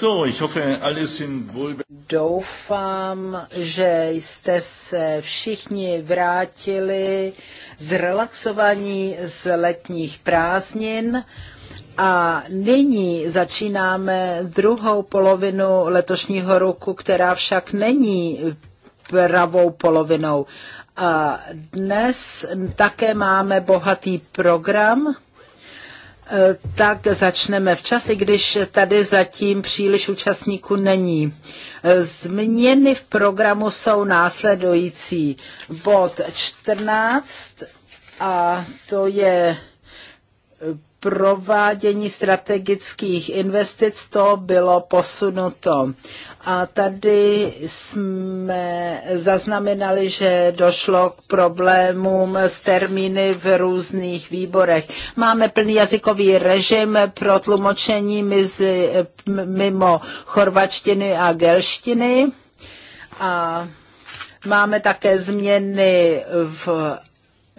So, ich hoffe, alle sind wohl... Doufám, že jste se všichni vrátili z relaxování z letních prázdnin a nyní začínáme druhou polovinu letošního roku, která však není pravou polovinou. A dnes také máme bohatý program Eh, tak začneme včas, i když tady zatím příliš účastníků není. Eh, změny v programu jsou následující. Bod 14 a to je provádění strategických investic to bylo posunuto. A tady jsme zaznamenali, že došlo k problémům s termíny v různých výborech. Máme plný jazykový režim pro tlumočení mizi, mimo chorvačtiny a gelštiny. A máme také změny v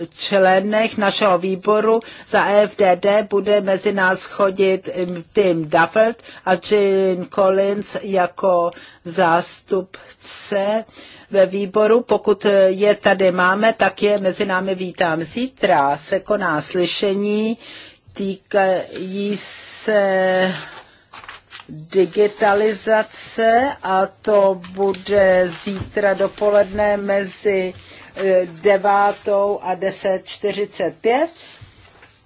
členech našeho výboru za EFDD bude mezi nás chodit mm, Tim Duffert a Jim Collins jako zástupce ve výboru. Pokud je tady máme, tak je mezi námi vítám. Zítra se koná slyšení týkají se digitalizace a to bude zítra dopoledne mezi devátou a 10.45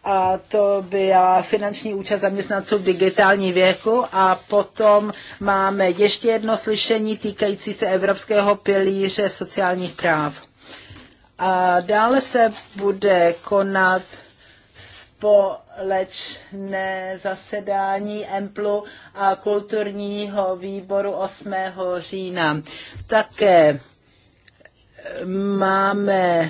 a to byla finanční účast zaměstnanců v digitální věku a potom máme ještě jedno slyšení týkající se Evropského pilíře sociálních práv. A dále se bude konat společné zasedání EMPLu a kulturního výboru 8. října. Také máme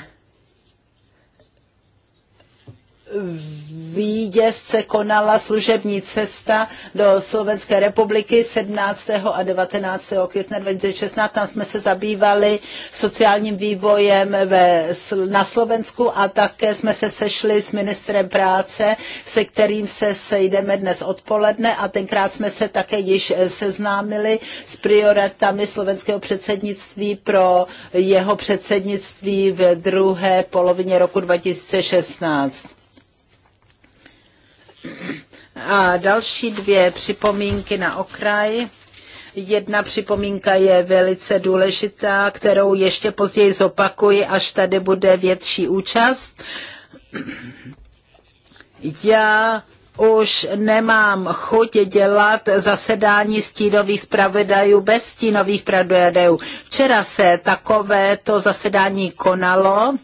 výjezd se konala služební cesta do Slovenské republiky 17. a 19. května 2016. Tam jsme se zabývali sociálním vývojem ve, na Slovensku a také jsme se sešli s ministrem práce, se kterým se sejdeme dnes odpoledne a tenkrát jsme se také již eh, seznámili s prioritami slovenského předsednictví pro jeho předsednictví v druhé polovině roku 2016. A další dvě připomínky na okraj. Jedna připomínka je velice důležitá, kterou ještě později zopakuji, až tady bude větší účast. Já už nemám chuť dělat zasedání stínových zpravodajů bez stínových zpravodajů. Včera se takovéto zasedání konalo. Uh,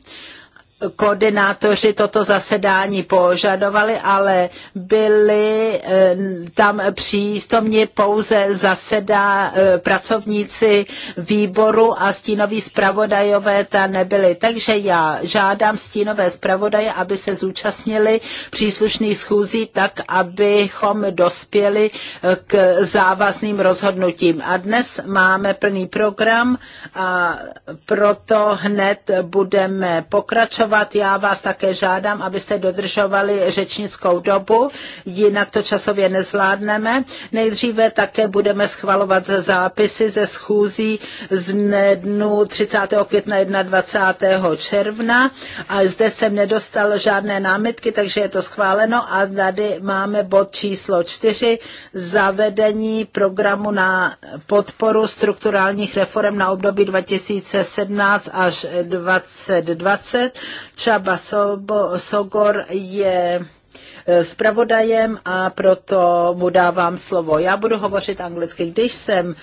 koordinátoři toto zasedání požadovali, ale byli eh, tam přístomni pouze zasedá eh, pracovníci výboru a stínoví zpravodajové tam nebyli. Takže já žádám stínové zpravodaje, aby se zúčastnili příslušných schůzí tak, abychom dospěli eh, k závazným rozhodnutím. A dnes máme plný program a proto hned budeme pokračovat hlasovat. Já vás také žádám, abyste dodržovali řečnickou dobu, jinak to časově nezvládneme. Nejdříve také budeme schvalovat zápisy ze schůzí z dnu 30. května 21. června a zde jsem nedostal žádné námitky, takže je to schváleno a tady máme bod číslo 4, zavedení programu na podporu strukturálních reform na období 2017 až 2020 Čaba Sobo, Sogor je e, zpravodajem a proto mu dávám slovo. Já budu hovořit anglicky. Když jsem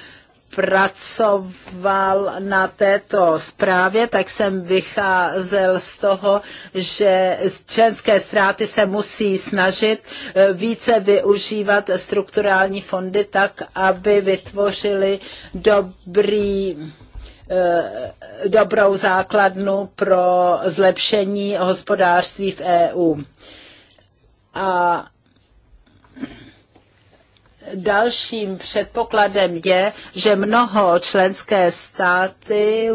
pracoval na této zprávě, tak jsem vycházel z toho, že členské ztráty se musí snažit e, více využívat strukturální fondy tak, aby vytvořili dobrý Eh, dobrou základnu pro zlepšení hospodářství v EU. A dalším předpokladem je, že mnoho členské státy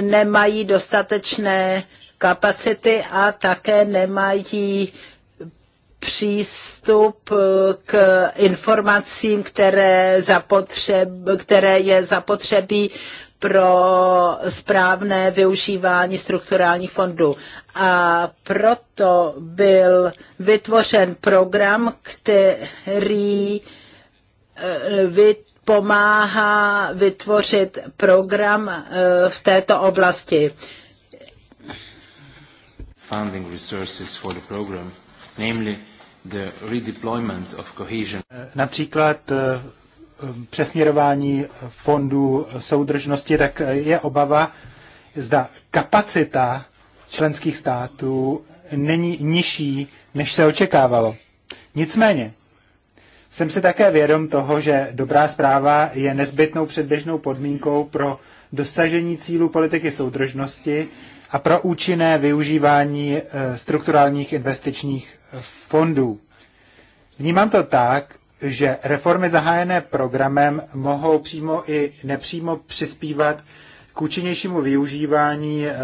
nemají dostatečné kapacity a také nemají přístup k informacím, které, zapotřeb, které je zapotřebí pro správné využívání strukturálních fondů. A proto byl vytvořen program, který eh, pomáhá vytvořit program eh, v této oblasti. Funding resources for the program, namely the redeployment of cohesion. Eh, například Um, přesměrování fondů soudržnosti, tak je obava, zda kapacita členských států není nižší, než se očekávalo. Nicméně, jsem si také vědom toho, že dobrá zpráva je nezbytnou předběžnou podmínkou pro dosažení cílů politiky soudržnosti a pro účinné využívání eh, strukturálních investičních eh, fondů. Vnímám to tak, že reformy zahájené programem mohou přímo i nepřímo přispívat k účinnějšímu využívání eh,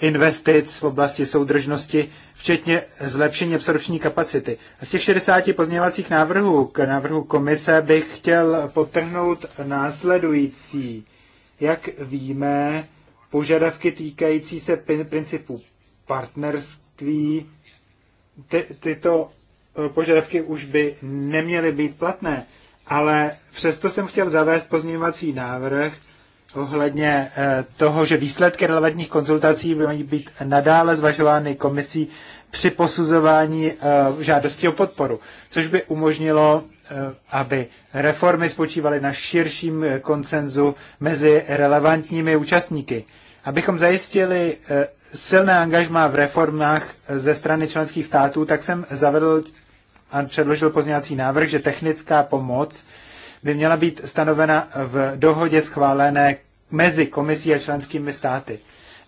investic v oblasti soudržnosti, včetně zlepšení absorpční kapacity. Z těch 60 pozměňovacích návrhů k návrhu komise bych chtěl potrhnout následující. Jak víme, požadavky týkající se principů partnerství, ty, tyto Eh, požadavky už by neměly být platné, ale přesto jsem chtěl zavést pozměňovací návrh ohledně eh, toho, že výsledky relevantních konzultací mají být nadále zvažovány komisí při posuzování eh, žádosti o podporu, což by umožnilo, aby reformy spočívaly na širším koncenzu mezi relevantními účastníky. Abychom zajistili silné angažmá v reformách ze strany členských států, tak jsem zavedl a předložil pozněvací návrh, že technická pomoc by měla být stanovena v dohodě schválené mezi komisí a členskými státy.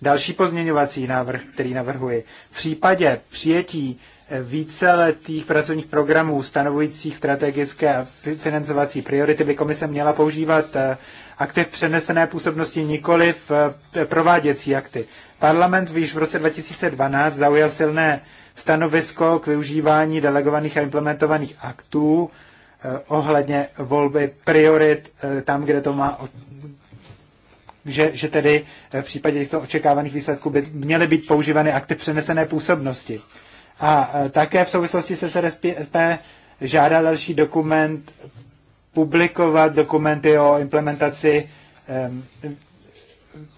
Další pozměňovací návrh, který navrhuji. V případě přijetí eh, víceletých pracovních programů stanovujících strategické a financovací priority by komise měla používat eh, aktiv přenesené působnosti, nikoli v eh, prováděcí akty. Parlament již v roce 2012 zaujal silné stanovisko k využívání delegovaných a implementovaných aktů eh, ohledně volby priorit eh, tam, kde to má že, že tedy eh, v případě těchto očekávaných výsledků by měly být používány akty přenesené působnosti. A také v souvislosti se SRSP žádá další dokument publikovat dokumenty o implementaci ehm,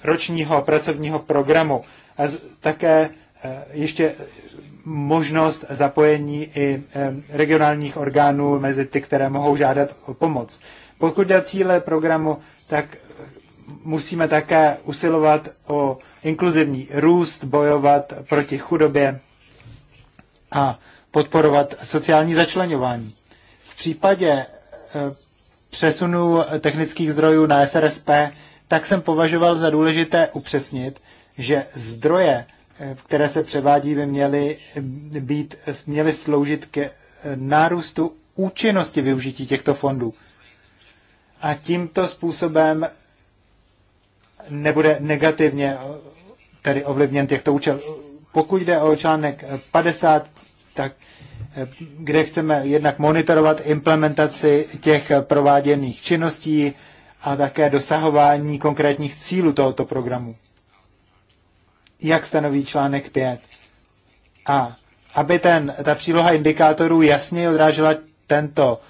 ročního pracovního programu. A také ještě možnost zapojení i regionálních orgánů mezi ty, které mohou žádat o pomoc. Pokud jde cíle programu, tak musíme také usilovat o inkluzivní růst, bojovat proti chudobě a podporovat sociální začlenování. V případě eh, přesunu technických zdrojů na SRSP, tak jsem považoval za důležité upřesnit, že zdroje které se převádí, by měly, být, měly sloužit ke nárůstu účinnosti využití těchto fondů. A tímto způsobem nebude negativně tedy ovlivněn těchto účel. Pokud jde o článek 50, tak kde chceme jednak monitorovat implementaci těch prováděných činností a také dosahování konkrétních cílů tohoto programu jak stanoví článek 5. A aby ten, ta příloha indikátorů jasně odrážela tento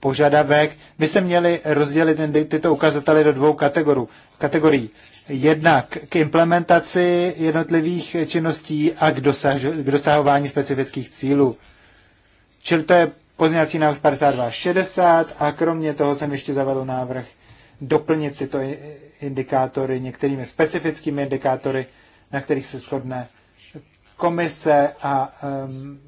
požadavek, by se měly rozdělit tyto ukazatele do dvou kategorií. kategorií. Jednak k implementaci jednotlivých činností a k, dosaž, k dosahování specifických cílů. Čili to je pozměňovací návrh 5260 a kromě toho jsem ještě zavedl návrh doplnit tyto indikátory některými specifickými indikátory, na kterých se shodne komise a um,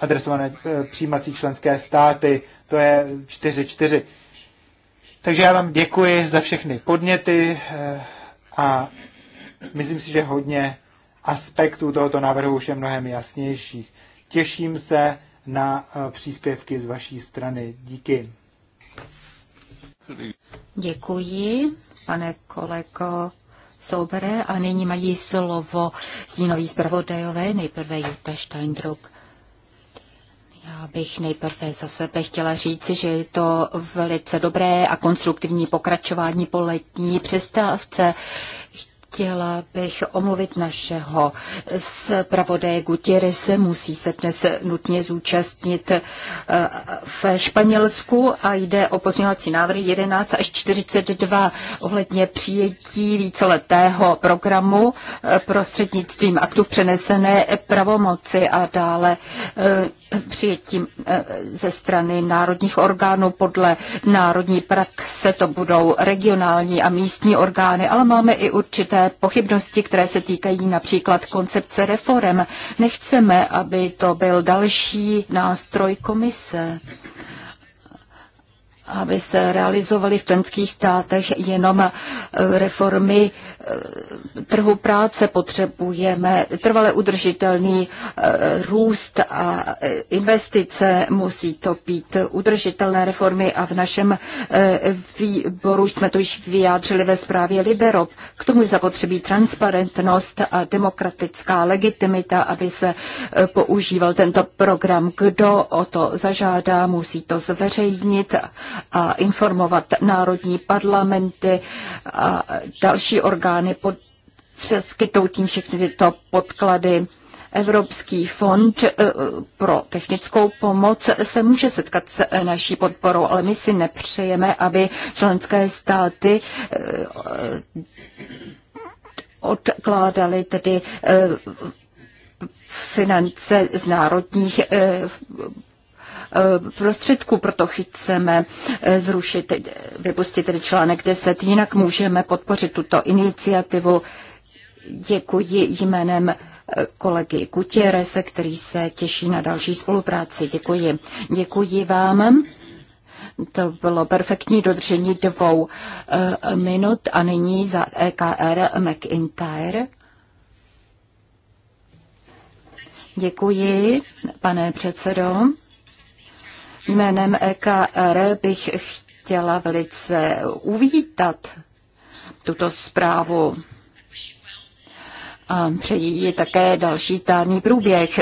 adresované eh, přijímací členské státy. To je 4-4. Takže já vám děkuji za všechny podněty eh, a myslím si, že hodně aspektů tohoto návrhu už je mnohem jasnějších. Těším se na eh, příspěvky z vaší strany. Díky. Děkuji, pane kolego Soubere a nyní mají slovo stínoví zpravodajové, nejprve Jutta Steindruck. Já bych nejprve za sebe chtěla říci, že je to velice dobré a konstruktivní pokračování po letní přestávce. Chtěla bych omluvit našeho zpravodaje Gutierreze, musí se dnes nutně zúčastnit eh, v Španělsku a jde o pozměňovací návrhy 11 až 42 ohledně přijetí víceletého programu eh, prostřednictvím v přenesené pravomoci a dále eh, přijetím eh, ze strany národních orgánů podle národní praxe. To budou regionální a místní orgány, ale máme i určité pochybnosti, které se týkají například koncepce reform. Nechceme, aby to byl další nástroj komise aby se realizovaly v členských státech jenom eh, reformy eh, trhu práce. Potřebujeme trvale udržitelný eh, růst a investice. Musí to být udržitelné reformy a v našem výboru jsme to již vyjádřili ve zprávě Liberop. K tomu je zapotřebí transparentnost a demokratická legitimita, aby se používal tento program. Kdo o to zažádá, musí to zveřejnit a informovat národní parlamenty a další orgány pod přeskytou tím všechny tyto podklady. Evropský fond eh, pro technickou pomoc se může setkat s naší podporou, ale my si nepřejeme, aby členské státy eh, odkládali tedy eh, finance z národních Eh, prostředků, proto chceme eh, zrušit, vypustit tedy článek 10, jinak můžeme podpořit tuto iniciativu. Děkuji jménem eh, kolegy Kutěrese, který se těší na další spolupráci. Děkuji. Děkuji vám. To bylo perfektní dodržení dvou uh, minut a nyní za EKR McIntyre. Děkuji, pane předsedo. Jménem EKR bych chtěla velice uvítat tuto zprávu a přeji ji také další zdárný průběh.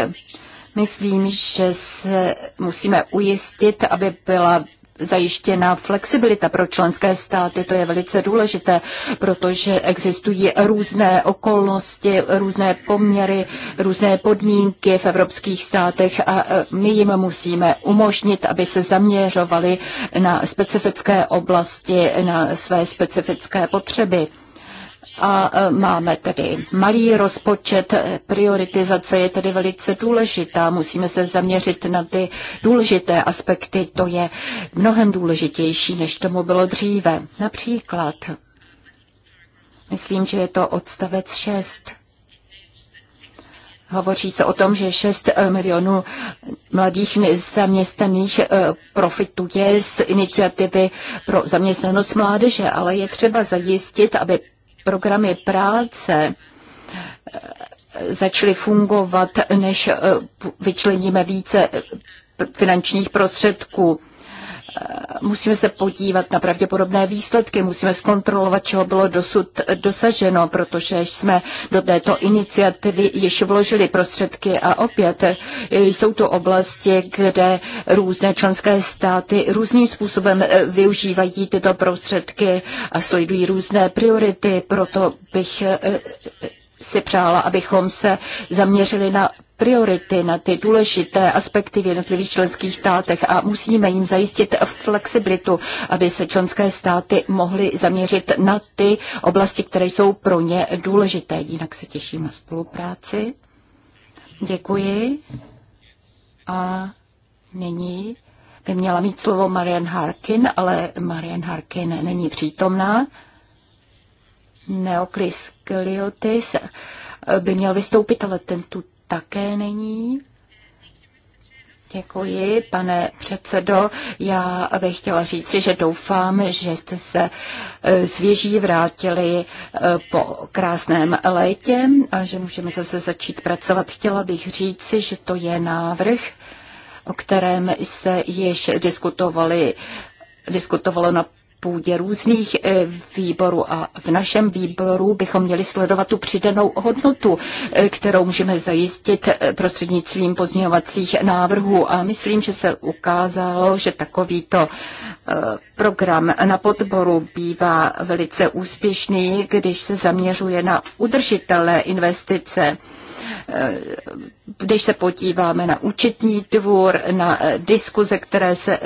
Myslím, že se musíme ujistit, aby byla zajištěna flexibilita pro členské státy. To je velice důležité, protože existují různé okolnosti, různé poměry, různé podmínky v evropských státech a e, my jim musíme umožnit, aby se zaměřovali na specifické oblasti, na své specifické potřeby a e, máme tedy malý rozpočet, prioritizace je tedy velice důležitá, musíme se zaměřit na ty důležité aspekty, to je mnohem důležitější, než tomu bylo dříve. Například, myslím, že je to odstavec 6. Hovoří se o tom, že 6 e, milionů mladých nezaměstnaných e, profituje z iniciativy pro zaměstnanost mládeže, ale je třeba zajistit, aby programy práce eh, začaly fungovat, než eh, vyčleníme více eh, finančních prostředků. Eh, musíme se podívat na pravděpodobné výsledky, musíme zkontrolovat, čeho bylo dosud dosaženo, protože jsme do této iniciativy již vložili prostředky a opět eh, jsou to oblasti, kde různé členské státy různým způsobem eh, využívají tyto prostředky a sledují různé priority, proto bych si přála, abychom se zaměřili na priority, na ty důležité aspekty v jednotlivých členských státech a musíme jim zajistit flexibilitu, aby se členské státy mohly zaměřit na ty oblasti, které jsou pro ně důležité. Jinak se těším na spolupráci. Děkuji. A nyní by měla mít slovo Marian Harkin, ale Marian Harkin není přítomná. Neoklis Kliotis by měl vystoupit, ale ten tu také není. Děkuji, pane předsedo. Já bych chtěla říci, že doufám, že jste se eh, svěží vrátili eh, po krásném létě a že můžeme zase začít pracovat. Chtěla bych říci, že to je návrh, o kterém se již diskutovali, diskutovalo na půdě různých eh, výborů a v našem výboru bychom měli sledovat tu přidanou hodnotu, eh, kterou můžeme zajistit eh, prostřednictvím pozměňovacích návrhů a myslím, že se ukázalo, že takovýto program na podboru bývá velice úspěšný, když se zaměřuje na udržitelné investice když se podíváme na účetní dvůr, na diskuze, které se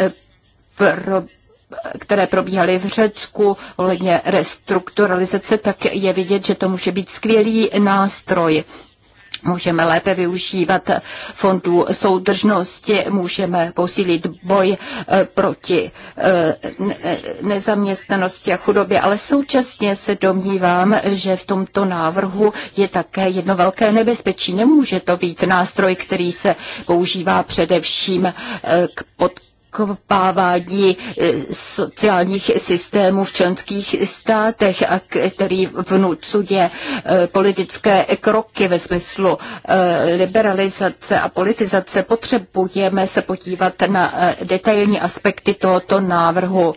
které probíhaly v Řecku ohledně restrukturalizace, tak je vidět, že to může být skvělý nástroj. Můžeme lépe využívat fondů soudržnosti, můžeme posílit boj eh, proti eh, nezaměstnanosti a chudobě, ale současně se domnívám, že v tomto návrhu je také jedno velké nebezpečí. Nemůže to být nástroj, který se používá především eh, k podporu podkopávání eh, sociálních systémů v členských státech, a který vnucuje eh, politické kroky ve smyslu eh, liberalizace a politizace. Potřebujeme se podívat na detailní aspekty tohoto návrhu,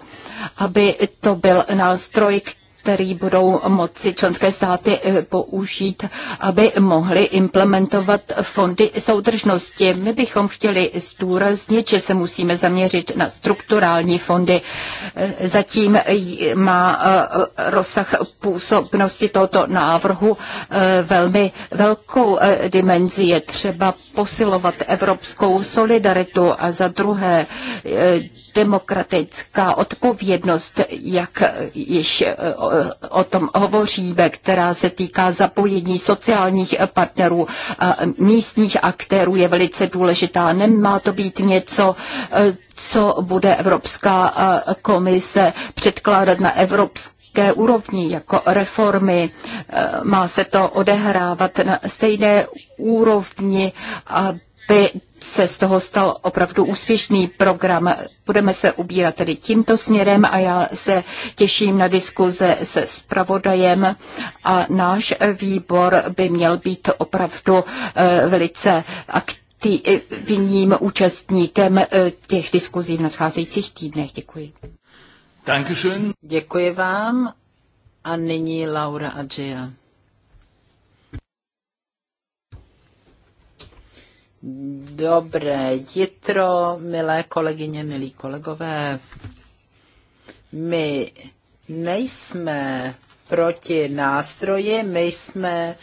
aby to byl nástroj, který který budou moci členské státy eh, použít, aby mohly implementovat fondy soudržnosti. My bychom chtěli zdůraznit, že se musíme zaměřit na strukturální fondy. Eh, zatím má eh, rozsah působnosti tohoto návrhu velmi velkou dimenzi. Je třeba posilovat evropskou solidaritu a za druhé demokratická odpovědnost, jak již Eh, o tom hovoříme, která se týká zapojení sociálních partnerů, místních aktérů, je velice důležitá. Nemá to být něco, eh, co bude Evropská eh, komise předkládat na evropské úrovni, jako reformy. Má se to odehrávat na stejné úrovni, aby aby se z toho stal opravdu úspěšný program. Budeme se ubírat tedy tímto směrem a já se těším na diskuze se spravodajem a náš výbor by měl být opravdu eh, velice aktivním účastníkem eh, těch diskuzí v nadcházejících týdnech. Děkuji. Děkuji vám. A nyní Laura Adžia. Dobré jitro, milé kolegyně, milí kolegové. My nejsme proti nástroji, my jsme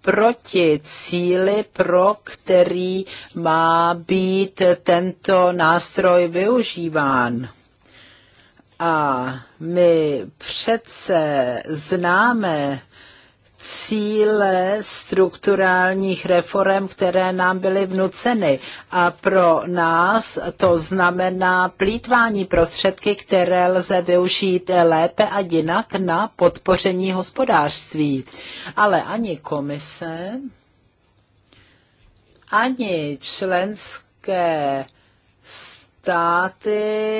proti cíli, pro který má být tento nástroj využíván. A my přece známe cíle strukturálních reform, které nám byly vnuceny. A pro nás to znamená plítvání prostředky, které lze využít lépe a jinak na podpoření hospodářství. Ale ani komise, ani členské státy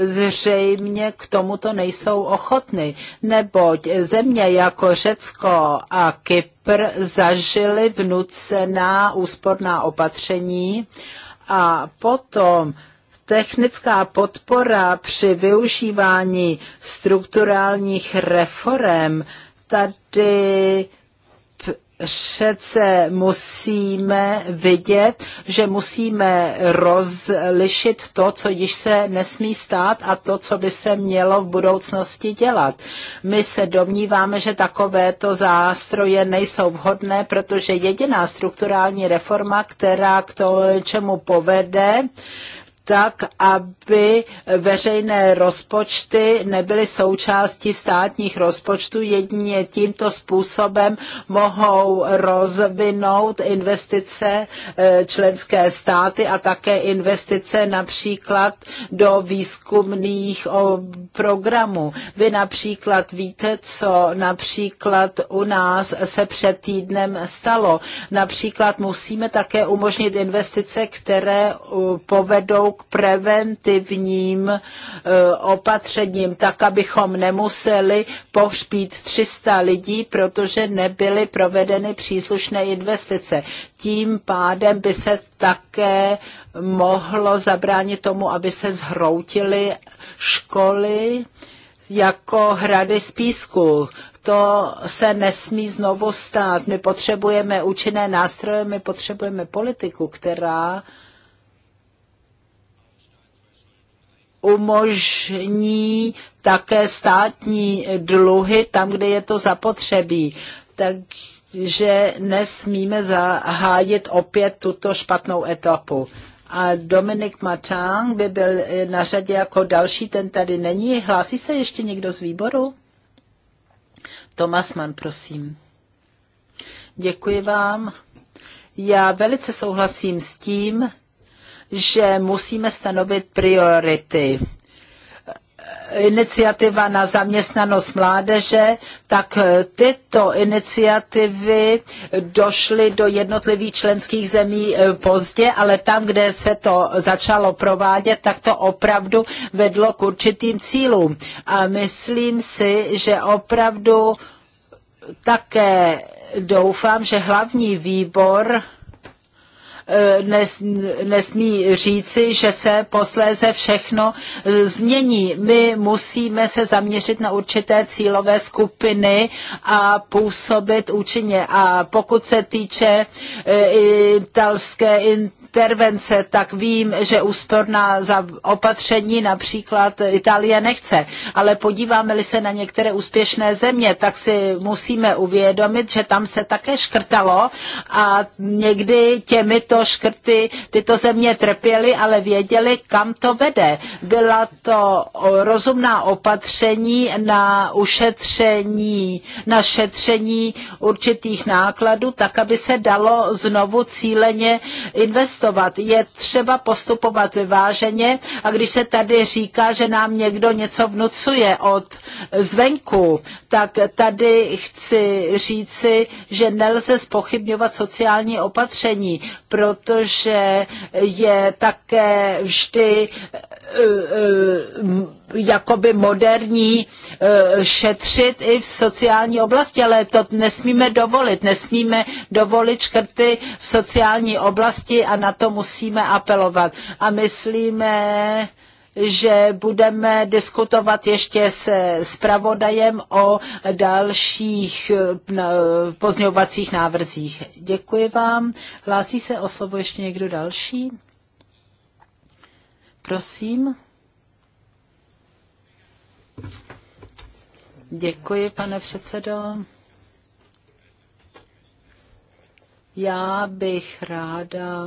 zřejmě k tomuto nejsou ochotny, neboť země jako Řecko a Kypr zažily vnucená úsporná opatření a potom technická podpora při využívání strukturálních reform tady přece musíme vidět, že musíme rozlišit to, co již se nesmí stát a to, co by se mělo v budoucnosti dělat. My se domníváme, že takovéto zástroje nejsou vhodné, protože jediná strukturální reforma, která k tomu čemu povede, tak, aby veřejné rozpočty nebyly součástí státních rozpočtů. Jedině tímto způsobem mohou rozvinout investice eh, členské státy a také investice například do výzkumných programů. Vy například víte, co například u nás se před týdnem stalo. Například musíme také umožnit investice, které povedou k preventivním e, opatřením, tak abychom nemuseli pohřbít 300 lidí, protože nebyly provedeny příslušné investice. Tím pádem by se také mohlo zabránit tomu, aby se zhroutily školy jako hrady z písku to se nesmí znovu stát. My potřebujeme účinné nástroje, my potřebujeme politiku, která umožní také státní dluhy tam, kde je to zapotřebí. Takže nesmíme zahájit opět tuto špatnou etapu. A Dominik Mačán by byl na řadě jako další, ten tady není. Hlásí se ještě někdo z výboru? Mann, prosím. Děkuji vám. Já velice souhlasím s tím, že musíme stanovit priority iniciativa na zaměstnanost mládeže, tak tyto iniciativy došly do jednotlivých členských zemí eh, pozdě, ale tam, kde se to začalo provádět, tak to opravdu vedlo k určitým cílům. A myslím si, že opravdu také doufám, že hlavní výbor nes, nesmí říci, že se posléze všechno změní. My musíme se zaměřit na určité cílové skupiny a působit účinně. A pokud se týče eh, italské intervence, tak vím, že úsporná opatření například Itálie nechce. Ale podíváme-li se na některé úspěšné země, tak si musíme uvědomit, že tam se také škrtalo a někdy těmito škrty tyto země trpěly, ale věděli, kam to vede. Byla to rozumná opatření na ušetření, na šetření určitých nákladů, tak aby se dalo znovu cíleně investovat investovat. Je třeba postupovat vyváženě a když se tady říká, že nám někdo něco vnucuje od zvenku, tak tady chci říci, že nelze spochybňovat sociální opatření, protože je také vždy Eh, eh, jakoby moderní eh, šetřit i v sociální oblasti, ale to nesmíme dovolit. Nesmíme dovolit škrty v sociální oblasti a na to musíme apelovat. A myslíme, že budeme diskutovat ještě se zpravodajem o dalších pozňovacích návrzích. Děkuji vám. Hlásí se o slovo ještě někdo další? Prosím. Děkuji, pane předsedo. Já bych ráda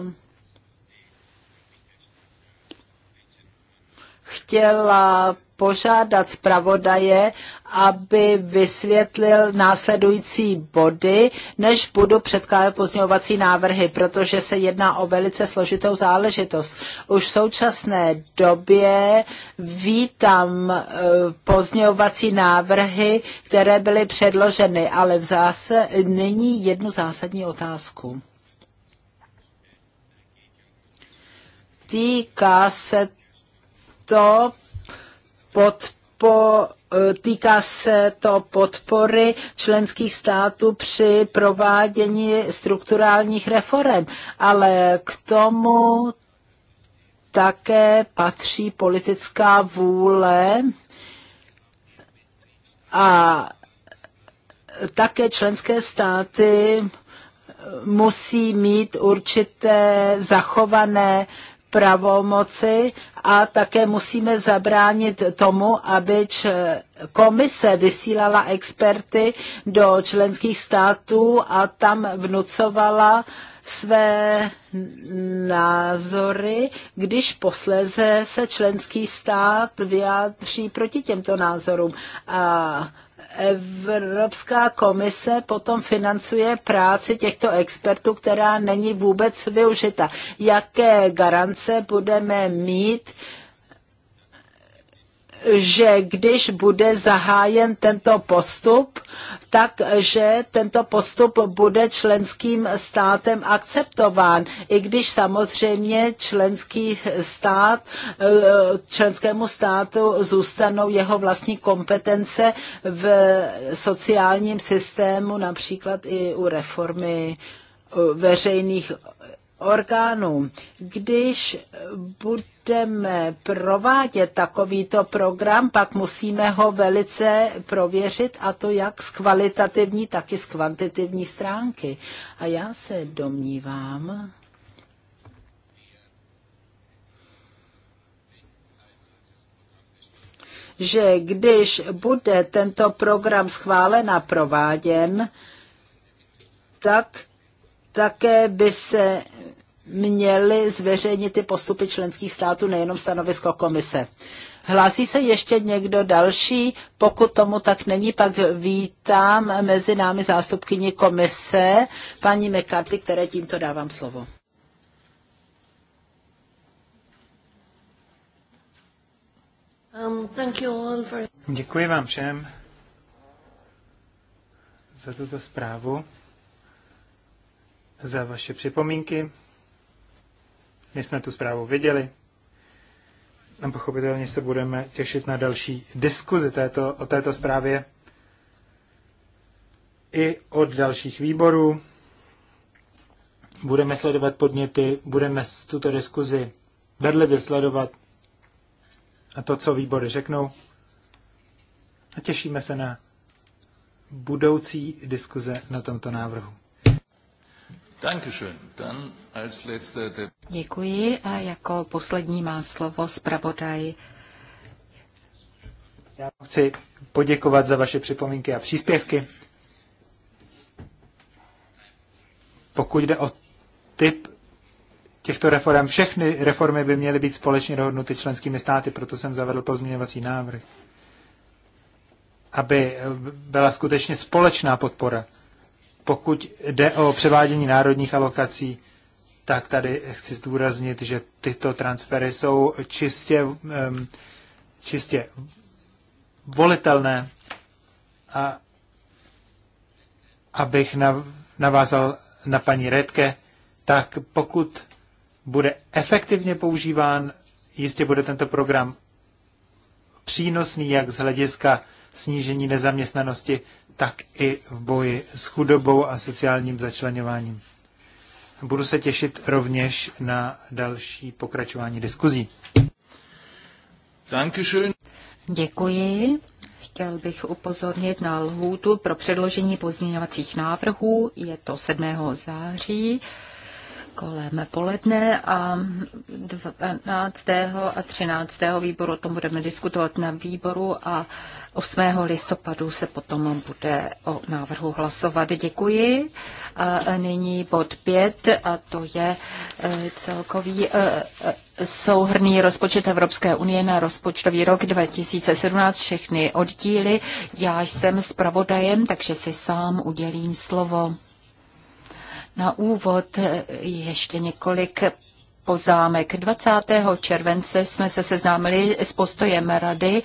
chtěla požádat zpravodaje, aby vysvětlil následující body, než budu předkládat pozměňovací návrhy, protože se jedná o velice složitou záležitost. Už v současné době vítám e, pozměňovací návrhy, které byly předloženy, ale v zase není jednu zásadní otázku. Týká se to podpo, eh, týká se to podpory členských států při provádění strukturálních reform, ale k tomu také patří politická vůle a také členské státy musí mít určité zachované pravomoci a také musíme zabránit tomu, aby komise vysílala experty do členských států a tam vnucovala své názory, když posléze se členský stát vyjádří proti těmto názorům. A Evropská komise potom financuje práci těchto expertů, která není vůbec využita. Jaké garance budeme mít, že když bude zahájen tento postup, takže tento postup bude členským státem akceptován, i když samozřejmě členský stát, eh, členskému státu zůstanou jeho vlastní kompetence v sociálním systému, například i u reformy eh, veřejných orgánů. Když budeme provádět takovýto program, pak musíme ho velice prověřit a to jak z kvalitativní, tak i z kvantitivní stránky. A já se domnívám, že když bude tento program schválen a prováděn, tak také by se měly zveřejnit ty postupy členských států, nejenom stanovisko komise. Hlásí se ještě někdo další? Pokud tomu tak není, pak vítám mezi námi zástupkyni komise, paní McCarthy, které tímto dávám slovo. Um, Děkuji vám všem za tuto zprávu za vaše připomínky. My jsme tu zprávu viděli. A pochopitelně se budeme těšit na další diskuzi této, o této zprávě i od dalších výborů. Budeme sledovat podněty, budeme tuto diskuzi bedlivě sledovat a to, co výbory řeknou. A těšíme se na budoucí diskuze na tomto návrhu. Děkuji a jako poslední má slovo zpravodaj. Já chci poděkovat za vaše připomínky a příspěvky. Pokud jde o typ těchto reform, všechny reformy by měly být společně dohodnuty členskými státy, proto jsem zavedl pozměňovací návrh, aby byla skutečně společná podpora pokud jde o převádění národních alokací, tak tady chci zdůraznit, že tyto transfery jsou čistě, čistě volitelné a abych navázal na paní Redke, tak pokud bude efektivně používán, jistě bude tento program přínosný jak z hlediska snížení nezaměstnanosti, tak i v boji s chudobou a sociálním začlenováním. Budu se těšit rovněž na další pokračování diskuzí. Děkuji. Chtěl bych upozornit na lhůtu pro předložení pozměňovacích návrhů. Je to 7. září kolem poledne a 12. a 13. výboru o tom budeme diskutovat na výboru a 8. listopadu se potom bude o návrhu hlasovat. Děkuji. A nyní bod 5 a to je e, celkový e, e, souhrný rozpočet Evropské unie na rozpočtový rok 2017, všechny oddíly. Já jsem zpravodajem, takže si sám udělím slovo. Na úvod ještě několik pozámek. 20. července jsme se seznámili s postojem rady,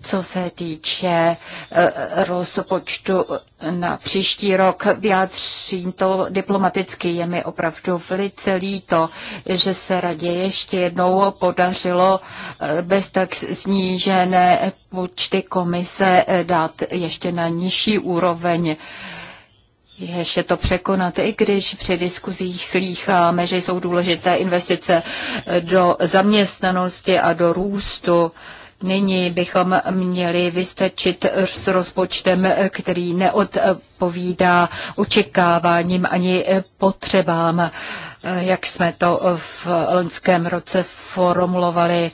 co se týče eh, rozpočtu na příští rok. Vyjádřím to diplomaticky. Je mi opravdu velice líto, že se radě ještě jednou podařilo eh, bez tak snížené počty komise eh, dát ještě na nižší úroveň ještě to překonat, i když při diskuzích slýcháme, že jsou důležité investice do zaměstnanosti a do růstu. Nyní bychom měli vystačit s rozpočtem, který neodpovídá očekáváním ani potřebám, jak jsme to v loňském roce formulovali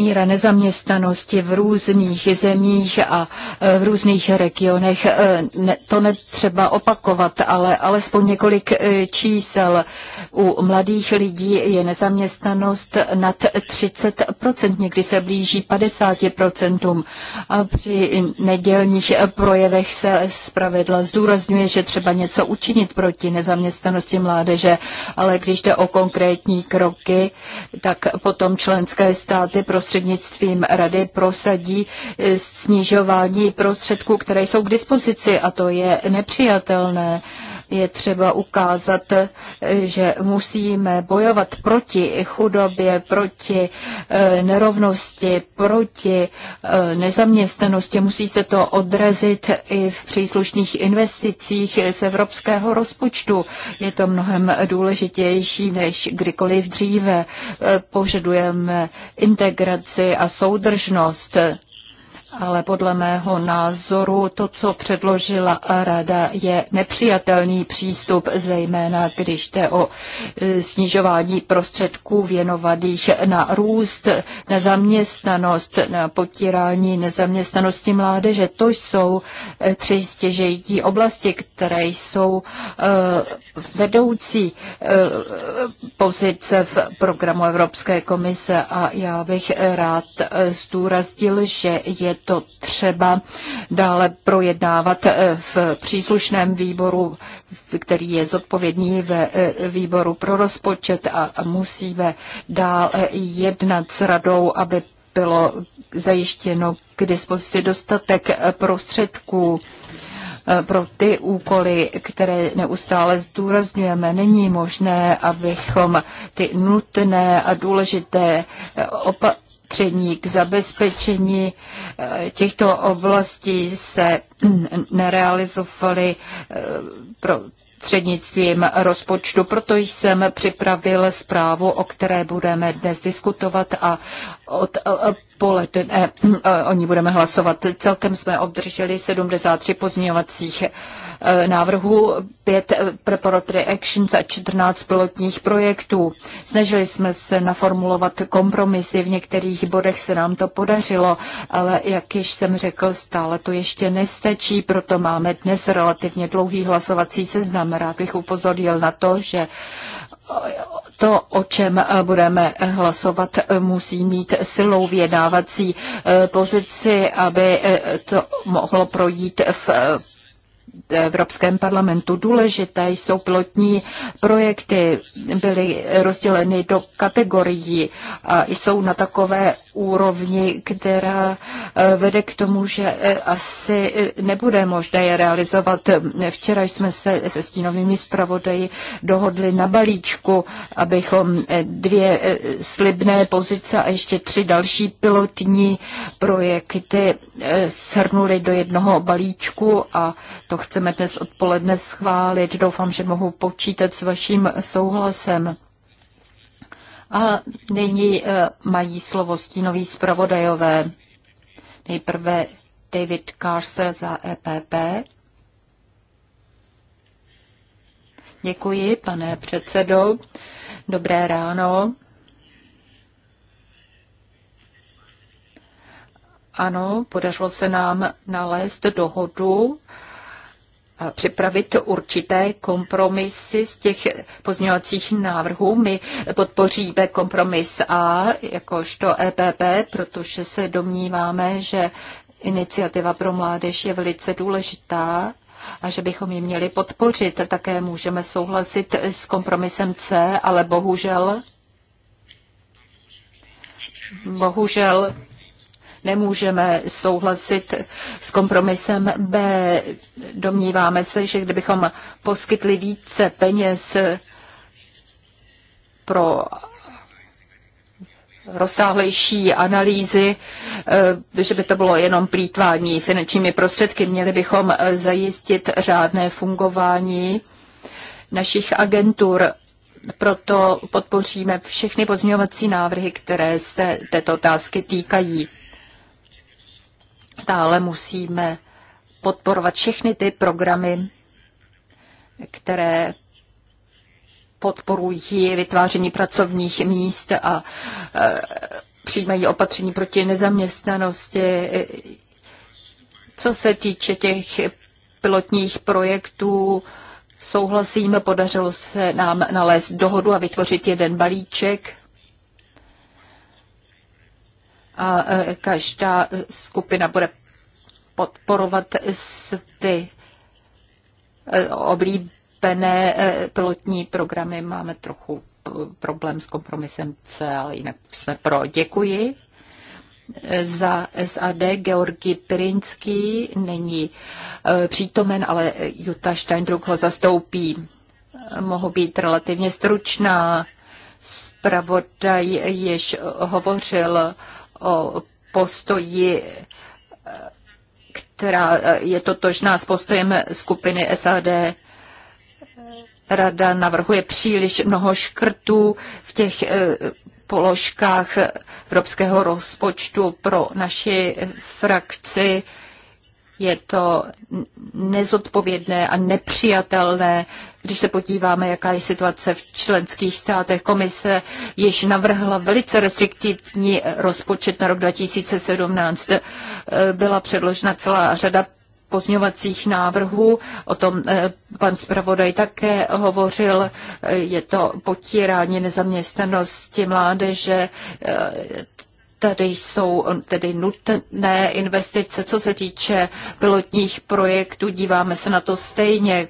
míra nezaměstnanosti v různých zemích a e, v různých regionech. E, to netřeba opakovat, ale alespoň několik e, čísel. U mladých lidí je nezaměstnanost nad 30%, někdy se blíží 50%. A při nedělních projevech se zpravidla zdůrazňuje, že třeba něco učinit proti nezaměstnanosti mládeže, ale když jde o konkrétní kroky, tak potom členské státy prosím prostřednictvím Rady prosadí eh, snižování prostředků, které jsou k dispozici a to je nepřijatelné je třeba ukázat, že musíme bojovat proti chudobě, proti eh, nerovnosti, proti eh, nezaměstnanosti. Musí se to odrazit i v příslušných investicích z evropského rozpočtu. Je to mnohem důležitější než kdykoliv dříve. Eh, požadujeme integraci a soudržnost ale podle mého názoru to, co předložila rada, je nepřijatelný přístup, zejména když jde o e, snižování prostředků věnovaných na růst, nezaměstnanost, na potírání nezaměstnanosti mládeže. To jsou e, tři stěžejní oblasti, které jsou e, vedoucí pozice v programu Evropské komise a já bych rád zdůraznil, že je to třeba dále projednávat eh, v příslušném výboru, který je zodpovědný ve eh, výboru pro rozpočet a musíme dál eh, jednat s radou, aby bylo zajištěno k dispozici dostatek prostředků pro ty úkoly, které neustále zdůrazňujeme. Není možné, abychom ty nutné a důležité opa- opatření k zabezpečení eh, těchto oblastí se nerealizovaly eh, pro třednictvím rozpočtu, proto jsem připravil zprávu, o které budeme dnes diskutovat a od eh, odpoledne eh, hm, eh, o ní budeme hlasovat. Celkem jsme obdrželi 73 pozměňovacích eh, návrhů, pět preparatory actions a 14 pilotních projektů. Snažili jsme se naformulovat kompromisy, v některých bodech se nám to podařilo, ale jak již jsem řekl, stále to ještě nestačí, proto máme dnes relativně dlouhý hlasovací seznam. Rád bych upozornil na to, že to, o čem eh, budeme eh, hlasovat, eh, musí mít silou vědávací pozici, aby to mohlo projít v Evropském parlamentu. Důležité jsou pilotní projekty, byly rozděleny do kategorií a jsou na takové úrovni, která eh, vede k tomu, že eh, asi eh, nebude možné je realizovat. Včera jsme se se stínovými zpravodaji dohodli na balíčku, abychom dvě slibné pozice a ještě tři další pilotní projekty shrnuli do jednoho balíčku a to chceme chceme dnes odpoledne schválit. Doufám, že mohu počítat s vaším souhlasem. A nyní eh, mají slovo stínoví zpravodajové. Nejprve David Carser za EPP. Děkuji, pane předsedo. Dobré ráno. Ano, podařilo se nám nalézt dohodu připravit určité kompromisy z těch pozměňovacích návrhů. My podpoříme kompromis A jakožto EPP, protože se domníváme, že iniciativa pro mládež je velice důležitá a že bychom ji měli podpořit. Také můžeme souhlasit s kompromisem C, ale bohužel, bohužel nemůžeme souhlasit s kompromisem B. Domníváme se, že kdybychom poskytli více peněz pro rozsáhlejší analýzy, eh, že by to bylo jenom plítvání finančními prostředky. Měli bychom eh, zajistit řádné fungování našich agentur. Proto podpoříme všechny pozměňovací návrhy, které se této otázky týkají. Dále musíme podporovat všechny ty programy, které podporují vytváření pracovních míst a e, přijímají opatření proti nezaměstnanosti. Co se týče těch pilotních projektů, souhlasím, podařilo se nám nalézt dohodu a vytvořit jeden balíček a každá skupina bude podporovat ty e, oblíbené e, pilotní programy. Máme trochu problém s kompromisem C, ale jinak jsme pro. Děkuji e, za SAD Georgi Pirinský není přítomen, ale Jutta Steindruck ho zastoupí. Mohu být relativně stručná. Spravodaj jež hovořil o postoji která je totožná s postojem skupiny SAD. Rada navrhuje příliš mnoho škrtů v těch eh, položkách evropského rozpočtu pro naši frakci je to nezodpovědné a nepřijatelné. Když se podíváme, jaká je situace v členských státech, komise již navrhla velice restriktivní rozpočet na rok 2017. Byla předložena celá řada pozňovacích návrhů. O tom eh, pan zpravodaj také hovořil. Je to potírání nezaměstnanosti mládeže, eh, Tady jsou tedy nutné investice, co se týče pilotních projektů. Díváme se na to stejně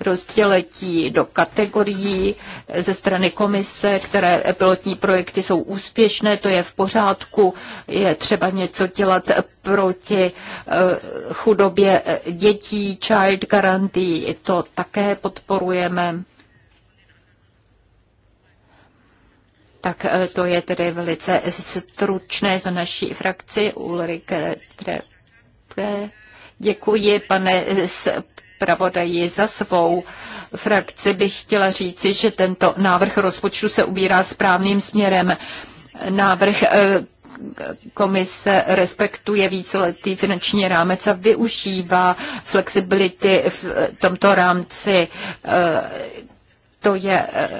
rozděletí do kategorií ze strany komise, které pilotní projekty jsou úspěšné, to je v pořádku, je třeba něco dělat proti eh, chudobě eh, dětí, child guarantee, to také podporujeme. Tak eh, to je tedy velice stručné za naší frakci. Ulrik Trepe. Děkuji, pane zpravodaji za svou frakci. Bych chtěla říci, že tento návrh rozpočtu se ubírá správným směrem. Návrh eh, komise respektuje víceletý finanční rámec a využívá flexibility v tomto rámci eh, to je eh,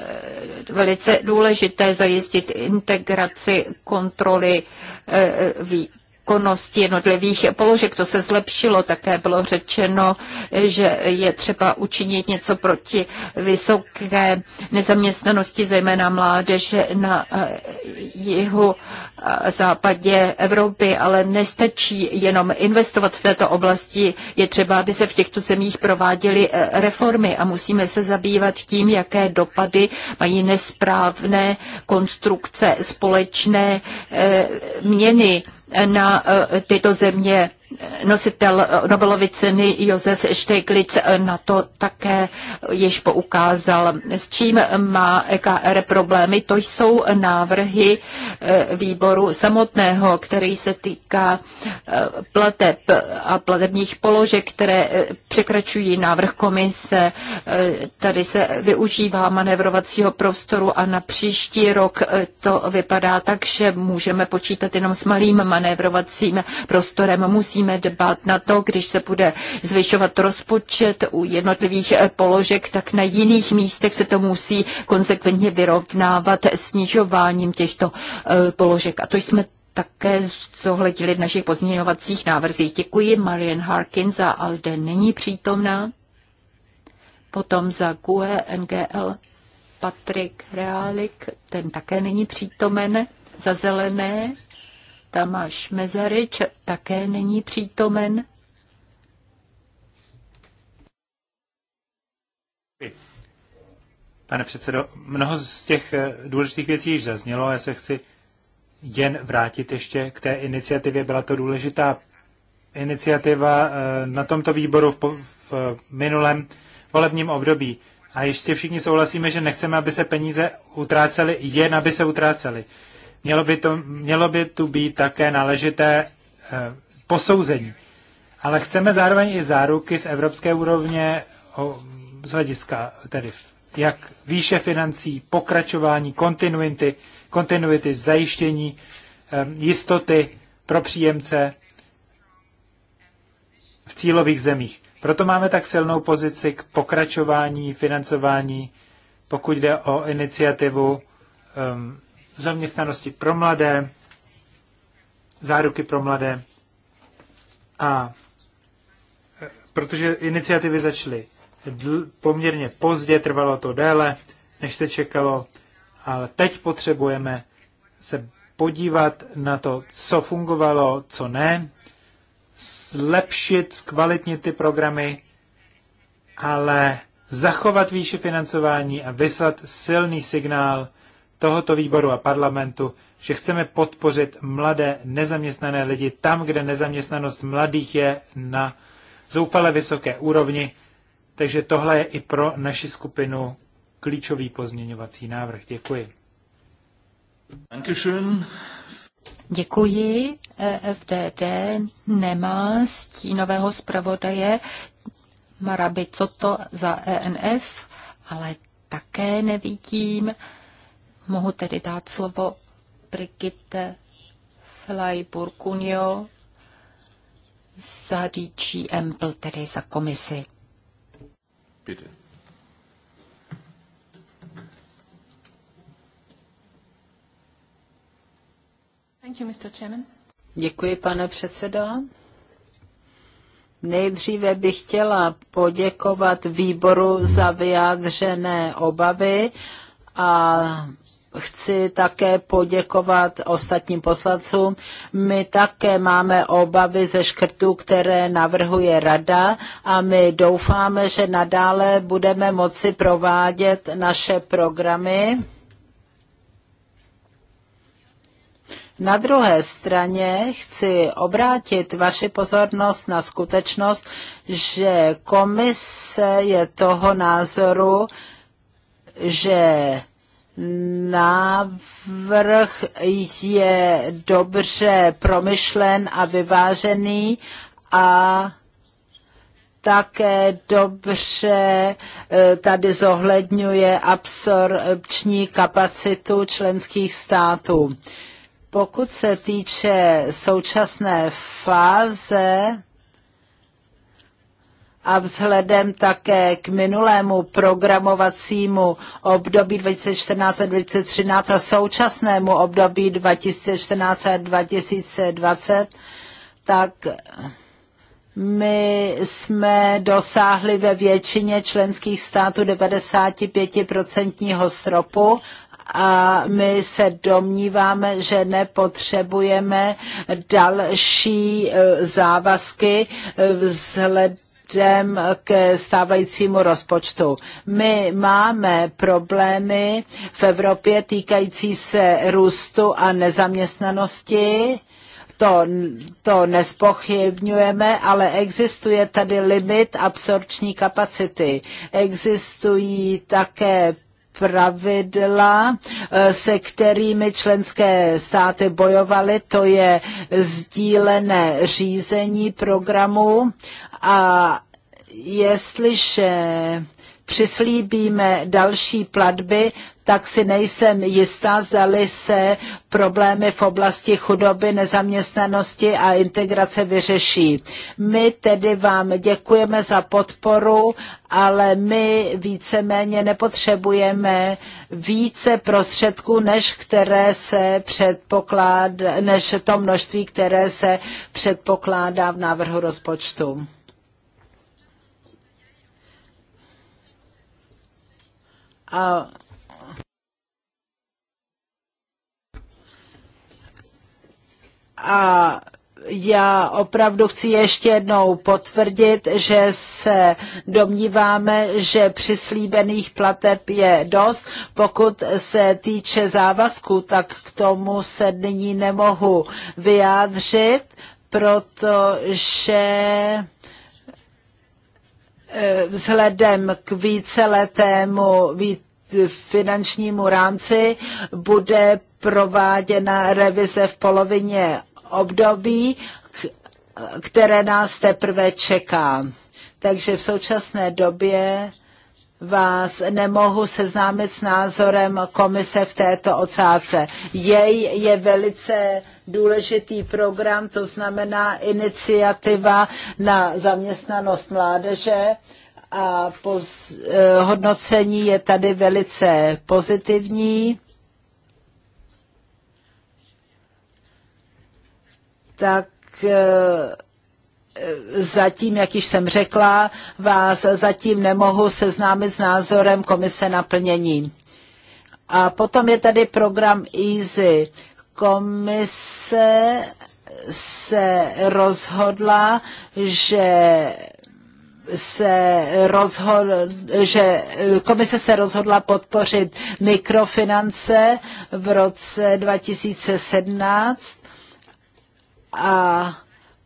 velice důležité zajistit integraci kontroly eh, eh, zákonnosti jednotlivých položek. To se zlepšilo. Také bylo řečeno, že je třeba učinit něco proti vysoké nezaměstnanosti, zejména mládeže na eh, jihu eh, západě Evropy, ale nestačí jenom investovat v této oblasti. Je třeba, aby se v těchto zemích prováděly eh, reformy a musíme se zabývat tím, jaké dopady mají nesprávné konstrukce společné měny na eh, tyto země Nositel eh, Nobelovy ceny Josef Štejklic na to také již poukázal. S čím má EKR problémy? To jsou návrhy eh, výboru samotného, který se týká eh, plateb a platebních položek, které překračují návrh komise. Tady se využívá manevrovacího prostoru a na příští rok to vypadá tak, že můžeme počítat jenom s malým manévrovacím prostorem. Musíme musíme dbát na to, když se bude zvyšovat rozpočet u jednotlivých eh, položek, tak na jiných místech se to musí konsekventně vyrovnávat snižováním těchto eh, položek. A to jsme také zohledili v našich pozměňovacích návrzích. Děkuji Marian Harkin za Alde není přítomná. Potom za GUE NGL Patrik Reálik, ten také není přítomen. Za zelené Tamáš Mezarič také není přítomen. Pane předsedo, mnoho z těch eh, důležitých věcí již zaznělo, já se chci jen vrátit ještě k té iniciativě. Byla to důležitá iniciativa eh, na tomto výboru v eh, minulém volebním období. A ještě všichni souhlasíme, že nechceme, aby se peníze utrácely jen, aby se utrácely. Mělo by, to, mělo by tu být také náležité eh, posouzení. Ale chceme zároveň i záruky z evropské úrovně o, z hlediska tedy jak výše financí, pokračování, kontinuity, kontinuity zajištění, eh, jistoty pro příjemce v cílových zemích. Proto máme tak silnou pozici k pokračování, financování, pokud jde o iniciativu um, zaměstnanosti pro mladé, záruky pro mladé. A protože iniciativy začaly poměrně pozdě, trvalo to déle, než se čekalo, ale teď potřebujeme se podívat na to, co fungovalo, co ne, zlepšit, zkvalitnit ty programy, ale zachovat výši financování a vyslat silný signál tohoto výboru a parlamentu, že chceme podpořit mladé nezaměstnané lidi tam, kde nezaměstnanost mladých je na zoufale vysoké úrovni. Takže tohle je i pro naši skupinu klíčový pozměňovací návrh. Děkuji. Dankeschön. Děkuji. EFDD nemá stínového zpravodaje to za ENF, ale také nevidím. Mohu tedy dát slovo Brigitte Flyburgunio za DG Ample, tedy za komisi. Bitte. Thank you, Mr. Chairman. Děkuji, pane předsedo. Nejdříve bych chtěla poděkovat výboru za vyjádřené obavy a chci také poděkovat ostatním poslancům. My také máme obavy ze škrtů, které navrhuje Rada a my doufáme, že nadále budeme moci provádět naše programy. Na druhé straně chci obrátit vaši pozornost na skutečnost, že komise je toho názoru, že návrh je dobře promyšlen a vyvážený a také dobře eh, tady zohledňuje absorpční kapacitu členských států. Pokud se týče současné fáze, a vzhledem také k minulému programovacímu období 2014 a 2013 a současnému období 2014 a 2020, tak my jsme dosáhli ve většině členských států 95% stropu a my se domníváme, že nepotřebujeme další e, závazky e, vzhled vzhledem k stávajícímu rozpočtu. My máme problémy v Evropě týkající se růstu a nezaměstnanosti to, to nespochybňujeme, ale existuje tady limit absorpční kapacity. Existují také pravidla, eh, se kterými členské státy bojovaly, to je sdílené řízení programu a jestliže přislíbíme další platby, tak si nejsem jistá, zdali se problémy v oblasti chudoby, nezaměstnanosti a integrace vyřeší. My tedy vám děkujeme za podporu, ale my víceméně nepotřebujeme více prostředků, než které se předpokládá, než to množství, které se předpokládá v návrhu rozpočtu. A a já opravdu chci ještě jednou potvrdit, že se domníváme, že přislíbených plateb je dost. Pokud se týče závazku, tak k tomu se nyní nemohu vyjádřit, protože eh, vzhledem k víceletému, ví, finančnímu rámci bude prováděna revize v polovině období, které nás teprve čeká. Takže v současné době vás nemohu seznámit s názorem komise v této ocáce. Jej je velice důležitý program, to znamená iniciativa na zaměstnanost mládeže, a poz, eh, hodnocení je tady velice pozitivní. Tak eh, zatím, jak již jsem řekla, vás zatím nemohu seznámit s názorem komise na plnění. A potom je tady program EASY. Komise se rozhodla, že se rozhod, že komise se rozhodla podpořit mikrofinance v roce 2017 a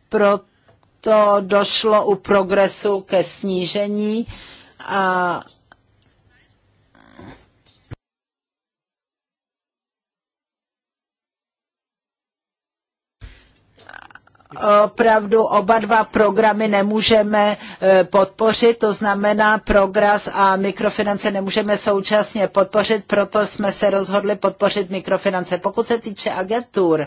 proto došlo u progresu ke snížení a opravdu oba dva programy nemůžeme e, podpořit, to znamená progres a mikrofinance nemůžeme současně podpořit, proto jsme se rozhodli podpořit mikrofinance. Pokud se týče agentur,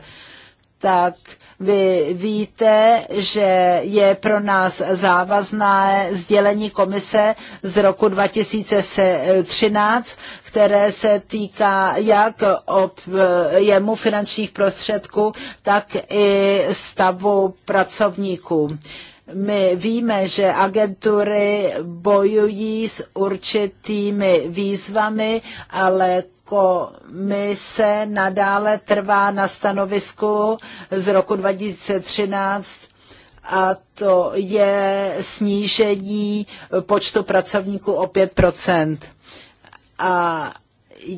tak vy víte, že je pro nás závazné sdělení komise z roku 2013, které se týká jak jemu finančních prostředků, tak i stavu pracovníků. My víme, že agentury bojují s určitými výzvami, ale komise nadále trvá na stanovisku z roku 2013 a to je snížení počtu pracovníků o 5 A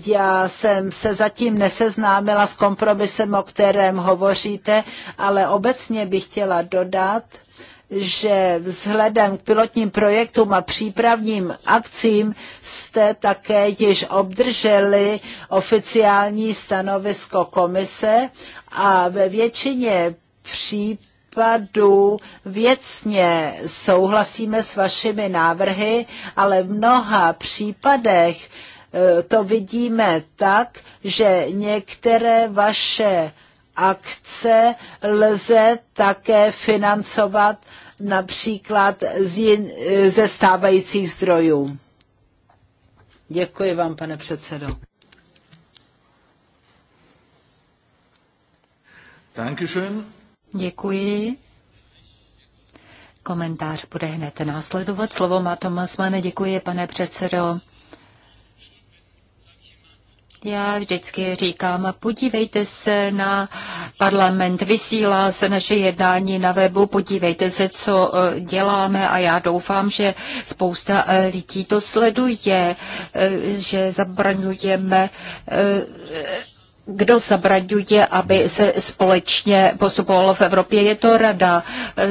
já jsem se zatím neseznámila s kompromisem, o kterém hovoříte, ale obecně bych chtěla dodat, že vzhledem k pilotním projektům a přípravním akcím jste také již obdrželi oficiální stanovisko komise a ve většině případů věcně souhlasíme s vašimi návrhy, ale v mnoha případech e, to vidíme tak, že některé vaše akce lze také financovat například z jin, ze stávajících zdrojů. Děkuji vám, pane předsedo. Děkuji. Komentář bude hned následovat. Slovo má Tomas Mane. Děkuji, pane předsedo. Já vždycky říkám, podívejte se na parlament, vysílá se naše jednání na webu, podívejte se, co e, děláme a já doufám, že spousta e, lidí to sleduje, e, že zabraňujeme kdo zabraňuje, aby se společně postupovalo v Evropě. Je to rada.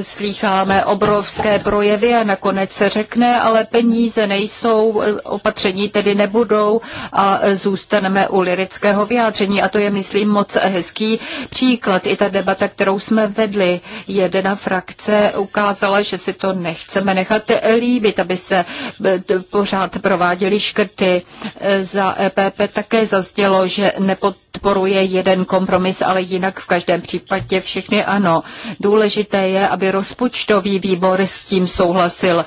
Slýcháme obrovské projevy a nakonec se řekne, ale peníze nejsou, opatření tedy nebudou a zůstaneme u lirického vyjádření. A to je, myslím, moc hezký příklad. I ta debata, kterou jsme vedli, jedna frakce ukázala, že si to nechceme nechat líbit, aby se pořád prováděly škrty. Za EPP také zazdělo, že nepod podporuje jeden kompromis, ale jinak v každém případě všechny ano. Důležité je, aby rozpočtový výbor s tím souhlasil. E,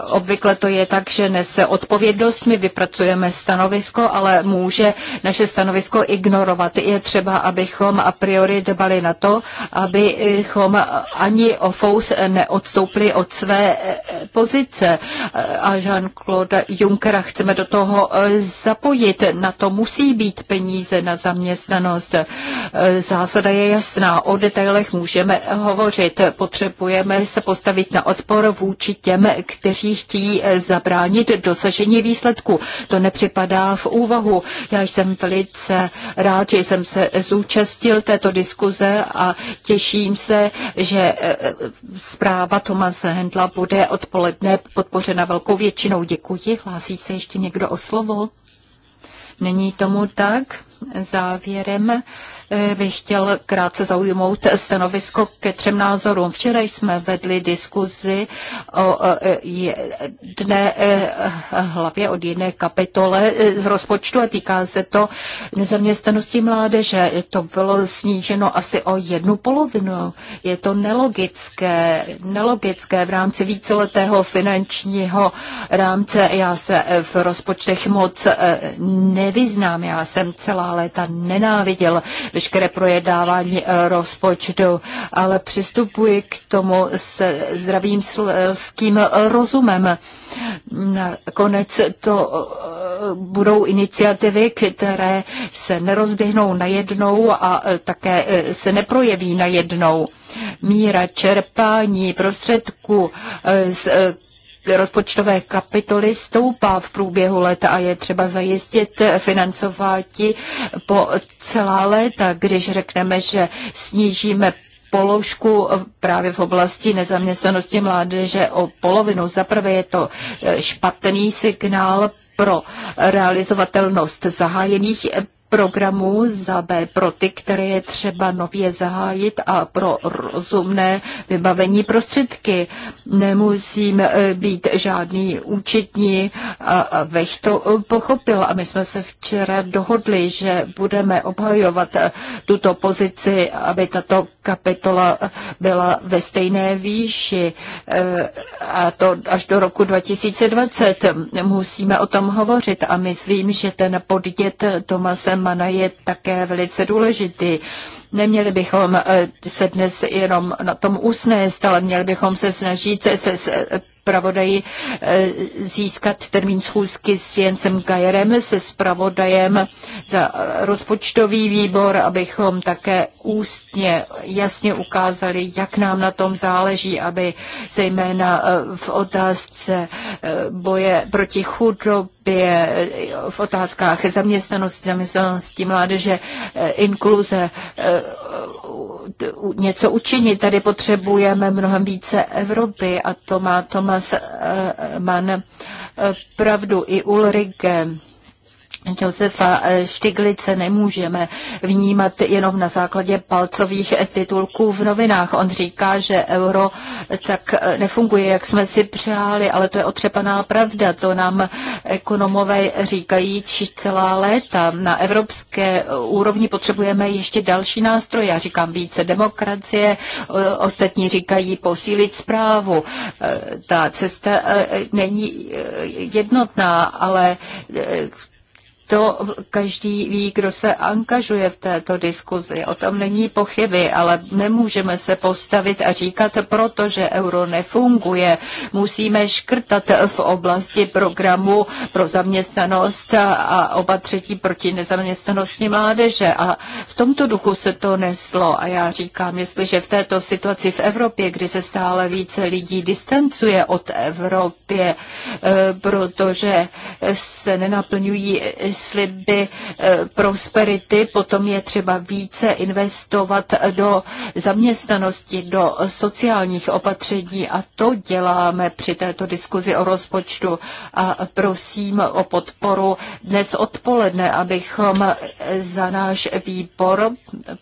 obvykle to je tak, že nese odpovědnost, my vypracujeme stanovisko, ale může naše stanovisko ignorovat. Je třeba, abychom a priori dbali na to, abychom ani FOUS neodstoupili od své e, pozice. E, a Jean-Claude Junckera chceme do toho zapojit. Na to musí být peníze na zaměstnání nezaměstnanost. E, zásada je jasná, o detailech můžeme hovořit. Potřebujeme se postavit na odpor vůči těm, kteří chtějí e, zabránit dosažení výsledku. To nepřipadá v úvahu. Já jsem velice rád, že jsem se zúčastil této diskuze a těším se, že e, zpráva Tomase Hendla bude odpoledne podpořena velkou většinou. Děkuji. Hlásí se ještě někdo o slovo? Není tomu tak? Závěrem eh, bych chtěl krátce zaujmout stanovisko ke třem názorům. Včera jsme vedli diskuzi o eh, jedné eh, hlavě od jedné kapitole z rozpočtu a týká se to nezaměstnanosti mládeže. To bylo sníženo asi o jednu polovinu. Je to nelogické, nelogické v rámci víceletého finančního rámce. Já se v rozpočtech moc nevyznám, já jsem celá dlouhá léta nenáviděl veškeré projedávání eh, rozpočtu, ale přistupuji k tomu s zdravým slovským eh, rozumem. Nakonec to eh, budou iniciativy, které se nerozběhnou najednou a také se neprojeví najednou. Míra čerpání prostředků z rozpočtové kapitoly stoupá v průběhu let a je třeba zajistit financování po celá léta, když řekneme, že snížíme položku právě v oblasti nezaměstnanosti mládeže o polovinu. Zaprvé je to eh, špatný signál pro realizovatelnost zahájených eh, programů, za B pro ty, které je třeba nově zahájit a pro rozumné vybavení prostředky. Nemusím eh, být žádný účetní, abych to eh, pochopil. A my jsme se včera dohodli, že budeme obhajovat eh, tuto pozici, aby tato kapitola byla ve stejné výši a to až do roku 2020. Musíme o tom hovořit a myslím, že ten podnět Tomasem Zemana je také velice důležitý. Neměli bychom eh, se dnes jenom na tom usnést, ale měli bychom se snažit se, se, se zpravodaji eh, získat termín schůzky s Jensem Gajerem, se zpravodajem za rozpočtový výbor, abychom také ústně jasně ukázali, jak nám na tom záleží, aby zejména eh, v otázce eh, boje proti chudobě, v otázkách zaměstnanosti, zaměstnanosti mládeže, inkluze, něco učinit. Tady potřebujeme mnohem více Evropy a to má, to má Thomas eh, eh, Mann eh, pravdu i Ulrike. Josefa eh, Štiglice nemůžeme vnímat jenom na základě palcových titulků v novinách. On říká, že euro tak eh, nefunguje, jak jsme si přáli, ale to je otřepaná pravda. To nám ekonomové říkají celá léta. Na evropské eh, úrovni potřebujeme ještě další nástroje. Já říkám více demokracie, ostatní říkají posílit zprávu. Ta cesta není jednotná, ale to každý ví, kdo se angažuje v této diskuzi. O tom není pochyby, ale nemůžeme se postavit a říkat, protože euro nefunguje. Musíme škrtat v oblasti programu pro zaměstnanost a opatření proti nezaměstnanosti mládeže. A v tomto duchu se to neslo. A já říkám, jestliže v této situaci v Evropě, kdy se stále více lidí distancuje od Evropě, eh, protože se nenaplňují sliby eh, prosperity, potom je třeba více investovat do zaměstnanosti, do sociálních opatření a to děláme při této diskuzi o rozpočtu a prosím o podporu dnes odpoledne, abychom za náš výbor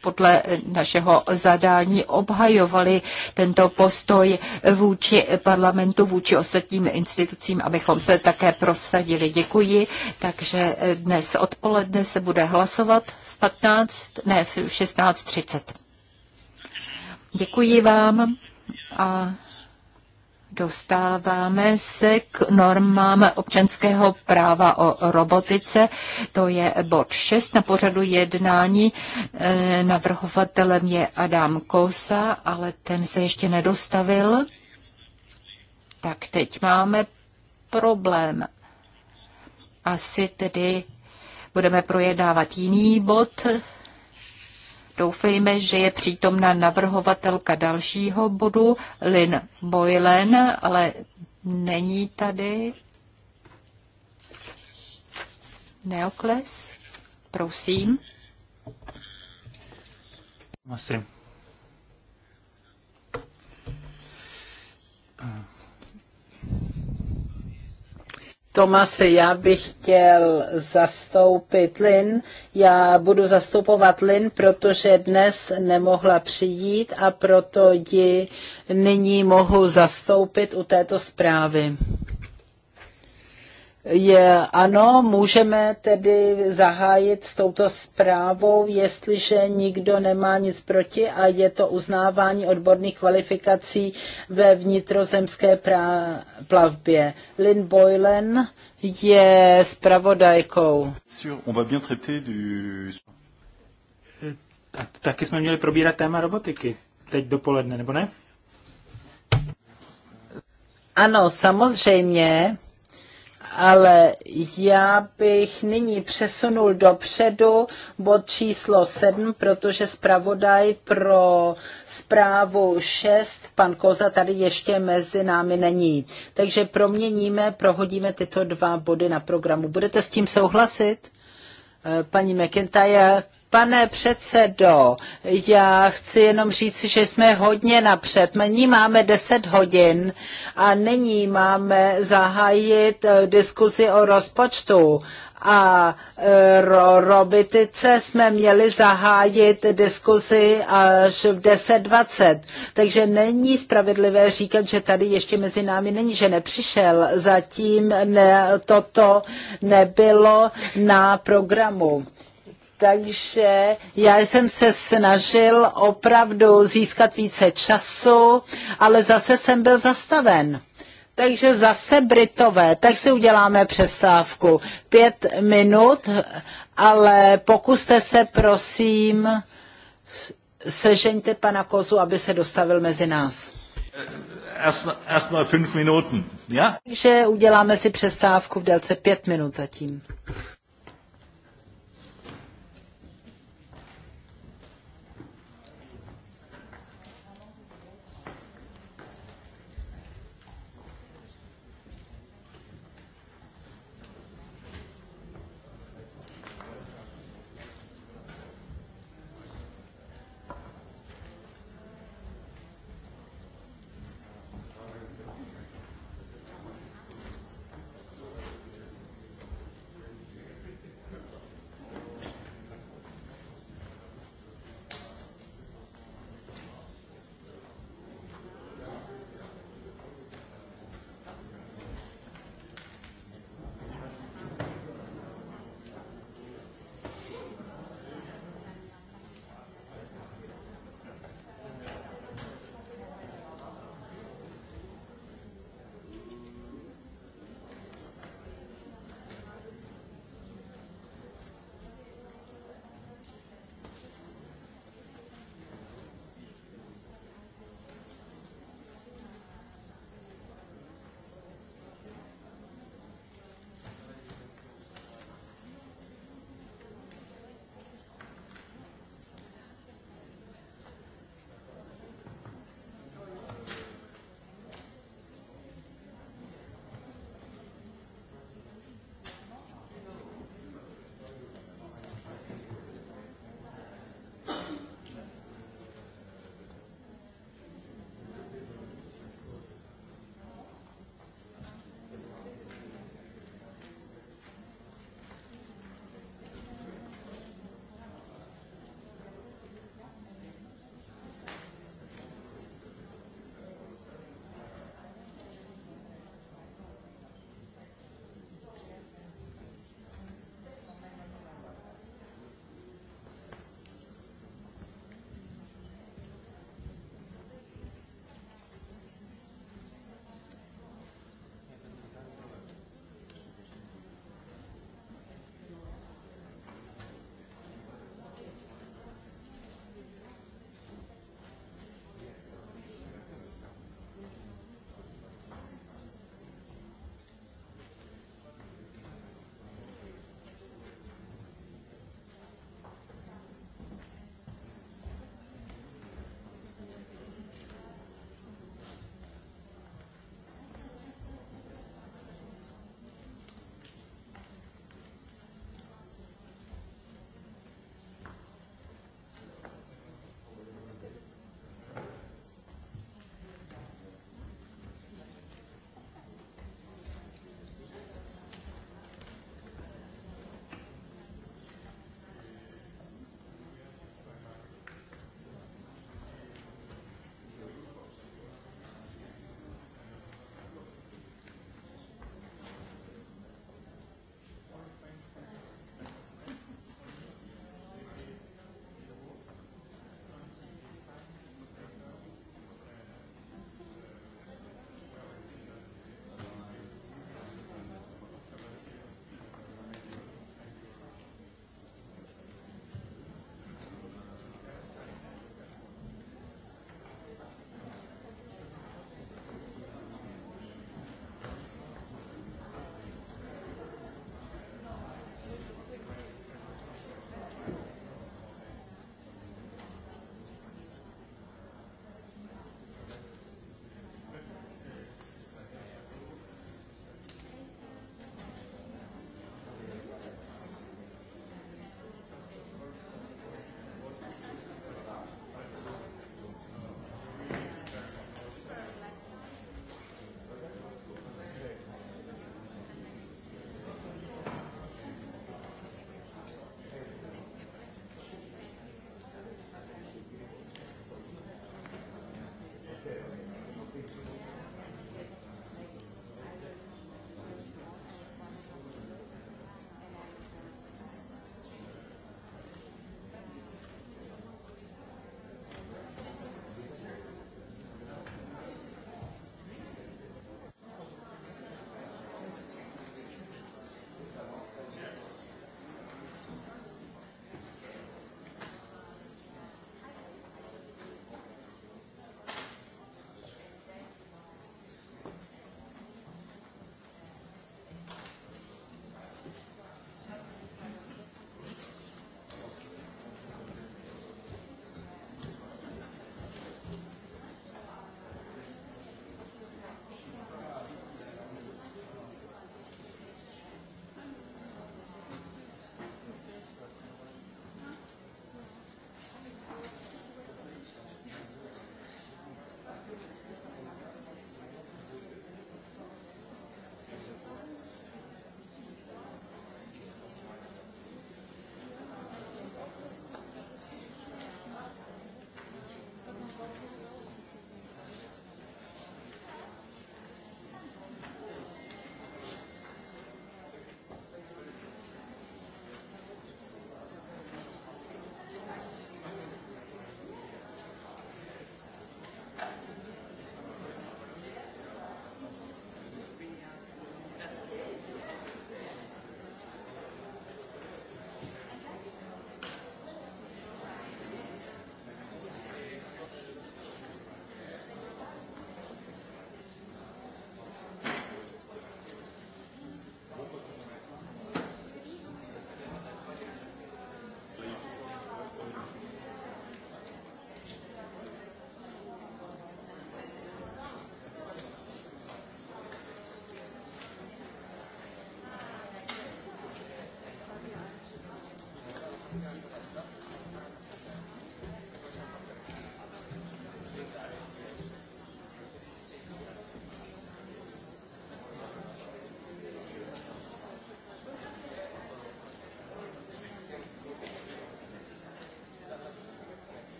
podle našeho zadání obhajovali tento postoj vůči parlamentu, vůči ostatním institucím, abychom se také prosadili. Děkuji, takže dnes odpoledne se bude hlasovat v 15, ne v 16.30. Děkuji vám a Dostáváme se k normám občanského práva o robotice. To je bod 6 na pořadu jednání. E, navrhovatelem je Adam Kousa, ale ten se ještě nedostavil. Tak teď máme problém asi tedy budeme projednávat jiný bod. Doufejme, že je přítomna navrhovatelka dalšího bodu, Lynn Boylen, ale není tady. Neokles, prosím. Asi. Tomase, já bych chtěl zastoupit Lin. Já budu zastupovat Lin, protože dnes nemohla přijít a proto ji nyní mohu zastoupit u této zprávy. Je, ano, můžeme tedy zahájit s touto zprávou, jestliže nikdo nemá nic proti a je to uznávání odborných kvalifikací ve vnitrozemské pra- plavbě. Lynn Boylan je zpravodajkou. taky jsme měli probírat téma robotiky teď dopoledne, nebo ne? Ano, samozřejmě ale já bych nyní přesunul dopředu bod číslo 7, protože zpravodaj pro zprávu 6, pan Koza, tady ještě mezi námi není. Takže proměníme, prohodíme tyto dva body na programu. Budete s tím souhlasit? Eh, paní McIntyre, Pane předsedo, já chci jenom říct, že jsme hodně napřed. Nyní máme 10 hodin a nyní máme zahájit eh, diskuzi o rozpočtu a eh, ro, robitice jsme měli zahájit diskuzi až v 10.20. Takže není spravedlivé říkat, že tady ještě mezi námi není, že nepřišel. Zatím ne, toto nebylo na programu. Takže já jsem se snažil opravdu získat více času, ale zase jsem byl zastaven. Takže zase Britové, tak si uděláme přestávku. Pět minut, ale pokuste se prosím, sežeňte pana Kozu, aby se dostavil mezi nás. Eh, erst mal fünf Minuten, ja? Takže uděláme si přestávku v délce pět minut zatím.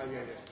Ah, yeah, yeah.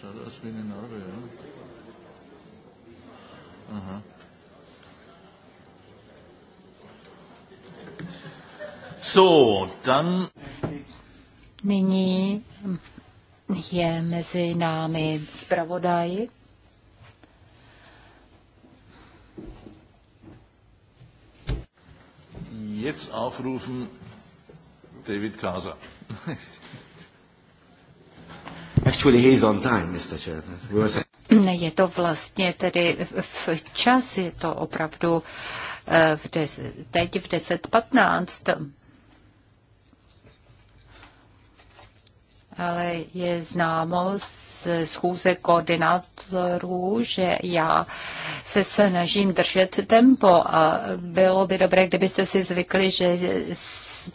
schaut aus wie eine Narbe, ja. Aha. So, dann... Nyní je mezi námi zpravodaj. Jetzt aufrufen David Kasa. actually on time, Mr. Chairman. We were... Je to vlastně tedy čas, je to opravdu eh, v des, teď v 10.15. Ale je známo z schůze koordinátorů, že já se snažím držet tempo a bylo by dobré, kdybyste si zvykli, že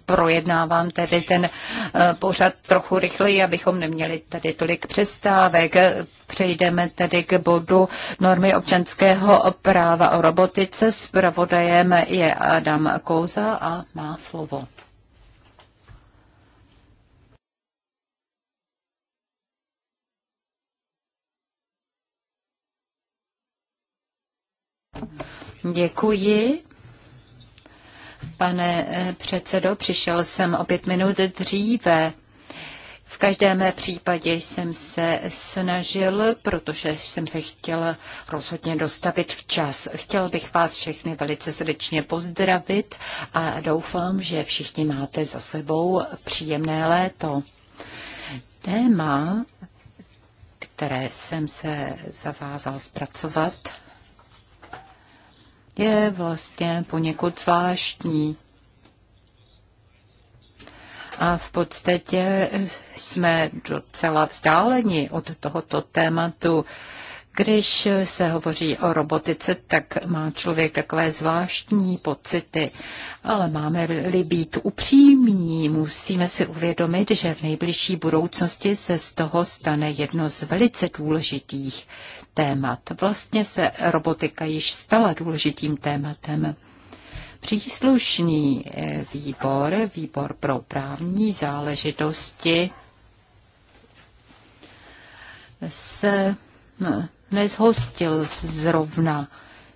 projednávám tedy ten Eh, pořad trochu rychleji, abychom neměli tady tolik přestávek. Přejdeme tedy k bodu normy občanského práva o robotice. Spravodajem je Adam Kouza a má slovo. Děkuji pane eh, předsedo. Přišel jsem o pět minut dříve. V každém případě jsem se snažil, protože jsem se chtěl rozhodně dostavit včas. Chtěl bych vás všechny velice srdečně pozdravit a doufám, že všichni máte za sebou příjemné léto. Téma, které jsem se zavázal zpracovat, je vlastně poněkud zvláštní. A v podstatě jsme docela vzdáleni od tohoto tématu. Když se hovoří o robotice, tak má člověk takové zvláštní pocity, ale máme-li být upřímní, musíme si uvědomit, že v nejbližší budoucnosti se z toho stane jedno z velice důležitých témat. Vlastně se robotika již stala důležitým tématem. Příslušný eh, výbor, výbor pro právní záležitosti, se no, nezhostil zrovna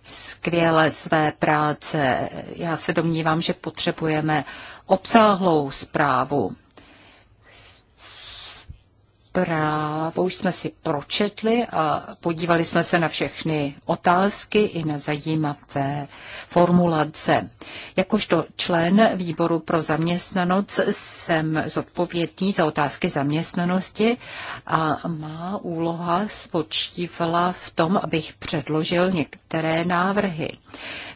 skvěle své práce. Já se domnívám, že potřebujeme obsáhlou zprávu zprávu už jsme si pročetli a podívali jsme se na všechny otázky i na zajímavé formulace. Jakožto člen výboru pro zaměstnanost jsem zodpovědný za otázky zaměstnanosti a má úloha spočívala v tom, abych předložil některé návrhy.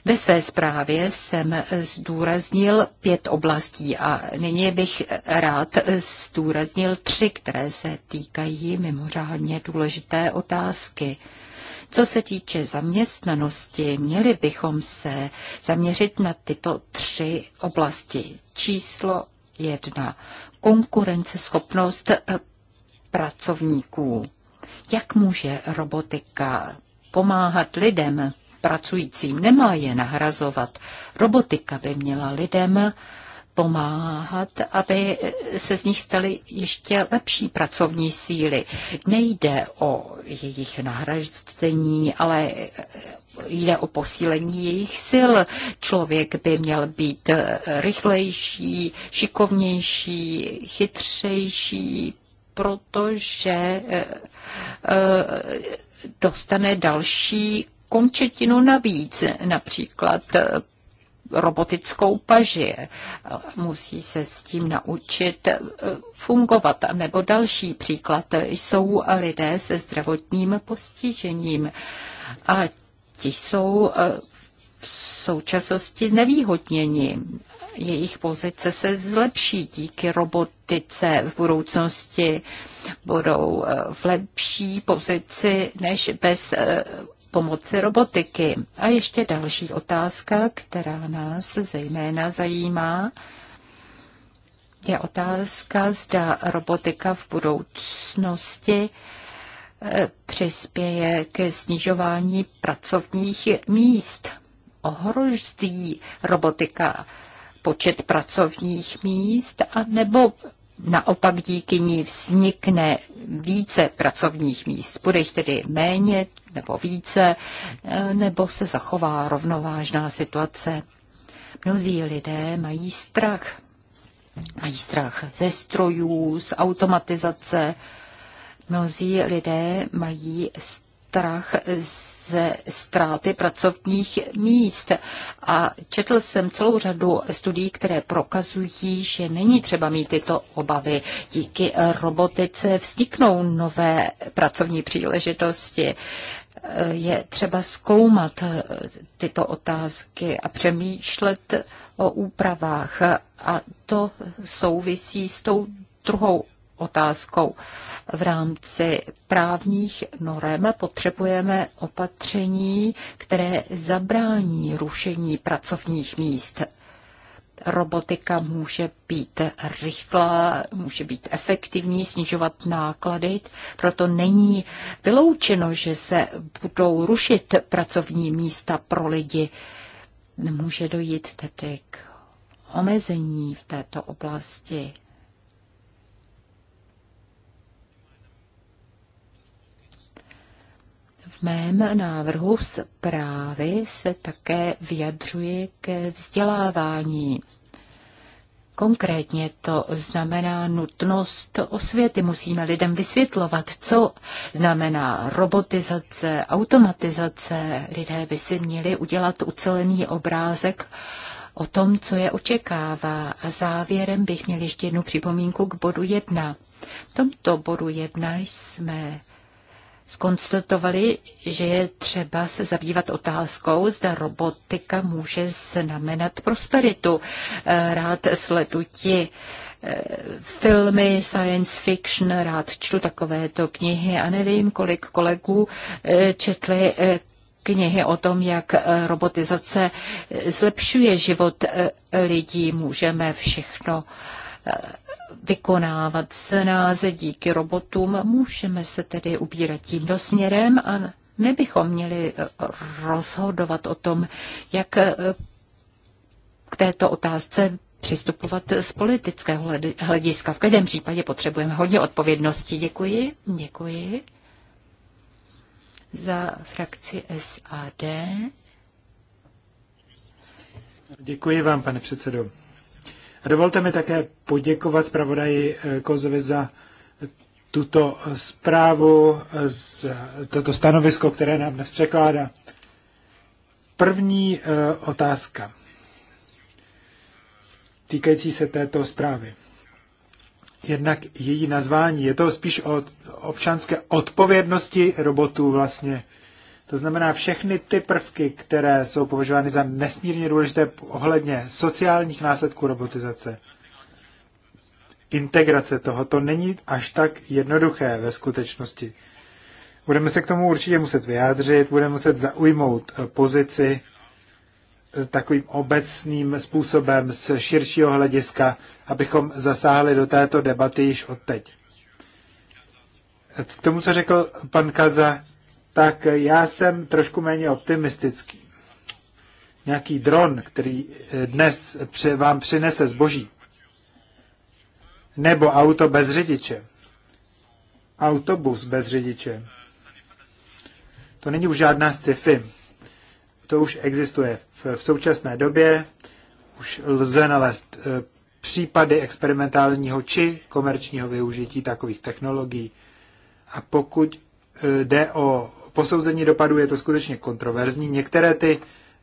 Ve své zprávě jsem zdůraznil pět oblastí a nyní bych rád zdůraznil tři, které se týkají mimořádně důležité otázky. Co se týče zaměstnanosti, měli bychom se zaměřit na tyto tři oblasti. Číslo jedna. Konkurenceschopnost eh, pracovníků. Jak může robotika pomáhat lidem pracujícím? Nemá je nahrazovat. Robotika by měla lidem pomáhat, aby se z nich staly ještě lepší pracovní síly. Nejde o jejich nahraždění, ale jde o posílení jejich sil. Člověk by měl být rychlejší, šikovnější, chytřejší, protože eh, dostane další končetinu navíc, například robotickou paži. Musí se s tím naučit eh, fungovat. Nebo další příklad jsou lidé se zdravotním postižením. A ti jsou eh, v současnosti nevýhodněni. Jejich pozice se zlepší díky robotice v budoucnosti. Budou eh, v lepší pozici než bez pomoci robotiky. A ještě další otázka, která nás zejména zajímá, je otázka, zda robotika v budoucnosti eh, přispěje ke snižování pracovních míst. Ohrozí robotika počet pracovních míst, a nebo naopak díky ní vznikne více pracovních míst. Bude jich tedy méně nebo více, e, nebo se zachová rovnovážná situace. Mnozí lidé mají strach. Mají strach ze strojů, z automatizace. Mnozí lidé mají strach strach ze ztráty pracovních míst. A četl jsem celou řadu studií, které prokazují, že není třeba mít tyto obavy. Díky robotice vzniknou nové pracovní příležitosti je třeba zkoumat tyto otázky a přemýšlet o úpravách. A to souvisí s tou druhou otázkou. V rámci právních norem potřebujeme opatření, které zabrání rušení pracovních míst. Robotika může být rychlá, může být efektivní, snižovat náklady, proto není vyloučeno, že se budou rušit pracovní místa pro lidi. Může dojít tedy k omezení v této oblasti. mém návrhu zprávy se také vyjadřuji ke vzdělávání. Konkrétně to znamená nutnost osvěty. Musíme lidem vysvětlovat, co znamená robotizace, automatizace. Lidé by si měli udělat ucelený obrázek o tom, co je očekává. A závěrem bych měl ještě jednu připomínku k bodu jedna. V tomto bodu jedna jsme skonstatovali, že je třeba se zabývat otázkou, zda robotika může znamenat prosperitu. Eh, rád sleduji eh, filmy, science fiction, rád čtu takovéto knihy a nevím, kolik kolegů eh, četli knihy o tom, jak robotizace zlepšuje život lidí. Můžeme všechno vykonávat snáze díky robotům. Můžeme se tedy ubírat tímto směrem a my bychom měli eh, rozhodovat o tom, jak eh, k této otázce přistupovat z politického hlediska. V každém případě potřebujeme hodně odpovědnosti. Děkuji. Děkuji za frakci SAD. Děkuji vám, pane předsedo. A dovolte mi také poděkovat zpravodaji eh, Kozovi za tuto zprávu, eh, toto stanovisko, které nám dnes překládá. První eh, otázka týkající se této zprávy. Jednak její nazvání, je to spíš o občanské odpovědnosti robotů vlastně. To znamená všechny ty prvky, které jsou považovány za nesmírně důležité ohledně sociálních následků robotizace. Integrace toho, to není až tak jednoduché ve skutečnosti. Budeme se k tomu určitě muset vyjádřit, budeme muset zaujmout eh, pozici eh, takovým obecným způsobem z širšího hlediska, abychom zasáhli do této debaty již odteď. K tomu, co řekl pan Kaza, tak já jsem trošku méně optimistický. Nějaký dron, který eh, dnes vám přinese zboží, nebo auto bez řidiče, autobus bez řidiče, to není už žádná sci-fi. To už existuje. V současné době už lze nalézt eh, případy experimentálního či komerčního využití takových technologií. A pokud eh, jde o posouzení dopadu je to skutečně kontroverzní. Některé ty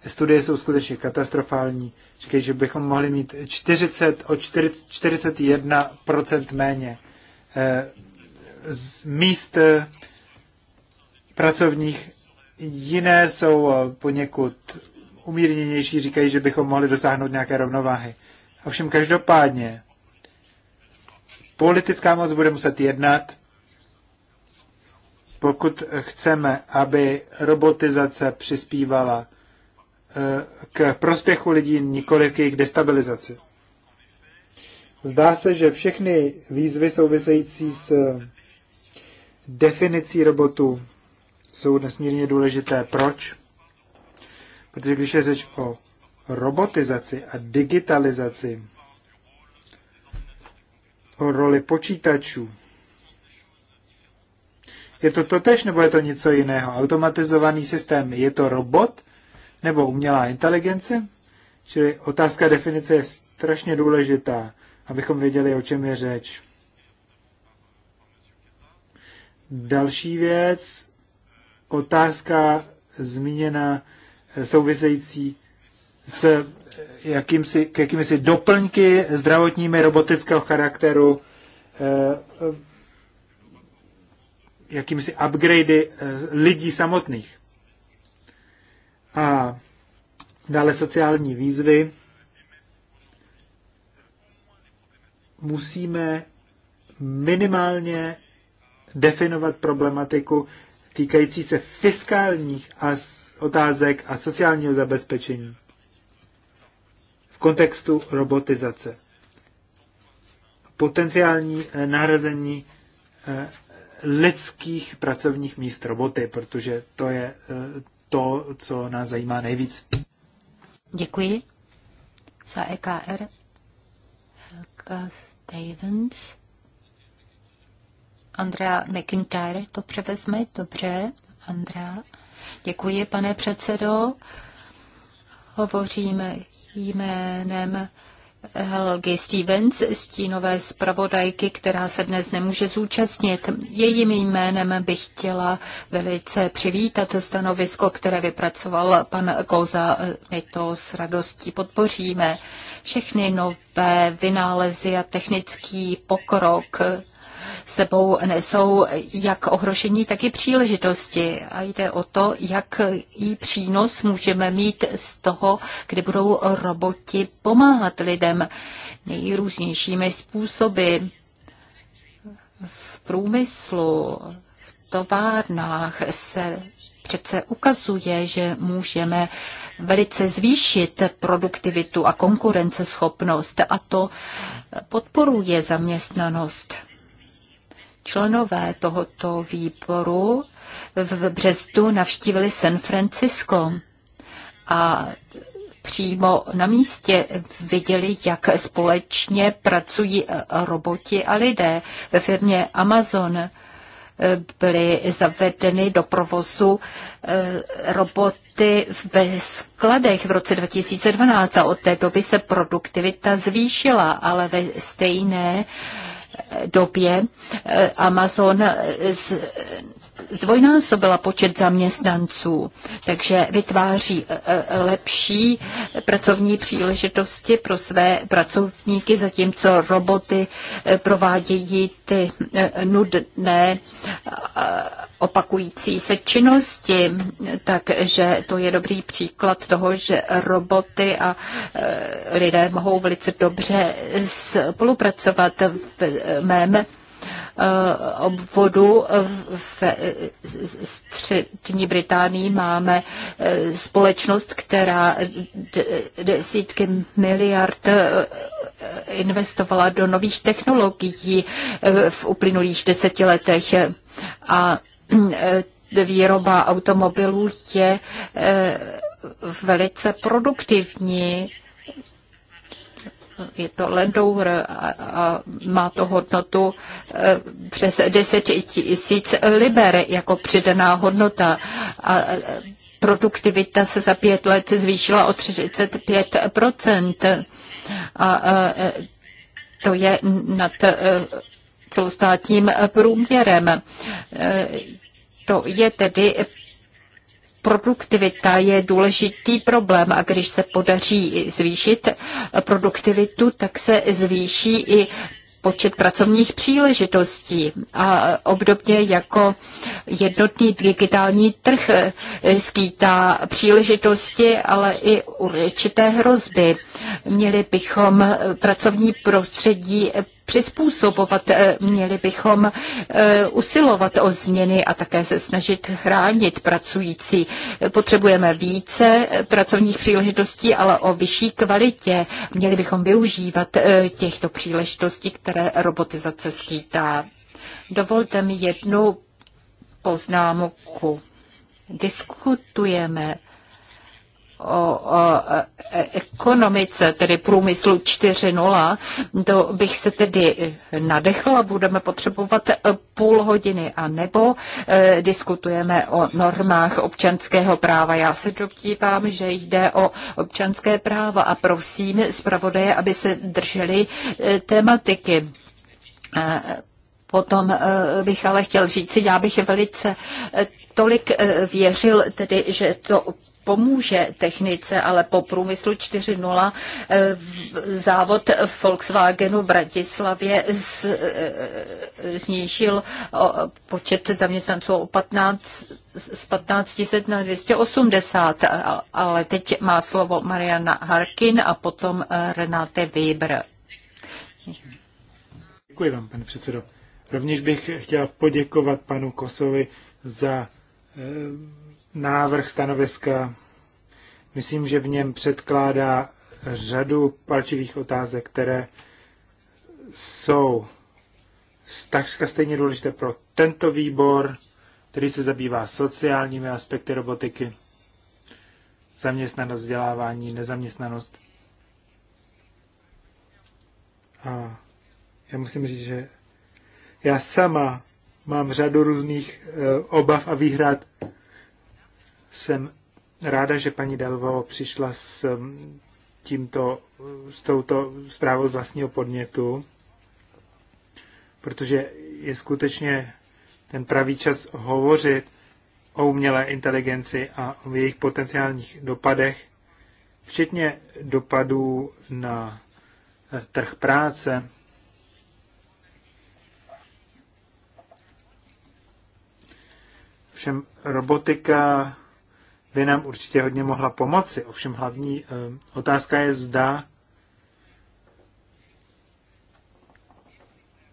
studie jsou skutečně katastrofální. Říkají, že bychom mohli mít 40, o 40, 41% méně eh, z míst eh, pracovních. Jiné jsou eh, poněkud umírněnější, říkají, že bychom mohli dosáhnout nějaké rovnováhy. Ovšem každopádně politická moc bude muset jednat pokud chceme, aby robotizace přispívala eh, k prospěchu lidí, nikoli k jejich destabilizaci. Zdá se, že všechny výzvy související s eh, definicí robotu jsou nesmírně důležité. Proč? Protože když je řeč o robotizaci a digitalizaci, o roli počítačů, je to totež nebo je to něco jiného? Automatizovaný systém, je to robot nebo umělá inteligence? Čili otázka definice je strašně důležitá, abychom věděli, o čem je řeč. Další věc, otázka zmíněna eh, související s eh, jakýmsi, jakýmsi doplňky zdravotními robotického charakteru eh, jakýmsi upgradey eh, lidí samotných. A dále sociální výzvy. Musíme minimálně definovat problematiku týkající se fiskálních a otázek a sociálního zabezpečení v kontextu robotizace. Potenciální eh, nahrazení eh, lidských pracovních míst roboty, protože to je eh, to, co nás zajímá nejvíc. Děkuji za EKR. Helga Stevens. Andrea McIntyre to převezme, dobře. Andrea. Děkuji, pane předsedo. Hovoříme jménem Helgi Stevens, stínové zpravodajky, která se dnes nemůže zúčastnit. Jejím jménem bych chtěla velice přivítat stanovisko, které vypracoval pan Koza. My to s radostí podpoříme. Všechny nové vynálezy a technický pokrok sebou nesou jak ohrožení, tak i příležitosti. A jde o to, jak jí přínos můžeme mít z toho, kdy budou roboti pomáhat lidem nejrůznějšími způsoby v průmyslu, v továrnách se přece ukazuje, že můžeme velice zvýšit produktivitu a konkurenceschopnost a to podporuje zaměstnanost členové tohoto výboru v březnu navštívili San Francisco a přímo na místě viděli, jak společně pracují roboti a lidé. Ve firmě Amazon eh, byly zavedeny do provozu eh, roboty ve skladech v roce 2012 a od té doby se produktivita zvýšila, ale ve stejné době eh, Amazon zdvojnásobila počet zaměstnanců, takže vytváří e, e, lepší pracovní příležitosti pro své pracovníky, zatímco roboty e, provádějí ty nudné opakující se činnosti, takže to je dobrý příklad toho, že roboty a lidé mohou velice dobře spolupracovat v mém Eh, obvodu v střední Británii máme eh, společnost, která desítky miliard eh, investovala do nových technologií v uplynulých deseti letech. A výroba automobilů je velice produktivní je to Landover a má to hodnotu eh, přes 10 tisíc liber jako přidaná hodnota. A eh, produktivita se za pět let zvýšila o 35 a eh, to je nad celostátním průměrem. To je tedy produktivita je důležitý problém a když se podaří zvýšit produktivitu, tak se zvýší i počet pracovních příležitostí a obdobně jako jednotný digitální trh skýtá příležitosti, ale i určité hrozby. Měli bychom pracovní prostředí přizpůsobovat. Eh, měli bychom eh, usilovat o změny a také se snažit chránit pracující. Potřebujeme více eh, pracovních příležitostí, ale o vyšší kvalitě. Měli bychom využívat těchto příležitostí, které robotizace skýtá. Dovolte mi jednu poznámku. Diskutujeme o, o e, e, ekonomice, tedy průmyslu 4.0, to bych se tedy nadechla, budeme potřebovat půl hodiny, a nebo e, diskutujeme o normách občanského práva. Já se doptívám, že jde o občanské práva a prosím zpravodaje, aby se drželi e, tematiky. E, Potom e, bych ale chtěl říci, já bych velice tolik věřil, tedy, že to pomůže technice, ale po průmyslu 4.0 eh, závod Volkswagenu v Bratislavě eh, snížil počet zaměstnanců o 15 z 1500 na 280, ale teď má slovo Mariana Harkin a potom eh, Renate Weber. Děkuji vám, pane předsedo. Rovněž bych chtěl poděkovat panu Kosovi za návrh stanoviska. Myslím, že v něm předkládá řadu palčivých otázek, které jsou takřka stejně důležité pro tento výbor, který se zabývá sociálními aspekty robotiky, zaměstnanost, vzdělávání, nezaměstnanost. A já musím říct, že já sama mám řadu různých eh, obav a výhrad jsem ráda, že paní Delvo přišla s mm, tímto, s touto zprávou z vlastního podnětu, protože je skutečně ten pravý čas hovořit o umělé inteligenci a o jejich potenciálních dopadech, včetně dopadů na eh, trh práce. Všem robotika by nám určitě hodně mohla pomoci. Ovšem hlavní eh, otázka je, zda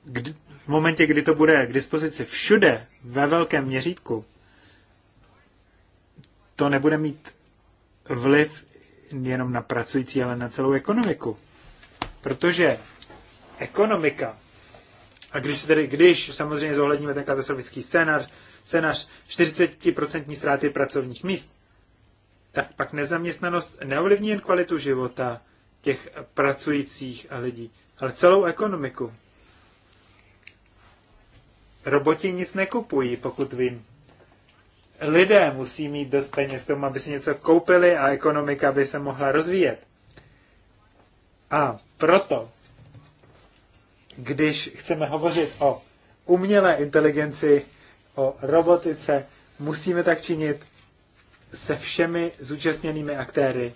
kdy, v momentě, kdy to bude k dispozici všude ve velkém měřítku, to nebude mít vliv jenom na pracující, ale na celou ekonomiku. Protože ekonomika, a když, se tedy, když samozřejmě zohledníme ten katastrofický scénář, scénář 40% ztráty pracovních míst, tak pak nezaměstnanost neovlivní jen kvalitu života těch pracujících a lidí, ale celou ekonomiku. Roboti nic nekupují, pokud vím. Lidé musí mít dost peněz tomu, aby si něco koupili a ekonomika by se mohla rozvíjet. A proto, když chceme hovořit o umělé inteligenci, o robotice, musíme tak činit se všemi zúčastněnými aktéry,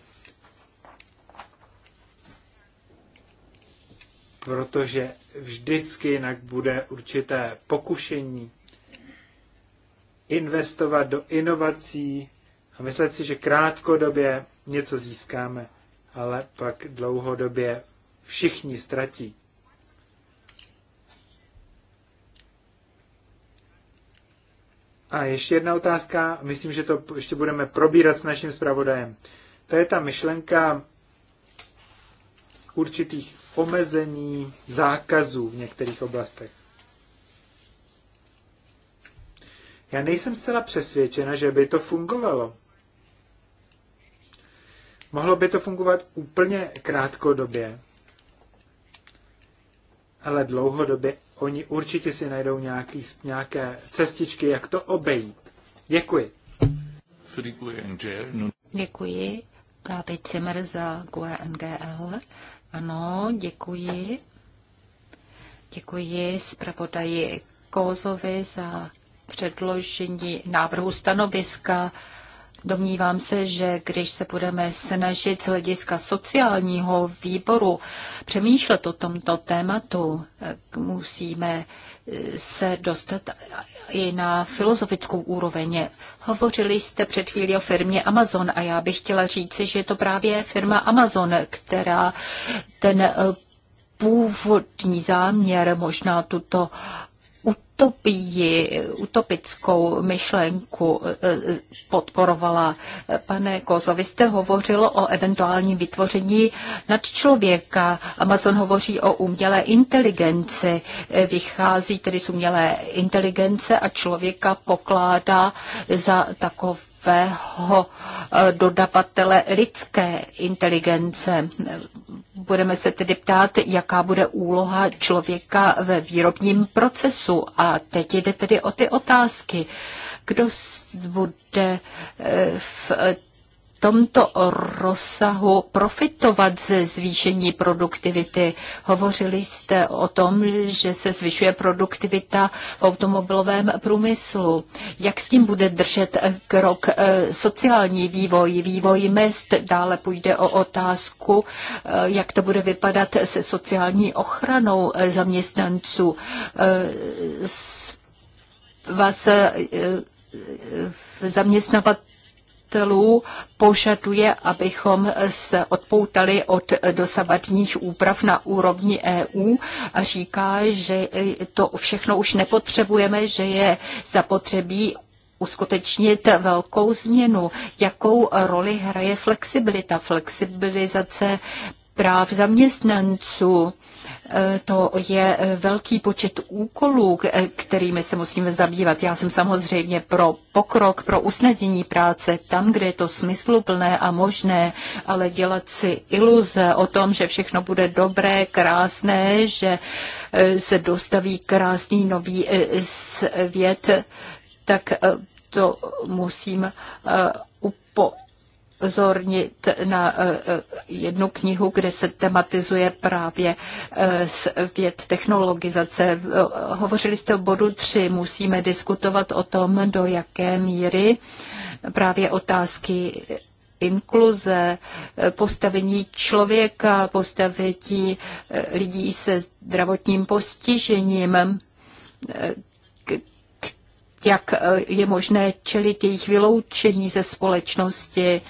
protože vždycky jinak bude určité pokušení investovat do inovací a myslet si, že krátkodobě něco získáme, ale pak dlouhodobě všichni ztratí. A ještě jedna otázka, myslím, že to ještě budeme probírat s naším zpravodajem. To je ta myšlenka určitých omezení, zákazů v některých oblastech. Já nejsem zcela přesvědčena, že by to fungovalo. Mohlo by to fungovat úplně krátkodobě, ale dlouhodobě oni určitě si najdou nějaký, nějaké cestičky, jak to obejít. Děkuji. Děkuji. Káby Cimr za GNGL. Ano, děkuji. Děkuji zpravodaji Kozovi za předložení návrhu stanoviska. Domnívám se, že když se budeme snažit z hlediska sociálního výboru přemýšlet o tomto tématu, musíme eh, se dostat i na filozofickou úroveň. Hovořili jste před chvílí o firmě Amazon a já bych chtěla říci, že je to právě firma Amazon, která ten eh, původní záměr možná tuto utopii, utopickou myšlenku eh, eh, podporovala. Pane Kozo, vy jste hovořil o eventuálním vytvoření nadčlověka. Amazon hovoří o umělé inteligenci. Eh, vychází tedy z umělé inteligence a člověka pokládá za takov svého eh, dodavatele lidské inteligence. Budeme se tedy ptát, jaká bude úloha člověka ve výrobním procesu. A teď jde tedy o ty otázky. Kdo bude eh, v tomto rozsahu profitovat ze zvýšení produktivity. Hovořili jste o tom, že se zvyšuje produktivita v automobilovém průmyslu. Jak s tím bude držet krok eh, sociální vývoj, vývoj mest? Dále půjde o otázku, eh, jak to bude vypadat se sociální ochranou eh, zaměstnanců. Vás zaměstnavat žadatelů požaduje, abychom se odpoutali od dosavadních úprav na úrovni EU a říká, že to všechno už nepotřebujeme, že je zapotřebí uskutečnit velkou změnu. Jakou roli hraje flexibilita, flexibilizace práv zaměstnanců? To je e, velký počet úkolů, e, kterými se musíme zabývat. Já jsem samozřejmě pro pokrok, pro usnadnění práce tam, kde je to smysluplné a možné, ale dělat si iluze o tom, že všechno bude dobré, krásné, že e, se dostaví krásný nový svět, tak to musím upozornit na eh, eh, jednu knihu, kde se tematizuje právě eh, věd technologizace. Hovořili jste o bodu 3. Musíme diskutovat o tom, do jaké míry právě otázky inkluze, postavení člověka, postavení lidí se zdravotním postižením, jak je možné čelit jejich vyloučení ze společnosti,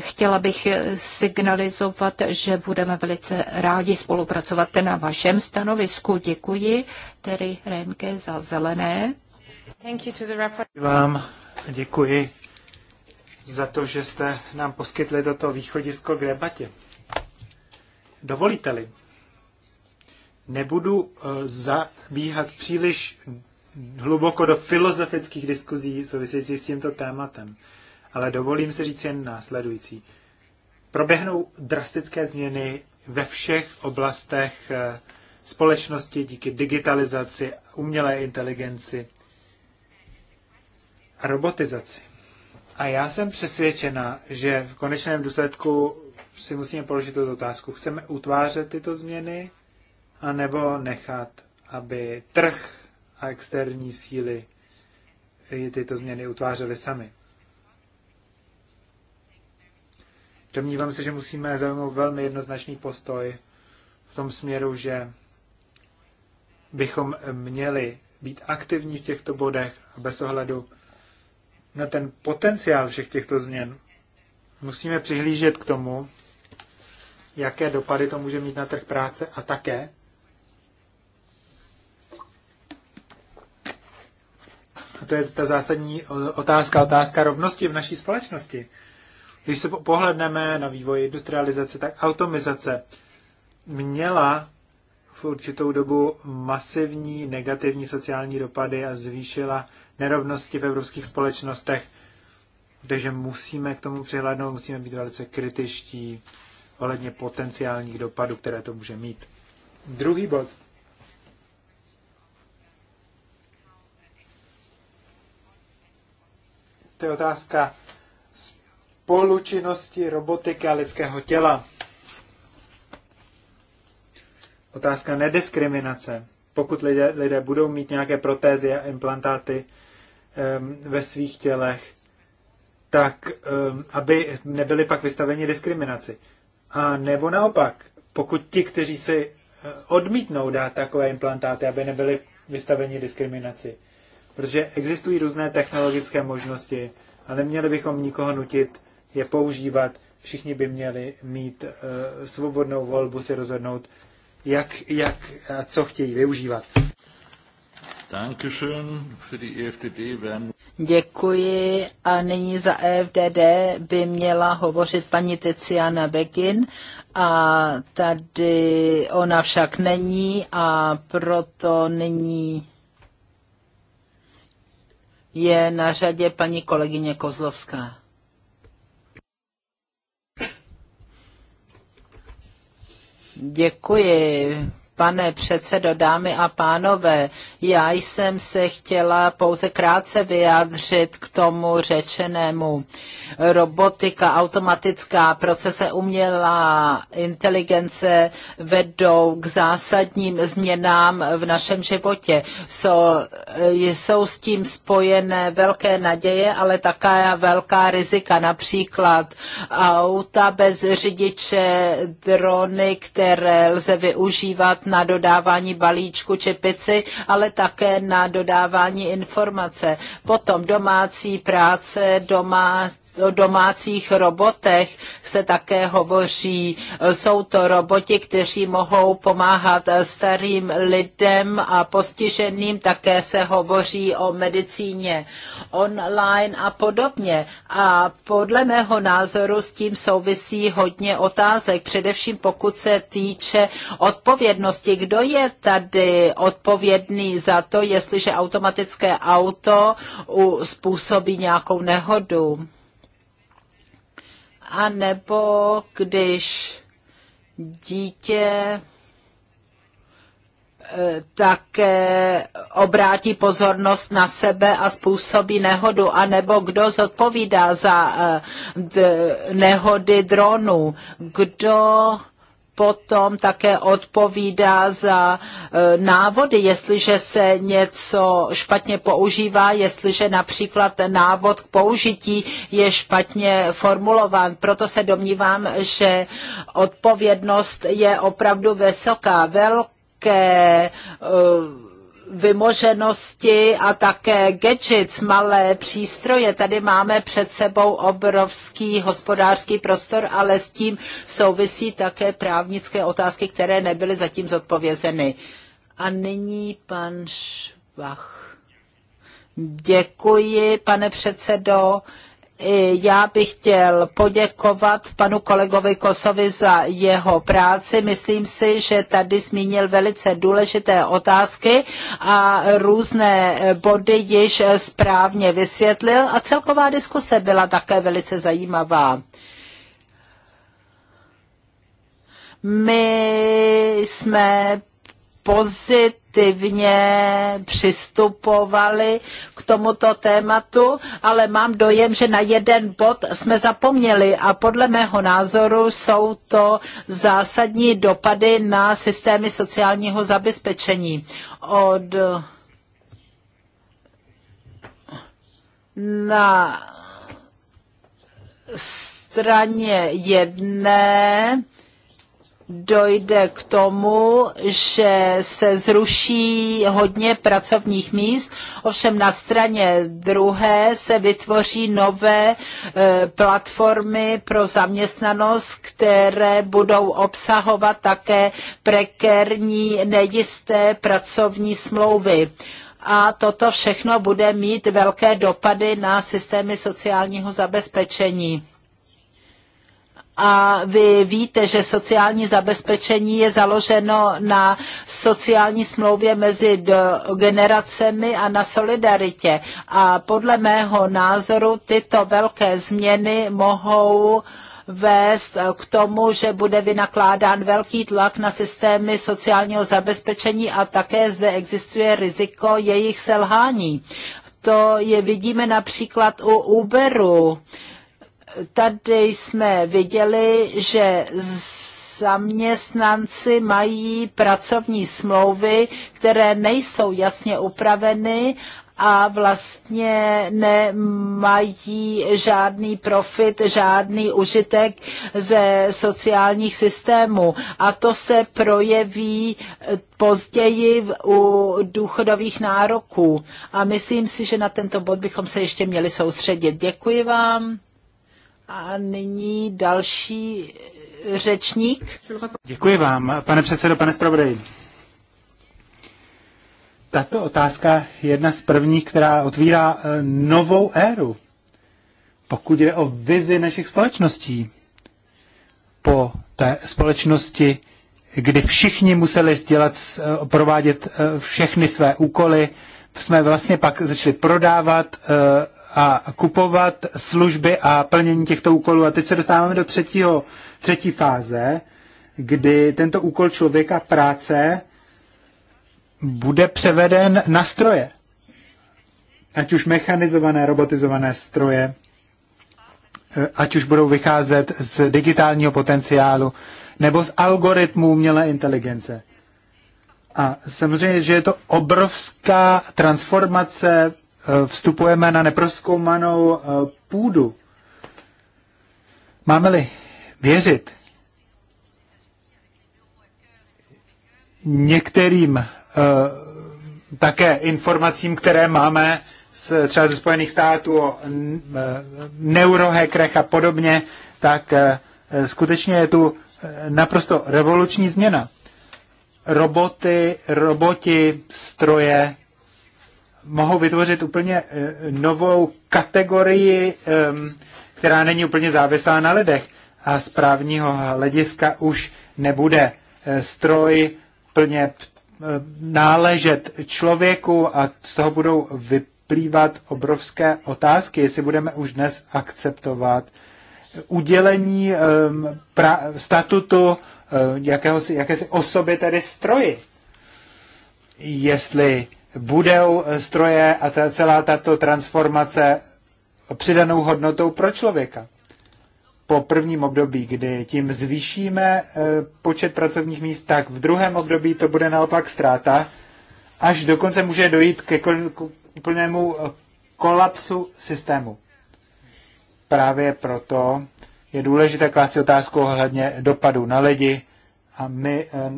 Chtěla bych signalizovat, že budeme velice rádi spolupracovat na vašem stanovisku. Děkuji tedy Renke za zelené. Vám děkuji za to, že jste nám poskytli toto východisko k debatě. Dovolíte-li, nebudu eh, zabíhat příliš hluboko do filozofických diskuzí souvisejících s tímto tématem ale dovolím si říct jen následující. Proběhnou drastické změny ve všech oblastech eh, společnosti díky digitalizaci, umělé inteligenci a robotizaci. A já jsem přesvědčena, že v konečném důsledku si musíme položit tuto otázku. Chceme utvářet tyto změny, anebo nechat, aby trh a externí síly tyto změny utvářely sami. Domnívám se, že musíme zaujmout velmi jednoznačný postoj v tom směru, že bychom měli být aktivní v těchto bodech a bez ohledu na ten potenciál všech těchto změn musíme přihlížet k tomu, jaké dopady to může mít na trh práce a také, a to je ta zásadní otázka, otázka rovnosti v naší společnosti. Když se pohledneme na vývoj industrializace, tak automizace měla v určitou dobu masivní negativní sociální dopady a zvýšila nerovnosti v evropských společnostech. Takže musíme k tomu přihlédnout, musíme být velice kritičtí ohledně potenciálních dopadů, které to může mít. Druhý bod. To je otázka spolučinnosti robotiky a lidského těla. Otázka nediskriminace. Pokud lidé, lidé budou mít nějaké protézy a implantáty um, ve svých tělech, tak um, aby nebyli pak vystaveni diskriminaci. A nebo naopak, pokud ti, kteří si eh, odmítnou dát takové implantáty, aby nebyli vystaveni diskriminaci. Protože existují různé technologické možnosti a neměli bychom nikoho nutit je používat. Všichni by měli mít eh, svobodnou volbu si rozhodnout, jak, jak a co chtějí využívat. E Děkuji a nyní za EFDD by měla hovořit paní Tiziana Begin a tady ona však není a proto nyní je na řadě paní kolegyně Kozlovská. Děkuji Pane předsedo, dámy a pánové, já jsem se chtěla pouze krátce vyjádřit k tomu řečenému. Robotika, automatická procese umělá inteligence vedou k zásadním změnám v našem životě. Jsou, jsou s tím spojené velké naděje, ale také velká rizika, například auta bez řidiče, drony, které lze využívat na dodávání balíčku či pici, ale také na dodávání informace. Potom domácí práce, domácí o domácích robotech se také hovoří. Jsou to roboti, kteří mohou pomáhat starým lidem a postiženým. Také se hovoří o medicíně online a podobně. A podle mého názoru s tím souvisí hodně otázek, především pokud se týče odpovědnosti. Kdo je tady odpovědný za to, jestliže automatické auto způsobí nějakou nehodu? a nebo když dítě eh, také obrátí pozornost na sebe a způsobí nehodu, anebo kdo zodpovídá za eh, nehody dronů, kdo potom také odpovídá za e, návody, jestliže se něco špatně používá, jestliže například návod k použití je špatně formulován. Proto se domnívám, že odpovědnost je opravdu vysoká. Velké uh, vymoženosti a také gadgets, malé přístroje. Tady máme před sebou obrovský hospodářský prostor, ale s tím souvisí také právnické otázky, které nebyly zatím zodpovězeny. A nyní pan Švach. Děkuji, pane předsedo. Já bych chtěl poděkovat panu kolegovi Kosovi za jeho práci. Myslím si, že tady zmínil velice důležité otázky a různé body již správně vysvětlil a celková diskuse byla také velice zajímavá. My jsme pozit aktivně přistupovali k tomuto tématu, ale mám dojem, že na jeden bod jsme zapomněli a podle mého názoru jsou to zásadní dopady na systémy sociálního zabezpečení. Od na straně jedné dojde k tomu, že se zruší hodně pracovních míst, ovšem na straně druhé se vytvoří nové e, platformy pro zaměstnanost, které budou obsahovat také prekérní nejisté pracovní smlouvy. A toto všechno bude mít velké dopady na systémy sociálního zabezpečení a vy víte, že sociální zabezpečení je založeno na sociální smlouvě mezi generacemi a na solidaritě. A podle mého názoru tyto velké změny mohou vést k tomu, že bude vynakládán velký tlak na systémy sociálního zabezpečení a také zde existuje riziko jejich selhání. To je vidíme například u Uberu. Uh, tady jsme viděli, že zaměstnanci mají pracovní smlouvy, které nejsou jasně upraveny a vlastně nemají žádný profit, žádný užitek ze sociálních systémů. A to se projeví později u důchodových nároků. A myslím si, že na tento bod bychom se ještě měli soustředit. Děkuji vám. A nyní další řečník. Děkuji vám, pane předsedo, pane zpravodaji. Tato otázka je jedna z prvních, která otvírá e, novou éru, pokud jde o vizi našich společností. Po té společnosti, kdy všichni museli dělat, e, provádět e, všechny své úkoly, jsme vlastně pak začali prodávat a kupovat služby a plnění těchto úkolů. A teď se dostáváme do třetího, třetí fáze, kdy tento úkol člověka práce bude převeden na stroje. Ať už mechanizované, robotizované stroje, eh, ať už budou vycházet z digitálního potenciálu nebo z algoritmů umělé inteligence. A samozřejmě, že je to obrovská transformace Eh, vstupujeme na neproskoumanou eh, půdu. Máme-li věřit některým eh, také informacím, které máme z, třeba ze Spojených států o neurohekrech a podobně, tak skutečně je tu naprosto revoluční změna. Roboty, roboti, stroje mohou vytvořit úplně eh, novou kategorii, která není úplně závislá na lidech. A z právního hlediska už nebude eh, stroj plně eh, náležet člověku a z toho budou vyplývat obrovské otázky, jestli budeme už dnes akceptovat udělení pra, statutu jakéhosi, jakési osoby, tedy stroji. Jestli budou stroje a ta, celá tato transformace přidanou hodnotou pro člověka. Po prvním období, kdy tím zvýšíme eh, počet pracovních míst, tak v druhém období to bude naopak ztráta, až dokonce může dojít ke úplnému eh, kolapsu systému. Právě proto je důležité klást otázku ohledně dopadu na lidi a my eh,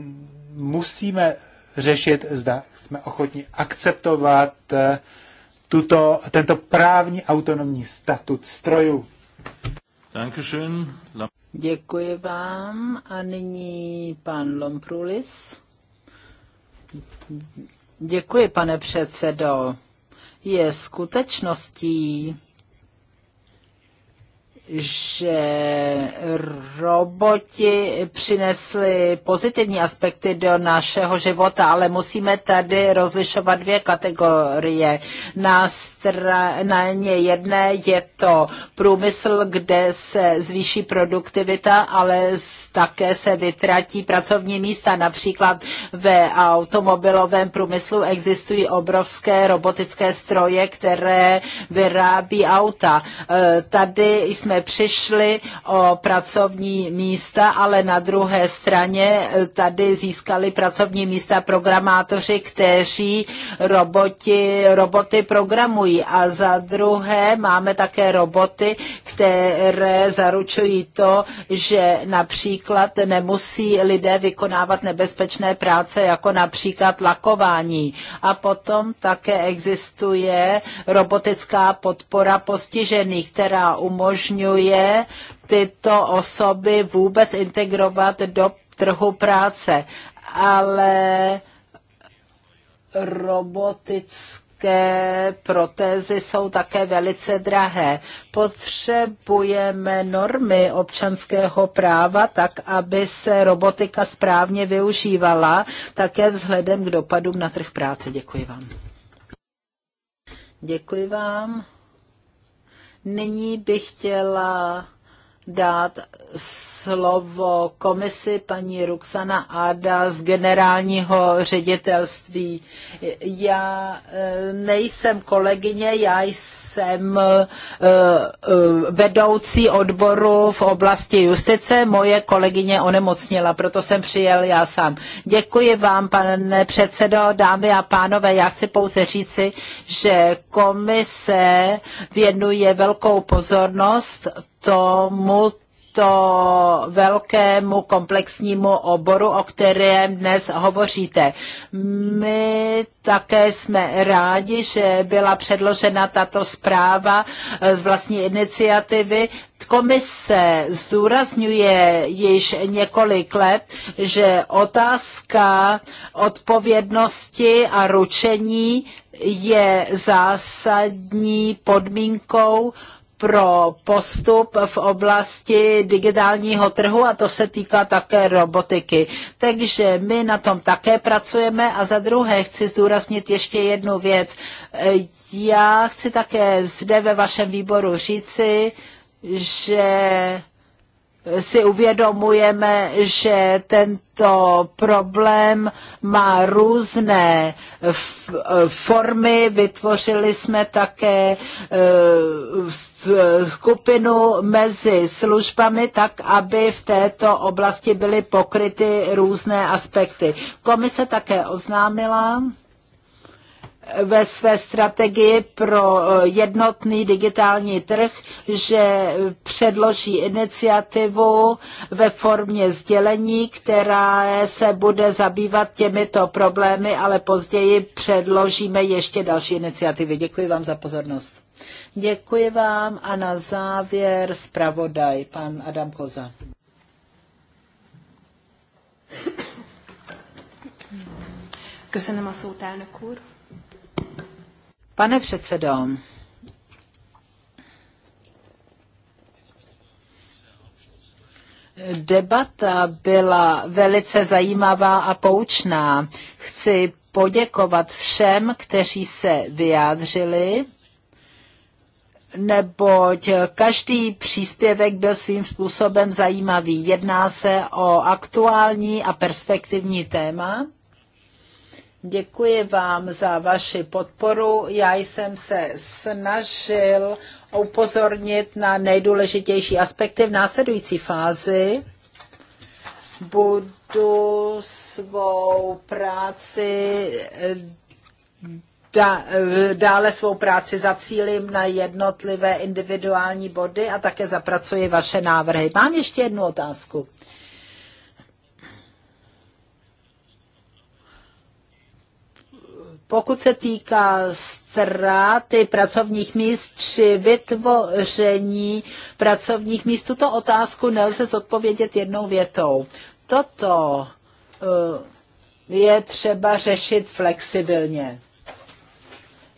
musíme řešit, zda jsme ochotni akceptovat eh, tuto, tento právní autonomní statut strojů. Děkuji vám. A nyní pan Lomprulis. Děkuji, pane předsedo. Je skutečností, že roboti přinesli pozitivní aspekty do našeho života, ale musíme tady rozlišovat dvě kategorie. Na straně jedné je to průmysl, kde se zvýší produktivita, ale také se vytratí pracovní místa. Například ve automobilovém průmyslu existují obrovské robotické stroje, které vyrábí auta. E, tady jsme jsme přišli o pracovní místa, ale na druhé straně eh, tady získali pracovní místa programátoři, kteří roboti, roboty programují. A za druhé máme také roboty, které zaručují to, že například nemusí lidé vykonávat nebezpečné práce, jako například lakování. A potom také existuje robotická podpora postižených, která umožňuje umožňuje tyto osoby vůbec integrovat do trhu práce. Ale robotické protézy jsou také velice drahé. Potřebujeme normy občanského práva tak, aby se robotika správně využívala, také vzhledem k dopadům na trh práce. Děkuji vám. Děkuji vám. Nyní bych chtěla dát slovo komisi paní Ruxana Ada z generálního ředitelství. Já e, nejsem kolegyně, já jsem e, e, vedoucí odboru v oblasti justice. Moje kolegyně onemocnila, proto jsem přijel já sám. Děkuji vám, pane předsedo, dámy a pánové. Já chci pouze říci, že komise věnuje velkou pozornost tomu to velkému komplexnímu oboru, o kterém dnes hovoříte. My také jsme rádi, že byla předložena tato zpráva z vlastní iniciativy. Komise zdůrazňuje již několik let, že otázka odpovědnosti a ručení je zásadní podmínkou pro postup v oblasti digitálního trhu a to se týká také robotiky. Takže my na tom také pracujeme a za druhé chci zdůraznit ještě jednu věc. Já chci také zde ve vašem výboru říci, že si uvědomujeme, že tento problém má různé formy. Vytvořili jsme také eh, skupinu mezi službami, tak aby v této oblasti byly pokryty různé aspekty. Komise také oznámila, ve své strategii pro eh, jednotný digitální trh, že předloží iniciativu ve formě sdělení, která se bude zabývat těmito problémy, ale později předložíme ještě další iniciativy. Děkuji vám za pozornost. Děkuji vám a na závěr zpravodaj, pan Adam Koza. Köszönöm a szót, elnök úr! Pane předsedo, Debata byla velice zajímavá a poučná. Chci poděkovat všem, kteří se vyjádřili, neboť každý příspěvek byl svým způsobem zajímavý. Jedná se o aktuální a perspektivní téma. Děkuji vám za vaši podporu. Já jsem se snažil upozornit na nejdůležitější aspekty v následující fázi. Budu svou práci dále svou práci zacílím na jednotlivé individuální body a také zapracuji vaše návrhy. Mám ještě jednu otázku. Pokud se týká ztráty pracovních míst či vytvoření pracovních míst, tuto otázku nelze zodpovědět jednou větou. Toto eh, je třeba řešit flexibilně.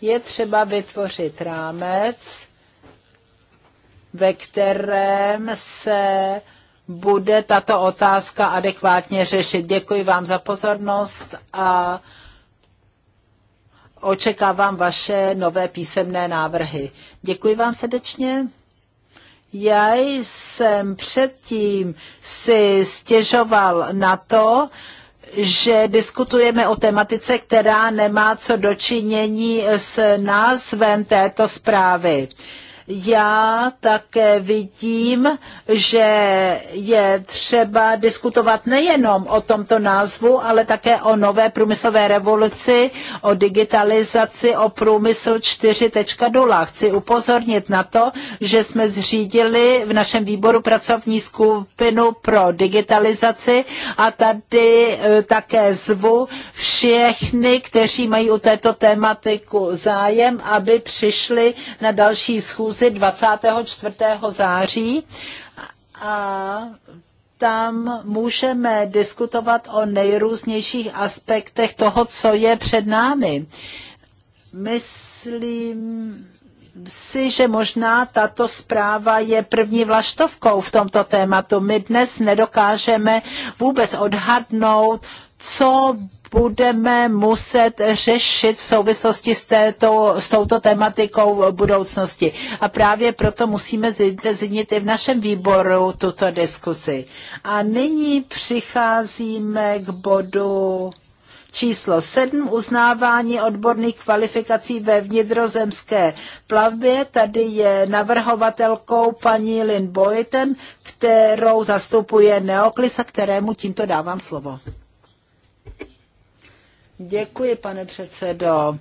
Je třeba vytvořit rámec, ve kterém se bude tato otázka adekvátně řešit. Děkuji vám za pozornost a očekávám vaše nové písemné návrhy. Děkuji vám srdečně. Já jsem předtím si stěžoval na to, že diskutujeme o tematice, která nemá co dočinění s názvem této zprávy. Uh, já také vidím, že je třeba diskutovat nejenom o tomto názvu, ale také o nové průmyslové revoluci, o digitalizaci, o průmysl 4.0. Chci upozornit na to, že jsme zřídili v našem výboru pracovní skupinu pro digitalizaci a tady e, také zvu všechny, kteří mají u této tématiku zájem, aby přišli na další schůzi schůzi 24. září a tam můžeme diskutovat o nejrůznějších aspektech toho, co je před námi. Myslím si, že možná tato zpráva je první vlaštovkou v tomto tématu. My dnes nedokážeme vůbec odhadnout, co budeme muset řešit v souvislosti s, této, s touto tematikou budoucnosti. A právě proto musíme zintenzivnit i v našem výboru tuto diskusi. A nyní přicházíme k bodu číslo 7 uznávání odborných kvalifikací ve vnitrozemské plavbě. Tady je navrhovatelkou paní Lynn Boyten, kterou zastupuje Neoklisa, kterému tímto dávám slovo. Děkuji, pane předsedo.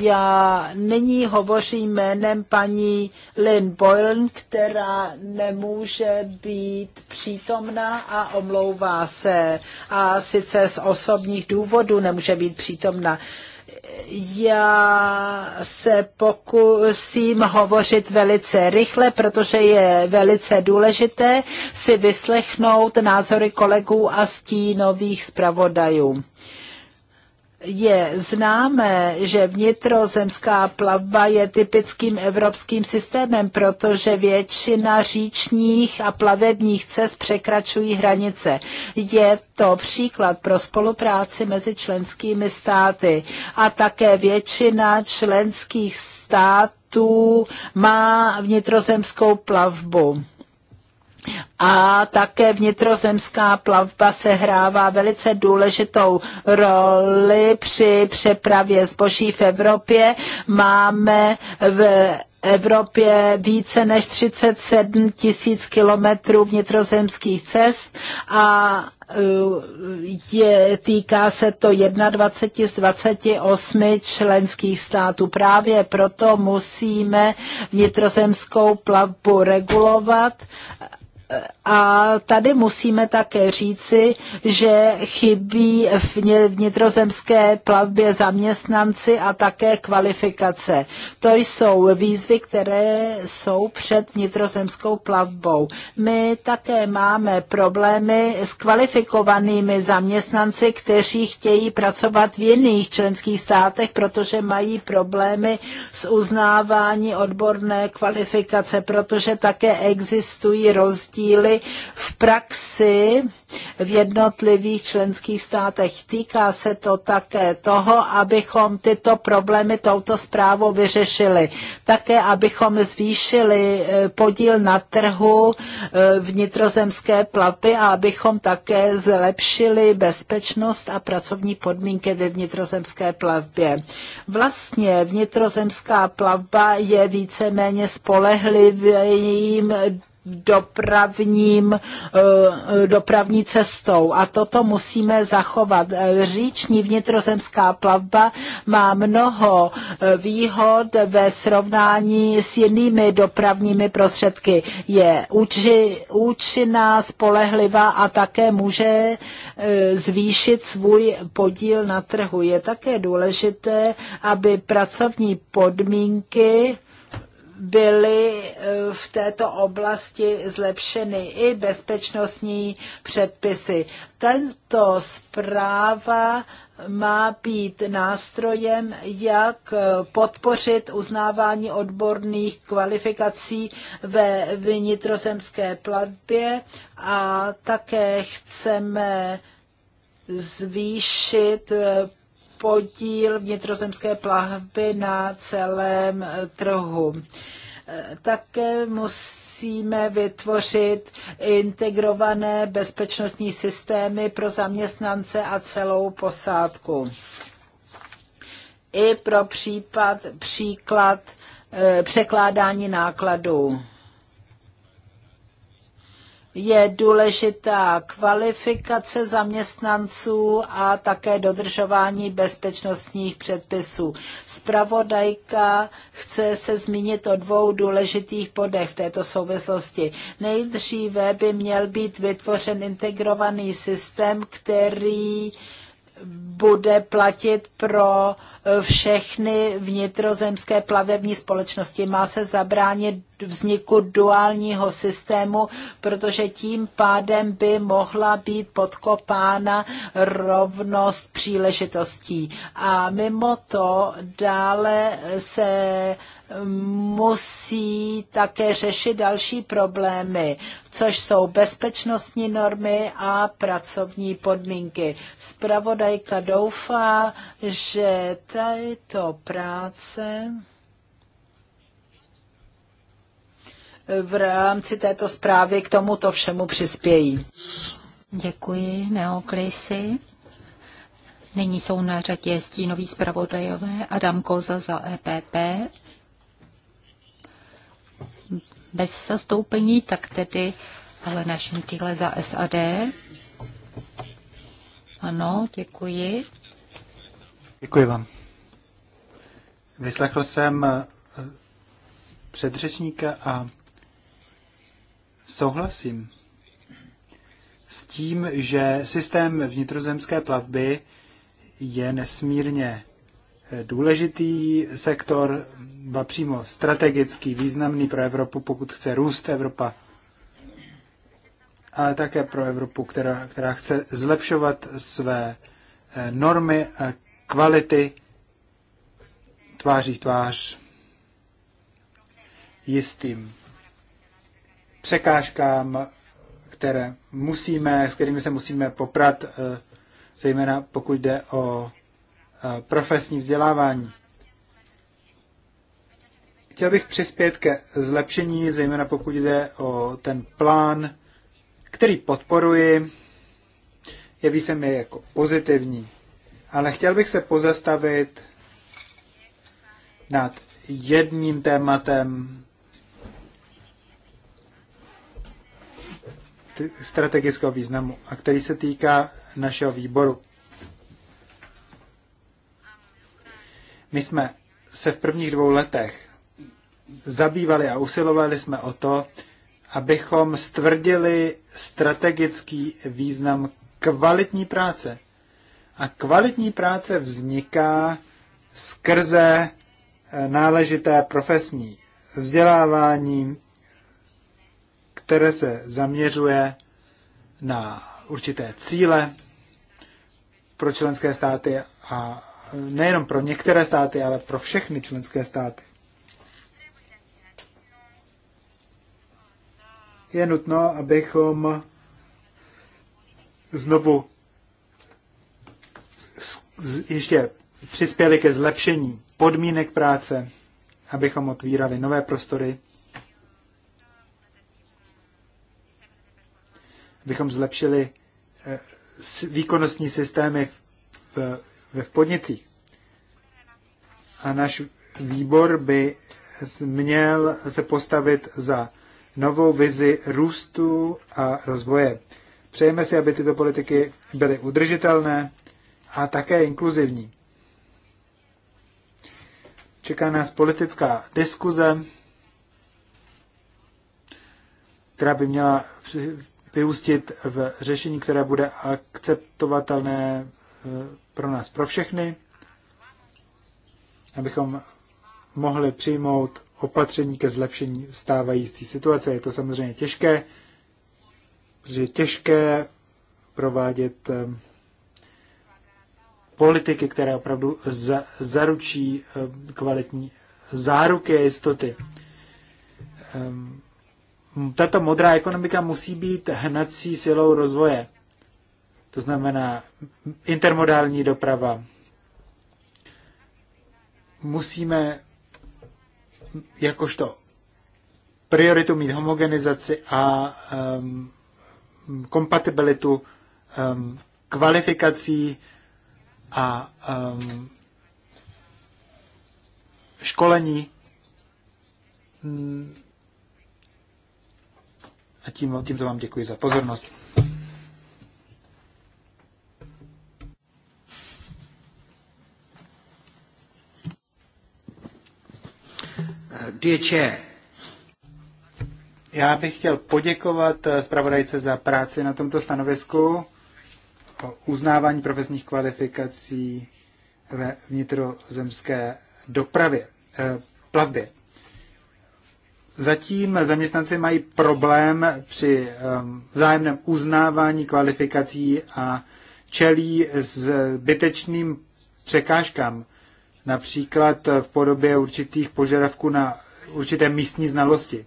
Já nyní hovořím jménem paní Lynn Boylan, která nemůže být přítomná a omlouvá se. A sice z osobních důvodů nemůže být přítomná. Já se pokusím hovořit velice rychle, protože je velice důležité si vyslechnout názory kolegů a stínových zpravodajů je známé, že vnitrozemská plavba je typickým evropským systémem, protože většina říčních a plavebních cest překračují hranice. Je to příklad pro spolupráci mezi členskými státy a také většina členských států má vnitrozemskou plavbu a také vnitrozemská plavba se hrává velice důležitou roli při přepravě zboží v Evropě. Máme v Evropě více než 37 tisíc kilometrů vnitrozemských cest a uh, je, týká se to 21 z 28 členských států. Právě proto musíme vnitrozemskou plavbu regulovat a tady musíme také říci, že chybí vnitrozemské plavbě zaměstnanci a také kvalifikace. To jsou výzvy, které jsou před vnitrozemskou plavbou. My také máme problémy s kvalifikovanými zaměstnanci, kteří chtějí pracovat v jiných členských státech, protože mají problémy s uznávání odborné kvalifikace, protože také existují rozdíly rozdíly v praxi v jednotlivých členských státech. Týká se to také toho, abychom tyto problémy touto zprávou vyřešili. Také, abychom zvýšili eh, podíl na trhu eh, vnitrozemské plavby a abychom také zlepšili bezpečnost a pracovní podmínky ve vnitrozemské plavbě. Vlastně vnitrozemská plavba je víceméně spolehlivým dopravním, eh, dopravní cestou a toto musíme zachovat. Eh, říční vnitrozemská plavba má mnoho eh, výhod ve srovnání s jinými dopravními prostředky. Je úči, účinná, spolehlivá a také může zvýšit svůj podíl na trhu. Je také důležité, aby pracovní podmínky byly e, v této oblasti zlepšeny i bezpečnostní předpisy. Tento zpráva má být nástrojem, jak podpořit uznávání odborných kvalifikací ve vnitrozemské platbě a také chceme zvýšit podíl vnitrozemské plavby na celém eh, trhu. Eh, také musíme vytvořit integrované bezpečnostní systémy pro zaměstnance a celou posádku. I pro případ, příklad eh, překládání nákladů je důležitá kvalifikace zaměstnanců a také dodržování bezpečnostních předpisů. Spravodajka chce se zmínit o dvou důležitých bodech této souvislosti. Nejdříve by měl být vytvořen integrovaný systém, který bude platit pro eh, všechny vnitrozemské plavební společnosti. Má se zabránit vzniku duálního systému, protože tím pádem by mohla být podkopána rovnost příležitostí. A mimo to dále se musí také řešit další problémy, což jsou bezpečnostní normy a pracovní podmínky. Spravodajka doufá, že tato práce v rámci této zprávy k tomuto všemu přispějí. Děkuji, Neoklisy. Nyní jsou na řadě stínoví zpravodajové Adam Koza za EPP, bez zastoupení, tak tedy Helena tyhle za SAD. Ano, děkuji. Děkuji vám. Vyslechl jsem eh, předřečníka a souhlasím s tím, že systém vnitrozemské plavby je nesmírně důležitý sektor, ba přímo strategický, významný pro Evropu, pokud chce růst Evropa, ale také pro Evropu, která, která chce zlepšovat své eh, normy a kvality tváří tvář jistým překážkám, které musíme, s kterými se musíme poprat, eh, zejména pokud jde o profesní vzdělávání. Chtěl bych přispět ke zlepšení, zejména pokud jde o ten plán, který podporuji. Jeví se mi jako pozitivní. Ale chtěl bych se pozastavit nad jedním tématem strategického významu a který se týká našeho výboru. My jsme se v prvních dvou letech zabývali a usilovali jsme o to, abychom stvrdili strategický význam kvalitní práce. A kvalitní práce vzniká skrze eh, náležité profesní vzdělávání, které se zaměřuje na určité cíle pro členské státy a nejenom pro některé státy, ale pro všechny členské státy. Je nutno, abychom znovu ještě přispěli ke zlepšení podmínek práce, abychom otvírali nové prostory, abychom zlepšili eh, výkonnostní systémy v v podnicích. A náš výbor by měl se postavit za novou vizi růstu a rozvoje. Přejeme si, aby tyto politiky byly udržitelné a také inkluzivní. Čeká nás politická diskuze, která by měla vyústit v řešení, které bude akceptovatelné Eh, pro nás, pro všechny, abychom mohli přijmout opatření ke zlepšení stávající situace. Je to samozřejmě těžké, protože je těžké provádět eh, politiky, které opravdu zaručí eh, kvalitní záruky a jistoty. Ehm, tato modrá ekonomika musí být hnací silou rozvoje to znamená intermodální doprava. Musíme jakožto prioritu mít homogenizaci a um, kompatibilitu um, kvalifikací a um, školení. Hmm. A tím, tímto vám děkuji za pozornost. dear chair. Já bych chtěl poděkovat eh, zpravodajce za práci na tomto stanovisku o uznávání profesních kvalifikací ve vnitrozemské dopravě, eh, plavbě. Zatím zaměstnanci mají problém při ehm, vzájemném uznávání kvalifikací a čelí zbytečným překážkám například v podobě určitých požadavků na určité místní znalosti.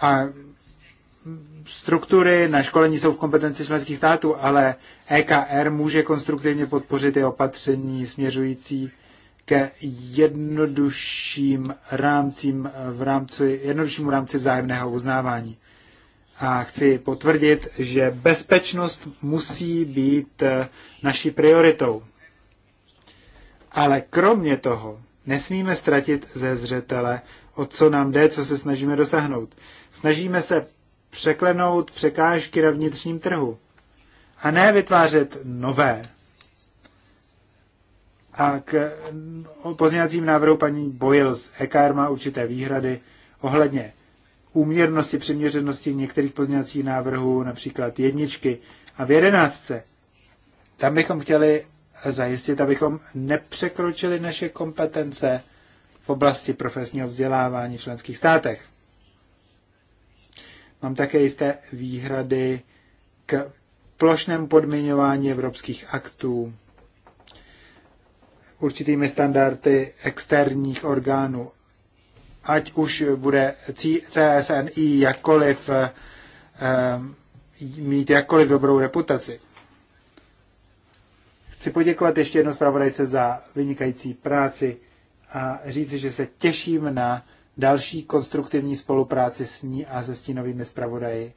A struktury na školení jsou v kompetenci členských států, ale EKR může konstruktivně podpořit i opatření směřující ke jednodušším rámcím v rámci, jednoduššímu rámci vzájemného uznávání. A chci potvrdit, že bezpečnost musí být naší prioritou. Ale kromě toho nesmíme ztratit ze zřetele, o co nám jde, co se snažíme dosáhnout. Snažíme se překlenout překážky na vnitřním trhu a ne vytvářet nové. A k pozměňovacím návrhu paní Boyles EKR má určité výhrady ohledně úměrnosti, přiměřenosti některých pozměňovacích návrhů, například jedničky a v jedenáctce. Tam bychom chtěli zajistit, abychom nepřekročili naše kompetence v oblasti profesního vzdělávání v členských státech. Mám také jisté výhrady k plošnému podmiňování evropských aktů určitými standardy externích orgánů. Ať už bude CSNI jakkoliv eh, mít jakkoliv dobrou reputaci. Chci poděkovat ještě jednou zpravodajce za vynikající práci a říci, že se těším na další konstruktivní spolupráci s ní a se stínovými zpravodaji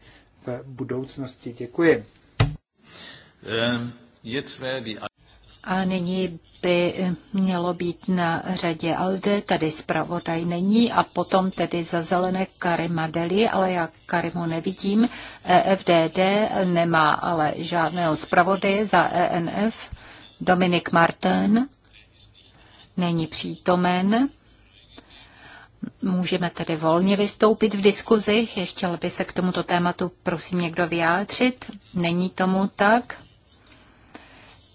v budoucnosti. Děkuji. Ehm, a nyní by mělo být na řadě Alde, tady zpravodaj není a potom tedy za zelené Karima Deli, ale já Karimu nevidím. EFDD nemá ale žádného zpravodaje za ENF. Dominik Martin není přítomen. Můžeme tedy volně vystoupit v diskuzi. Chtěl by se k tomuto tématu prosím někdo vyjádřit. Není tomu tak.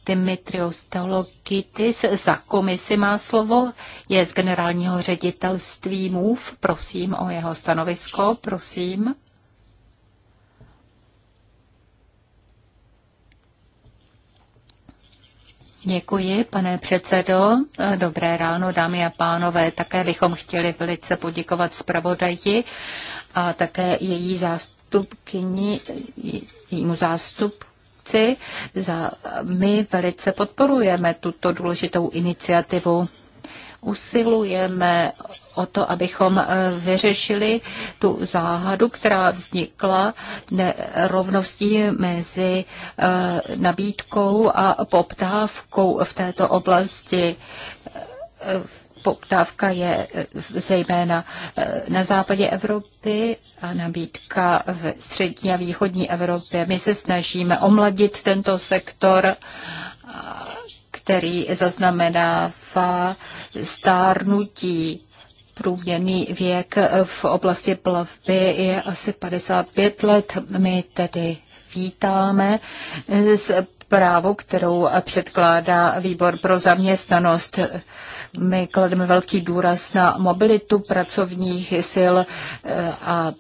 Dimitrios Teologitis za komisi má slovo, je z generálního ředitelství MUV. Prosím o jeho stanovisko, prosím. Děkuji, pane předsedo. Dobré ráno, dámy a pánové. Také bychom chtěli velice poděkovat zpravodaji a také její zástupkyni, jejímu zástup Za, my velice podporujeme tuto důležitou iniciativu. Usilujeme o to, abychom e, vyřešili tu záhadu, která vznikla nerovností mezi e, nabídkou a poptávkou v této oblasti e, poptávka je zejména na západě Evropy a nabídka v střední a východní Evropě. My se snažíme omladit tento sektor, který zaznamenává stárnutí průměrný věk v oblasti plavby je asi 55 let. My tedy vítáme z právu, kterou předkládá výbor pro zaměstnanost. My klademe velký důraz na mobilitu pracovních sil eh, a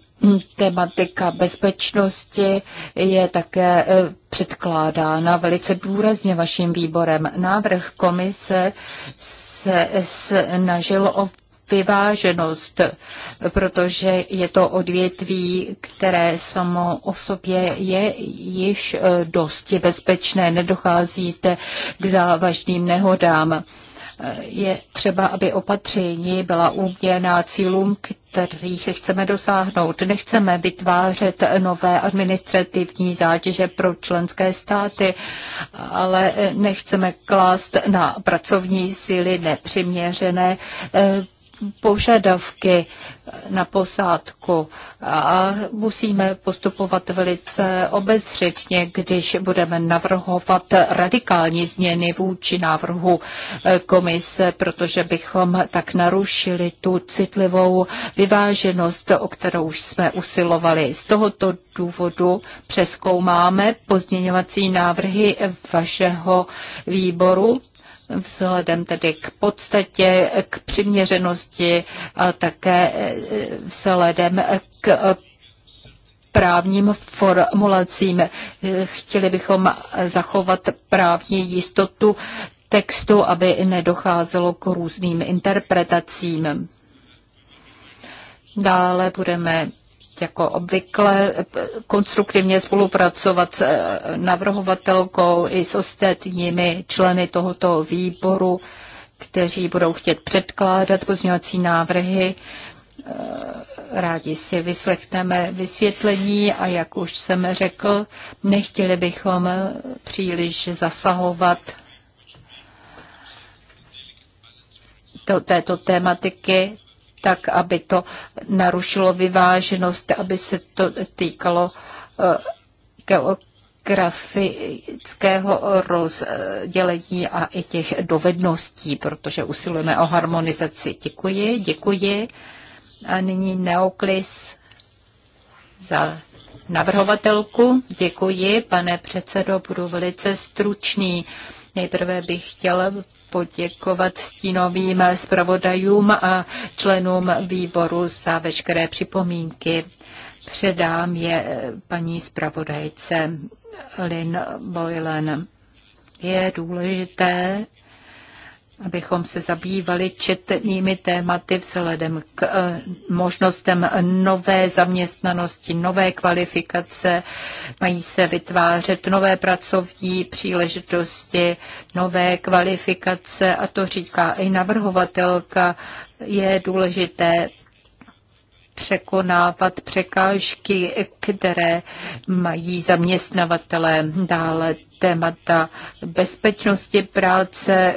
tematika bezpečnosti je také eh, předkládána velice důrazně vaším výborem. Návrh komise se snažil o vyváženost, protože je to odvětví, které samo o sobě je již eh, dosti bezpečné, nedochází zde k závažným nehodám. Eh, je třeba, aby opatření byla úměná cílům, kterých chceme dosáhnout. Nechceme vytvářet nové administrativní zátěže pro členské státy, ale eh, nechceme klást na pracovní síly nepřiměřené požadavky na posádku a musíme postupovat velice obezřetně, když budeme navrhovat radikální změny vůči návrhu eh, komise, protože bychom tak narušili tu citlivou vyváženost, o kterou jsme usilovali. Z tohoto důvodu přeskoumáme pozměňovací návrhy vašeho výboru vzhledem tedy k podstatě, k přiměřenosti a také e, vzhledem k e, právním formulacím. Chtěli bychom zachovat právní jistotu textu, aby nedocházelo k různým interpretacím. Dále budeme jako obvykle konstruktivně spolupracovat s eh, navrhovatelkou i s ostatními členy tohoto výboru, kteří budou chtět předkládat pozměňovací návrhy. Eh, Rádi si vyslechneme vysvětlení a jak už jsem řekl, nechtěli bychom příliš zasahovat do této tématiky, tak, aby to narušilo vyváženost, aby se to týkalo eh, geografického rozdělení a i těch dovedností, protože usilujeme o harmonizaci. Děkuji, děkuji. A nyní Neoklis za navrhovatelku. Děkuji, pane předsedo, budu velice stručný. Nejprve bych chtěl poděkovat stínovým zpravodajům a členům výboru za veškeré připomínky. Předám je eh, paní zpravodajce Lynn Boylan. Je důležité, abychom se zabývali četnými tématy vzhledem k eh, možnostem nové zaměstnanosti, nové kvalifikace. Mají se vytvářet nové pracovní příležitosti, nové kvalifikace a to říká i navrhovatelka. Je důležité překonávat překážky, které mají zaměstnavatele dále témata bezpečnosti práce,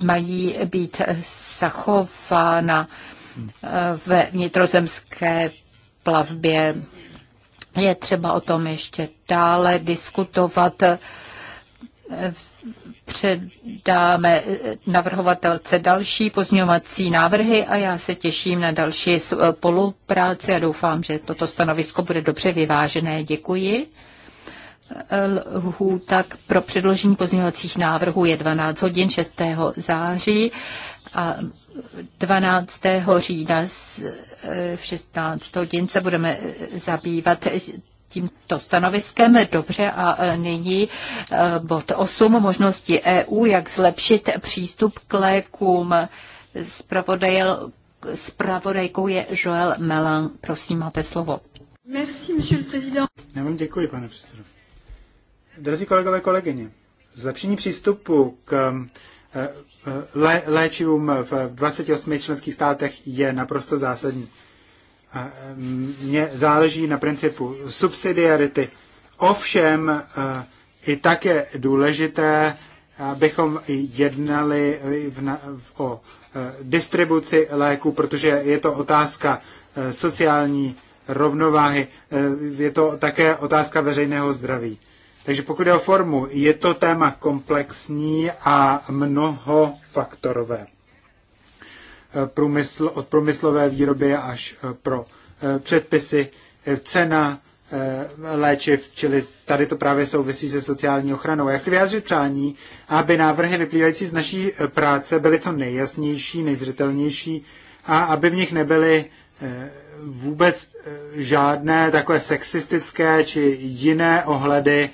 mají být zachována eh, ve vnitrozemské plavbě. Je třeba o tom ještě dále diskutovat. Předáme eh, navrhovatelce další pozměňovací návrhy a já se těším na další eh, spolupráci a doufám, že toto stanovisko bude dobře vyvážené. Děkuji lhůta pro předložení pozměňovacích návrhů je 12 hodin 6. září a 12. října eh, v 16 hodin se budeme eh, zabývat tímto stanoviskem. Dobře, a eh, nyní bod 8, možnosti EU, jak zlepšit přístup k lékům. Spravodajkou je Joel Melan. Prosím, máte slovo. Merci, monsieur le président. Já vám děkuji, pane předsedo. Drazí kolegové, kolegyně, zlepšení přístupu k eh, eh, lé, léčivům v 28 členských státech je naprosto zásadní. Eh, mně záleží na principu subsidiarity. Ovšem, i tak je důležité, abychom jednali v na, v, o distribuci léku, protože je to otázka sociální rovnováhy, je to také otázka veřejného zdraví. Takže pokud je o formu, je to téma komplexní a mnohofaktorové. Eh, průmysl, od průmyslové výroby až eh, pro eh, předpisy, cena léčiv, čili tady to právě souvisí se sociální ochranou. Já chci vyjádřit přání, aby návrhy vyplývající z naší práce byly co nejjasnější, nejzřetelnější a aby v nich nebyly vůbec žádné takové sexistické či jiné ohledy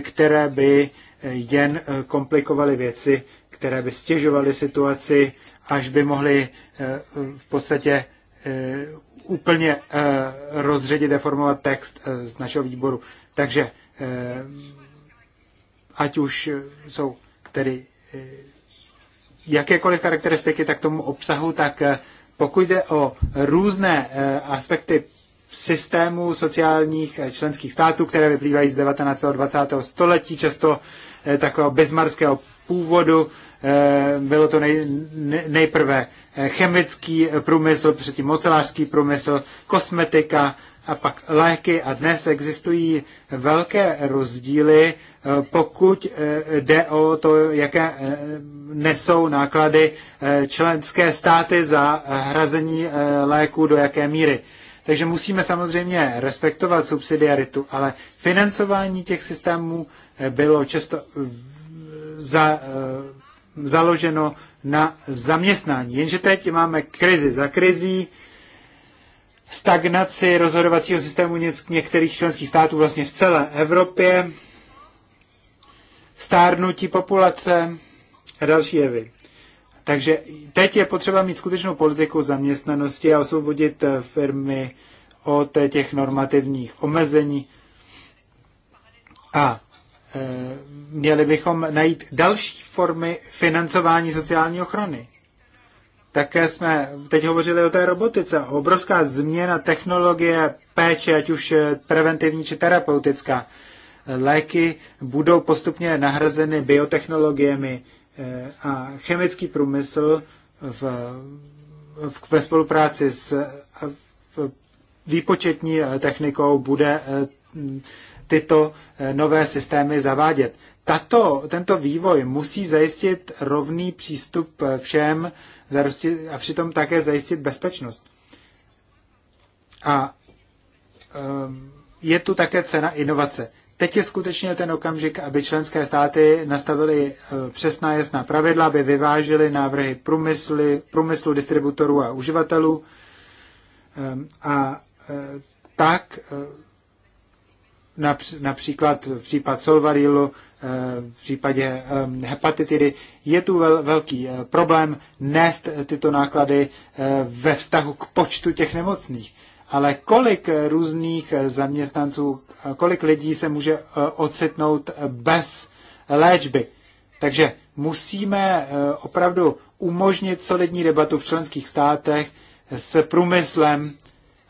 které by eh, jen eh, komplikovaly věci, které by stěžovaly situaci, až by mohly eh, v podstatě úplně rozředit, deformovat text z našeho výboru. Takže ať už jsou tedy jakékoliv charakteristiky, tak tomu obsahu, tak pokud jde o různé aspekty systému sociálních eh, členských států, které vyplývají z 19. a 20. století, často eh, takového bezmarského původu. Eh, bylo to nej, nejprve chemický průmysl, předtím ocelářský průmysl, kosmetika a pak léky. A dnes existují velké rozdíly, pokud jde o to, jaké nesou náklady členské státy za hrazení léků, do jaké míry. Takže musíme samozřejmě respektovat subsidiaritu, ale financování těch systémů eh, bylo často eh, za, eh, založeno na zaměstnání. Jenže teď máme krizi za krizí, stagnaci rozhodovacího systému některých členských států vlastně v celé Evropě, stárnutí populace a další jevy. Takže teď je potřeba mít skutečnou politiku zaměstnanosti a osvobodit eh, firmy od eh, těch normativních omezení. A eh, měli bychom najít další formy financování sociální ochrany. Také jsme teď hovořili o té robotice. Obrovská změna technologie péče, ať už preventivní či terapeutická. Léky budou postupně nahrazeny biotechnologiemi, Eh, a chemický průmysl v, v, ve spolupráci s výpočetní eh, technikou bude eh, tyto nové systémy zavádět. Tato, tento vývoj musí zajistit rovný přístup všem a přitom také zajistit bezpečnost. A ehm, je tu také cena inovace. Teď je skutečně ten okamžik, aby členské státy nastavily eh, přesná jasná pravidla, aby vyvážily návrhy průmysly, průmyslu, distributorů a uživatelů. Ehm, a eh, tak eh, například v případ Solvarilu, v případě ehm, hepatitidy, je tu velký problém nést tyto náklady ve vztahu k počtu těch nemocných ale kolik různých zaměstnanců, kolik lidí se může eh, ocitnout bez léčby. Takže musíme eh, opravdu umožnit solidní debatu v členských státech s průmyslem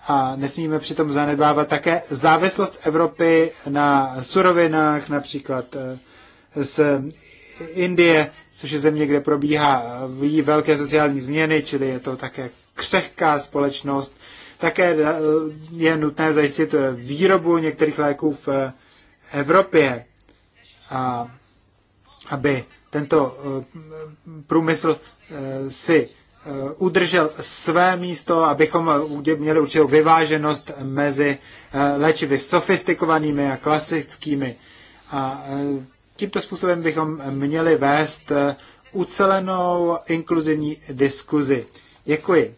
a nesmíme přitom zanedbávat také závislost Evropy na surovinách, například eh, z Indie, což je země, kde probíhá velké sociální změny, čili je to také křehká společnost, také eh, je nutné zajistit eh, výrobu některých léků v eh, Evropě, a aby tento průmysl si udržel své místo, abychom měli určitou vyváženost mezi léčivy sofistikovanými a klasickými. A tímto způsobem bychom měli vést ucelenou inkluzivní diskuzi. Děkuji.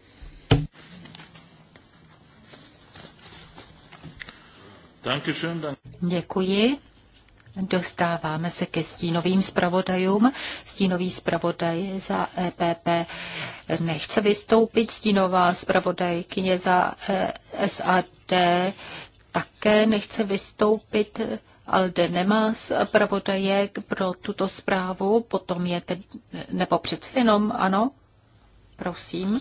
Děkuji. Dostáváme se ke stínovým zpravodajům. Stínový zpravodaj za EPP nechce vystoupit, stínová zpravodajkyně za e SAD také nechce vystoupit. Alde nemá zpravodaje pro tuto zprávu, potom je ten, nebo přece jenom, ano, prosím.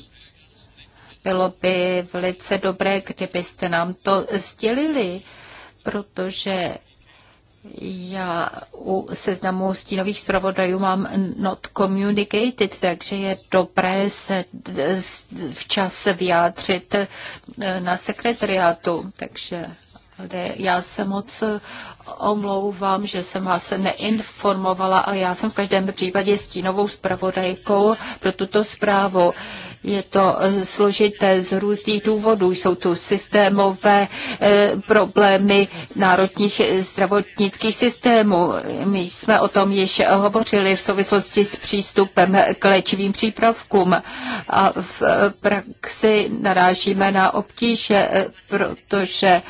Bylo by velice dobré, kdybyste nám to sdělili protože já u seznamu stínových zpravodajů mám not communicated, takže je dobré se včas vyjádřit eh, na sekretariátu. Takže ale já se moc omlouvám, že jsem vás neinformovala, ale já jsem v každém případě stínovou zpravodajkou pro tuto zprávu. Je to eh, složité z různých důvodů. Jsou tu systémové eh, problémy národních zdravotnických systémů. My jsme o tom již hovořili v souvislosti s přístupem k léčivým přípravkům a v eh, praxi narážíme na obtíže, protože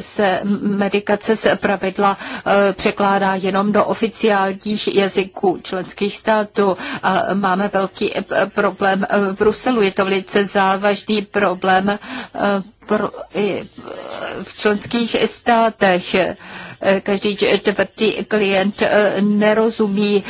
se medikace z pravidla eh, překládá jenom do oficiálních jazyků členských států. A máme velký eh, problém eh, v Bruselu. Je to velice závažný problém pro, v členských státech. Každý čtvrtý klient nerozumí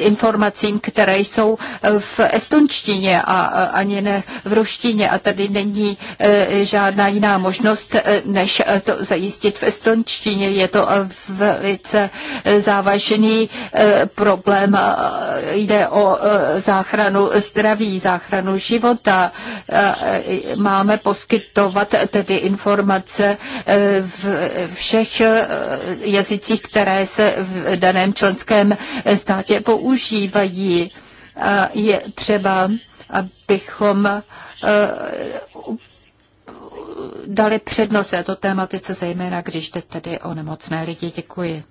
informacím, které jsou eh, v estonštině a eh, ani ne v ruštině. A tady není eh, žádná jiná možnost, než to zajistit v estonštině. Je to velice závažný problém. Jde o záchranu zdraví, záchranu života. Máme poskytovat tedy informace v všech jazycích, které se v daném členském státě ještě používají. je třeba, abychom e, dali přednost této tématice, zejména když jde tedy o nemocné lidi. Děkuji.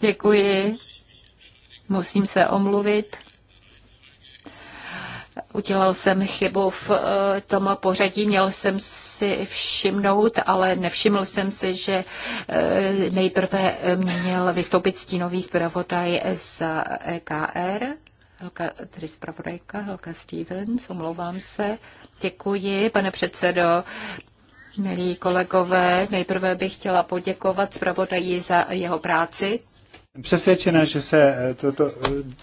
Děkuji. Musím se omluvit. Udělal jsem chybu v eh, tom pořadí, měl jsem si všimnout, ale nevšiml jsem si, že eh, nejprve měl vystoupit stínový zpravodaj z EKR. Helka, tedy zpravodajka Helka Stevens, omlouvám se. Děkuji, pane předsedo. Milí kolegové, nejprve bych chtěla poděkovat zpravodaji za jeho práci. Přesvědčena, že se eh, toto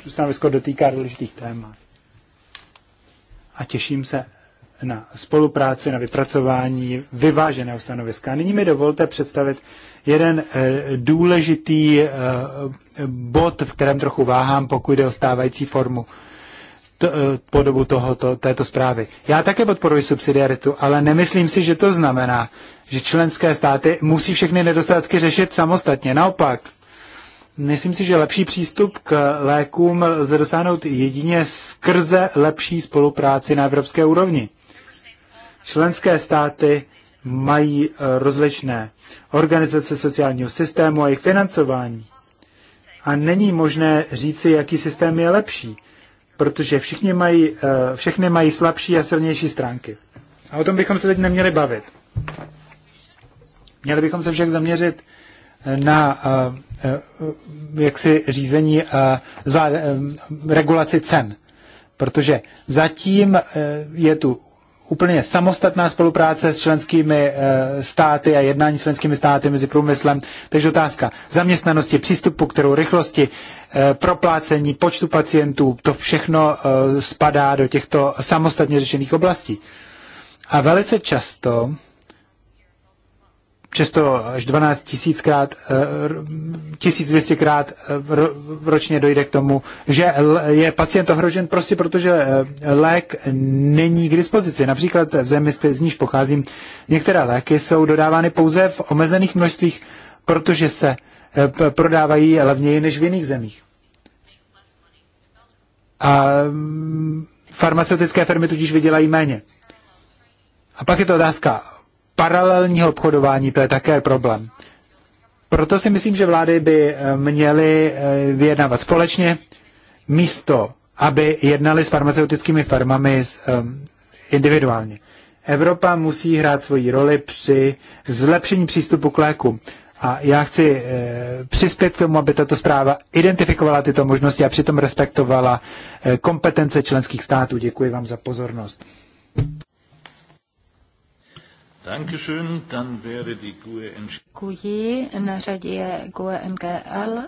stanovisko dotýká důležitých témat a těším se na spolupráci, na vypracování vyváženého stanoviska. Nyní mi dovolte představit jeden eh, důležitý eh, bod, v kterém trochu váhám, pokud jde o stávající formu t, eh, podobu tohoto, této zprávy. Já také podporuji subsidiaritu, ale nemyslím si, že to znamená, že členské státy musí všechny nedostatky řešit samostatně. Naopak, Myslím si, že lepší přístup k lékům lze dosáhnout jedině skrze lepší spolupráci na evropské úrovni. Členské státy mají eh, rozličné organizace sociálního systému a jejich financování. A není možné říci, jaký systém je lepší, protože všichni mají, eh, všechny mají slabší a silnější stránky. A o tom bychom se teď neměli bavit. Měli bychom se však zaměřit eh, na Eh, jaksi řízení zvlád, eh, regulaci cen. Protože zatím eh, je tu úplně samostatná spolupráce s členskými státy a jednání s členskými státy mezi průmyslem. Takže otázka zaměstnanosti, přístupu kterou rychlosti, proplácení, počtu pacientů, to všechno spadá do těchto samostatně řešených oblastí. A velice často Často až 12 tisíckrát, 1200krát eh, eh, ročně dojde k tomu, že je pacient ohrožen prostě protože eh, lék není k dispozici. Například v zemi, z níž pocházím, některé léky jsou dodávány pouze v omezených množstvích, protože se prodávají levněji než v jiných zemích. A mm, farmaceutické firmy tudíž vydělají méně. A pak je to otázka paralelního obchodování, to je také problém. Proto si myslím, že vlády by eh, měly eh, vyjednávat společně, místo, aby jednali s farmaceutickými firmami eh, individuálně. Evropa musí hrát svoji roli při zlepšení přístupu k léku. A já chci přispět k tomu, aby tato zpráva identifikovala tyto možnosti a přitom respektovala kompetence členských států. Děkuji vám za pozornost. Dankeschön, dann wäre die GUE Děkuji, na řadě je GUE NGL,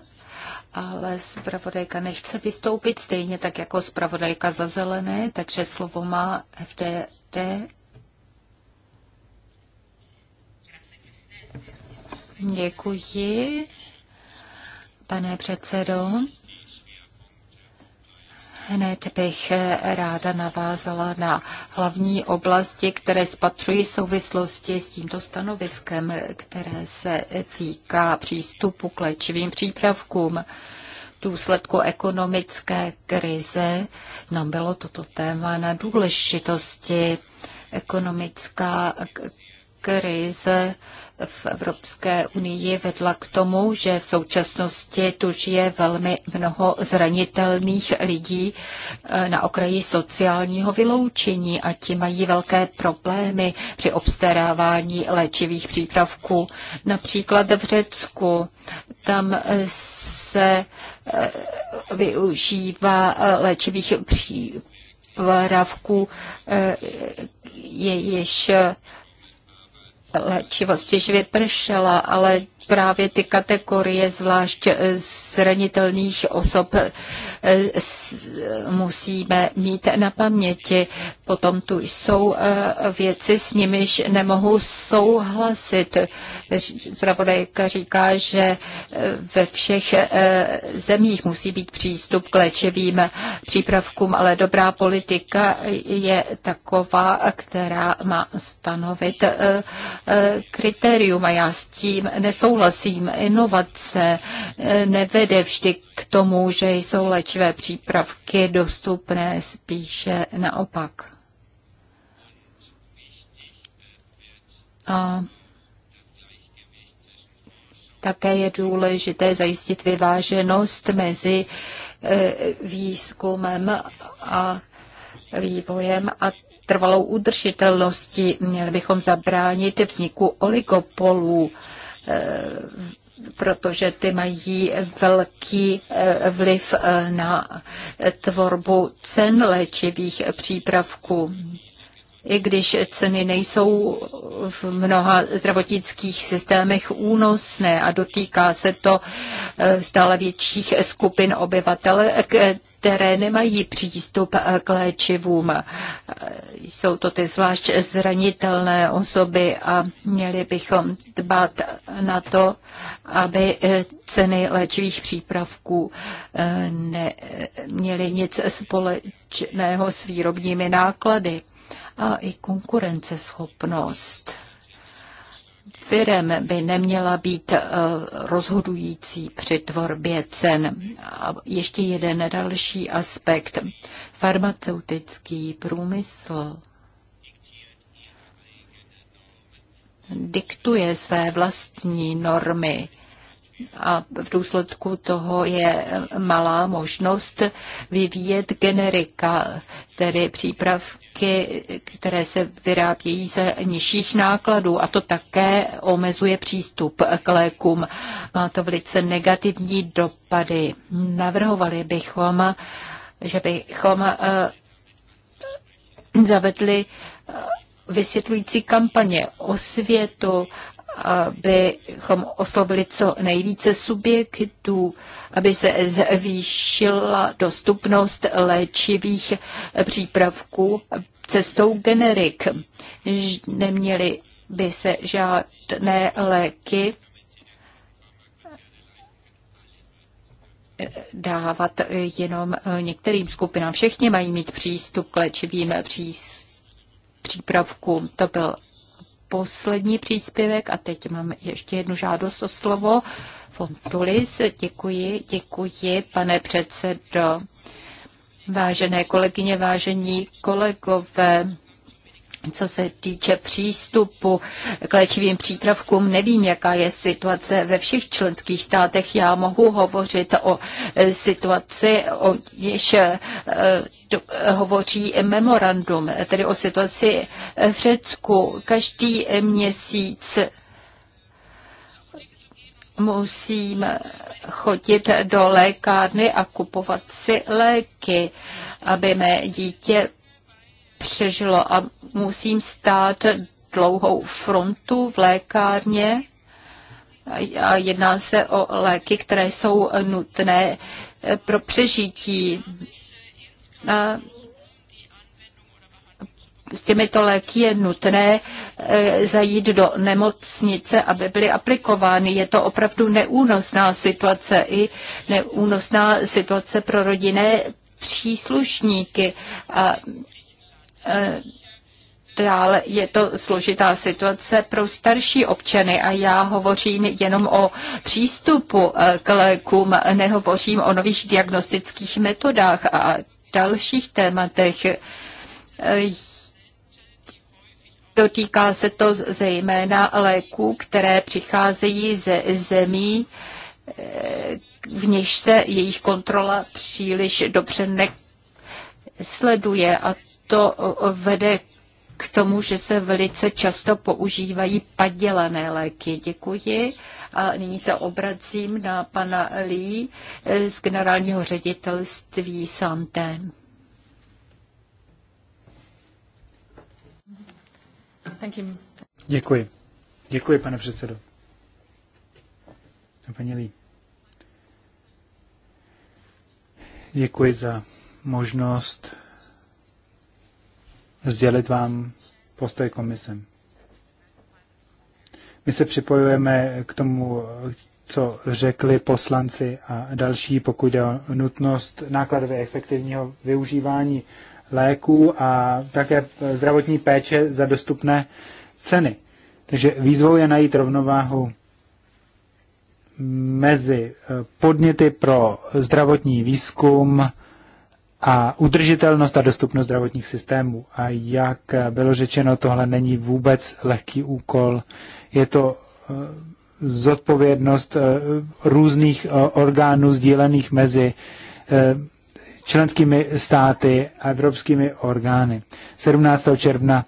ale zpravodajka nechce vystoupit, stejně tak jako zpravodajka za zelené, takže slovo má FDD. Děkuji, pane předsedo. Hned bych eh, ráda navázala na hlavní oblasti, které spatřují souvislosti s tímto stanoviskem, které se týká přístupu k léčivým přípravkům. V důsledku ekonomické krize nám bylo toto téma na důležitosti. Ekonomická krize v Evropské unii vedla k tomu, že v současnosti tu žije velmi mnoho zranitelných lidí eh, na okraji sociálního vyloučení a ti mají velké problémy při obstarávání léčivých přípravků. Například v Řecku tam eh, se eh, využívá léčivých přípravků, jejíž léčivost že vypršela, ale právě ty kategorie zvlášť eh, zranitelných osob eh, musíme mít na paměti. Potom tu jsou eh, věci, s nimiž nemohu souhlasit. Zpravodajka říká, že ve všech zemích musí být přístup k léčivým přípravkům, ale dobrá politika je taková, která má stanovit kritérium a já s tím nesouhlasím souhlasím, inovace eh, nevede vždy k tomu, že jsou léčivé přípravky dostupné, spíše naopak. A také je důležité zajistit vyváženost mezi eh, výzkumem a vývojem a trvalou udržitelností. Měli bychom zabránit vzniku oligopolů. Eh, protože ty mají velký eh, vliv eh, na tvorbu cen léčivých přípravků i když ceny nejsou v mnoha zdravotnických systémech únosné a dotýká se to eh, stále větších skupin obyvatel, které nemají přístup k léčivům. Eh, jsou to ty zvlášť zranitelné osoby a měli bychom dbát na to, aby eh, ceny léčivých přípravků neměly nic společného s výrobními náklady a i konkurenceschopnost. Firem by neměla být eh, rozhodující při tvorbě cen. A ještě jeden další aspekt. Farmaceutický průmysl diktuje své vlastní normy a v důsledku toho je malá možnost vyvíjet generika, tedy přípravky, které se vyrábějí ze nižších nákladů a to také omezuje přístup k lékům. Má to velice negativní dopady. Navrhovali bychom, že bychom eh, zavedli eh, vysvětlující kampaně, osvětu abychom oslovili co nejvíce subjektů, aby se zvýšila dostupnost léčivých přípravků cestou generik. Neměly by se žádné léky dávat jenom některým skupinám. Všichni mají mít přístup k léčivým přípravku. To byl poslední příspěvek a teď mám ještě jednu žádost o slovo. Fontulis, děkuji, děkuji, pane předsedo. Vážené kolegyně, vážení kolegové, co se týče přístupu k léčivým přípravkům, nevím, jaká je situace ve všech členských státech. Já mohu hovořit o eh, situaci, o něž eh, eh, hovoří memorandum, tedy o situaci v Řecku. Každý měsíc musím chodit do lékárny a kupovat si léky, aby mé dítě přežilo a musím stát dlouhou frontu v lékárně. A jedná se o léky, které jsou nutné pro přežití. A s těmito léky je nutné e, zajít do nemocnice, aby byly aplikovány. Je to opravdu neúnosná situace i neúnosná situace pro rodinné příslušníky. A Eh, dále je to složitá situace pro starší občany a já hovořím jenom o přístupu eh, k lékům, nehovořím o nových diagnostických metodách a dalších tématech. Eh, dotýká se to zejména léků, které přicházejí ze zemí, v něž se jejich kontrola příliš dobře nesleduje a to vede k tomu, že se velice často používají padělané léky. Děkuji. A nyní se obracím na pana Lí z generálního ředitelství Santé. Děkuji. Děkuji, pane předsedo. Paní Lí. Děkuji za možnost sdělit vám postoj komise. My se připojujeme k tomu, co řekli poslanci a další, pokud je o nutnost nákladově efektivního využívání léků a také zdravotní péče za dostupné ceny. Takže výzvou je najít rovnováhu mezi podněty pro zdravotní výzkum, a udržitelnost a dostupnost zdravotních systémů. A jak bylo řečeno, tohle není vůbec lehký úkol. Je to eh, zodpovědnost eh, různých eh, orgánů sdílených mezi členskými státy a evropskými orgány. 17. června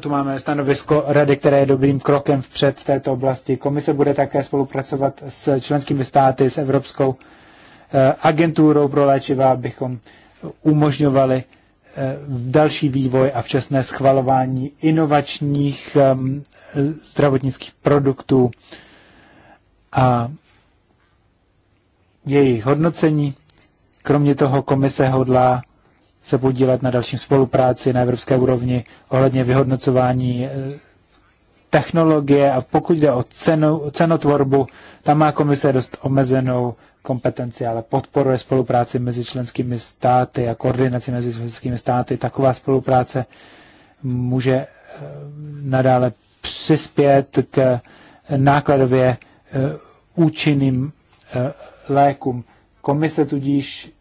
tu máme stanovisko rady, které je dobrým krokem vpřed v této oblasti. Komise bude také spolupracovat s členskými státy, s Evropskou Eh, agenturou pro léčiva, abychom umožňovali eh, další vývoj a včasné schvalování inovačních zdravotnických produktů a jejich hodnocení. Kromě toho komise hodlá se podílet na dalším spolupráci na evropské úrovni ohledně vyhodnocování eh, technologie a pokud jde o cenu, cenotvorbu, tam má komise dost omezenou kompetenci, ale podporuje spolupráci mezi členskými státy a koordinaci mezi členskými státy. Taková spolupráce může eh, nadále přispět k nákladově eh, účinným eh, lékům. Komise tudíž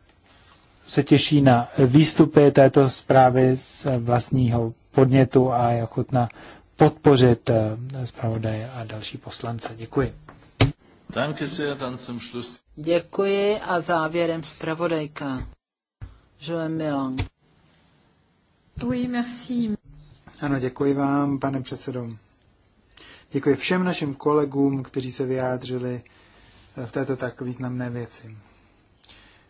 se těší na výstupy této zprávy z vlastního podnětu a je ochotná podpořit zpravodaje a další poslance. Děkuji. Danke sehr, dann zum Schluss. Děkuji a závěrem zpravodajka. Joël Milan. Oui, merci. Ano, děkuji vám, pane předsedo. Děkuji všem našim kolegům, kteří se vyjádřili eh, v této tak významné věci.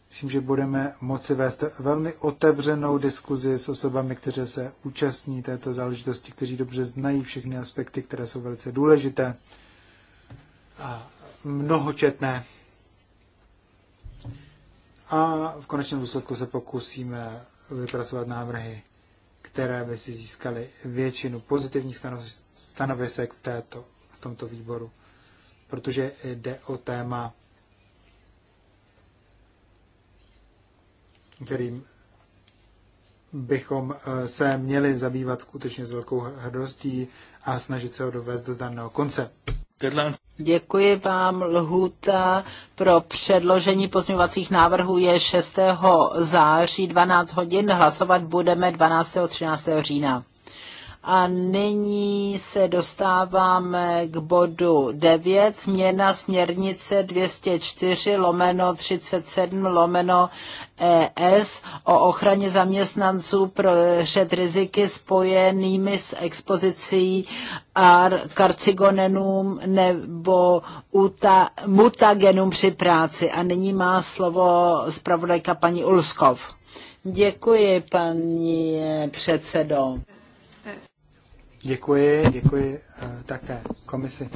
Myslím, že budeme moci vést velmi otevřenou diskuzi s osobami, kteří se účastní této záležitosti, kteří dobře znají všechny aspekty, které jsou velice důležité a mnohočetné. A v konečném důsledku se pokusíme vypracovat návrhy, které by si získaly většinu pozitivních stanovisek v, této, v tomto výboru, protože jde o téma, kterým bychom eh, se měli zabývat skutečně s velkou hrdostí a snažit se ho dovést do zdaného konce. Deadline. Děkuji vám. Lhuta pro předložení pozměňovacích návrhů je 6. září 12 hodin. Hlasovat budeme 12. 13. října. A nyní se dostáváme k bodu 9, změna směrnice 204 lomeno 37 lomeno ES o ochraně zaměstnanců před riziky spojenými s expozicí karcigonenům nebo uta, mutagenům při práci. A nyní má slovo zpravodajka paní Ulskov. Děkuji, paní předsedo. Děkuji, děkuji eh, také komisi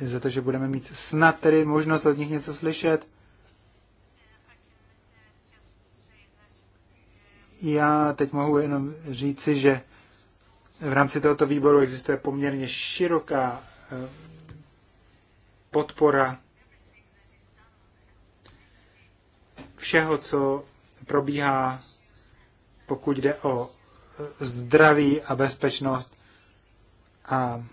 za to, že budeme mít snad tedy možnost od nich něco slyšet. Já teď mohu jenom říci, že v rámci tohoto výboru existuje poměrně široká eh, podpora všeho, co probíhá, pokud jde o zdraví a bezpečnost. A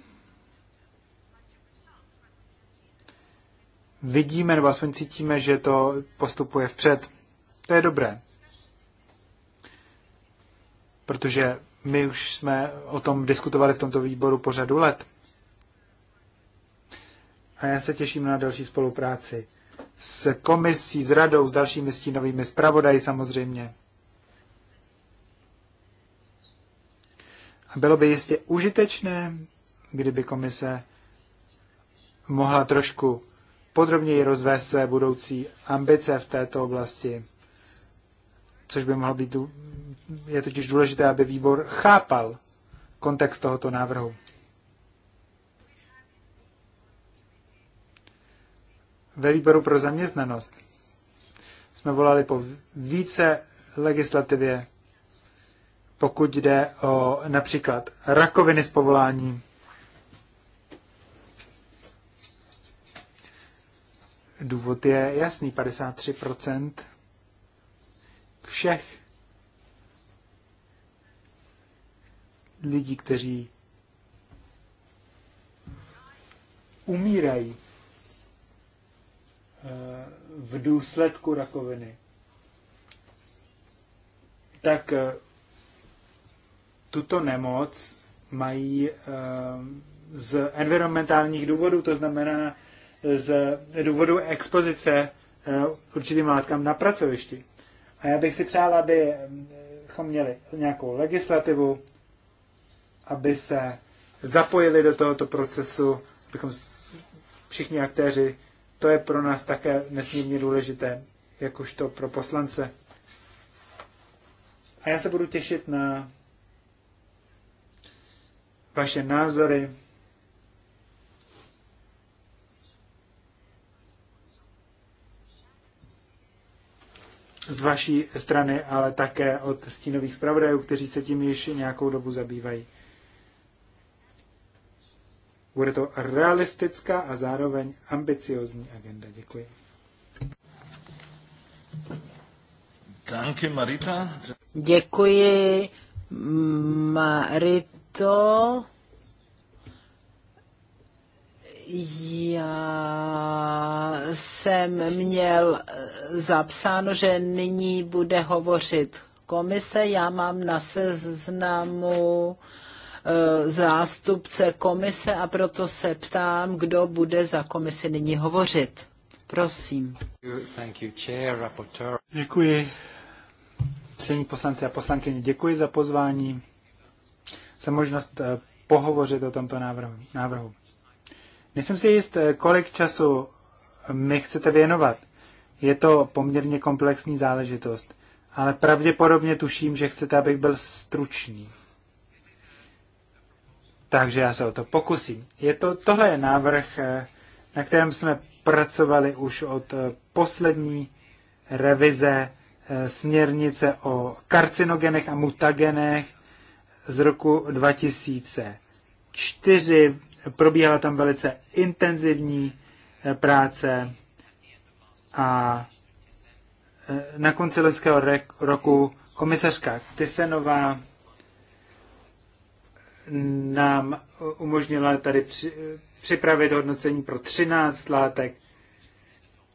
vidíme, nebo aspoň cítíme, že to postupuje vpřed. To je dobré. Protože my už jsme o tom diskutovali v tomto výboru po řadu let. A já se těším na další spolupráci s komisí, s radou, s dalšími stínovými zpravodaji samozřejmě. Bylo by jistě užitečné, kdyby komise mohla trošku podrobněji rozvést své budoucí ambice v této oblasti, což by mohlo být, je totiž důležité, aby výbor chápal kontext tohoto návrhu. Ve výboru pro zaměstnanost jsme volali po více legislativě pokud jde o například rakoviny z povolání, Důvod je jasný, 53% všech lidí, kteří umírají eh, v důsledku rakoviny, tak eh, tuto nemoc mají ehm, z environmentálních důvodů, to znamená eh, z důvodu expozice eh, určitým látkám na pracovišti. A já bych si přál, abychom eh, měli nějakou legislativu, aby se zapojili do tohoto procesu, abychom všichni aktéři, to je pro nás také nesmírně důležité, jakožto pro poslance. A já se budu těšit na vaše názory. z vaší strany, ale také od stínových zpravodajů, kteří se tím již nějakou dobu zabývají. Bude to realistická a zároveň ambiciozní agenda. Děkuji. Děkuji Marita. Děkuji, Marita to já jsem měl zapsáno, že nyní bude hovořit komise. Já mám na seznamu eh, zástupce komise a proto se ptám, kdo bude za komisi nyní hovořit. Prosím. Děkuji. Přední poslanci a poslankyně, děkuji za pozvání jsem možnost eh, pohovořit o tomto návrhu. návrhu. Nejsem si jist, eh, kolik času mi chcete věnovat. Je to poměrně komplexní záležitost, ale pravděpodobně tuším, že chcete, abych byl stručný. Takže já se o to pokusím. Je to, tohle je návrh, eh, na kterém jsme pracovali už od poslední revize směrnice o karcinogenech a mutagenech z roku 2004. Probíhala tam velice intenzivní eh, práce a eh, na konci loňského roku komisařka Tysenová nám umožnila tady připravit hodnocení pro 13 látek,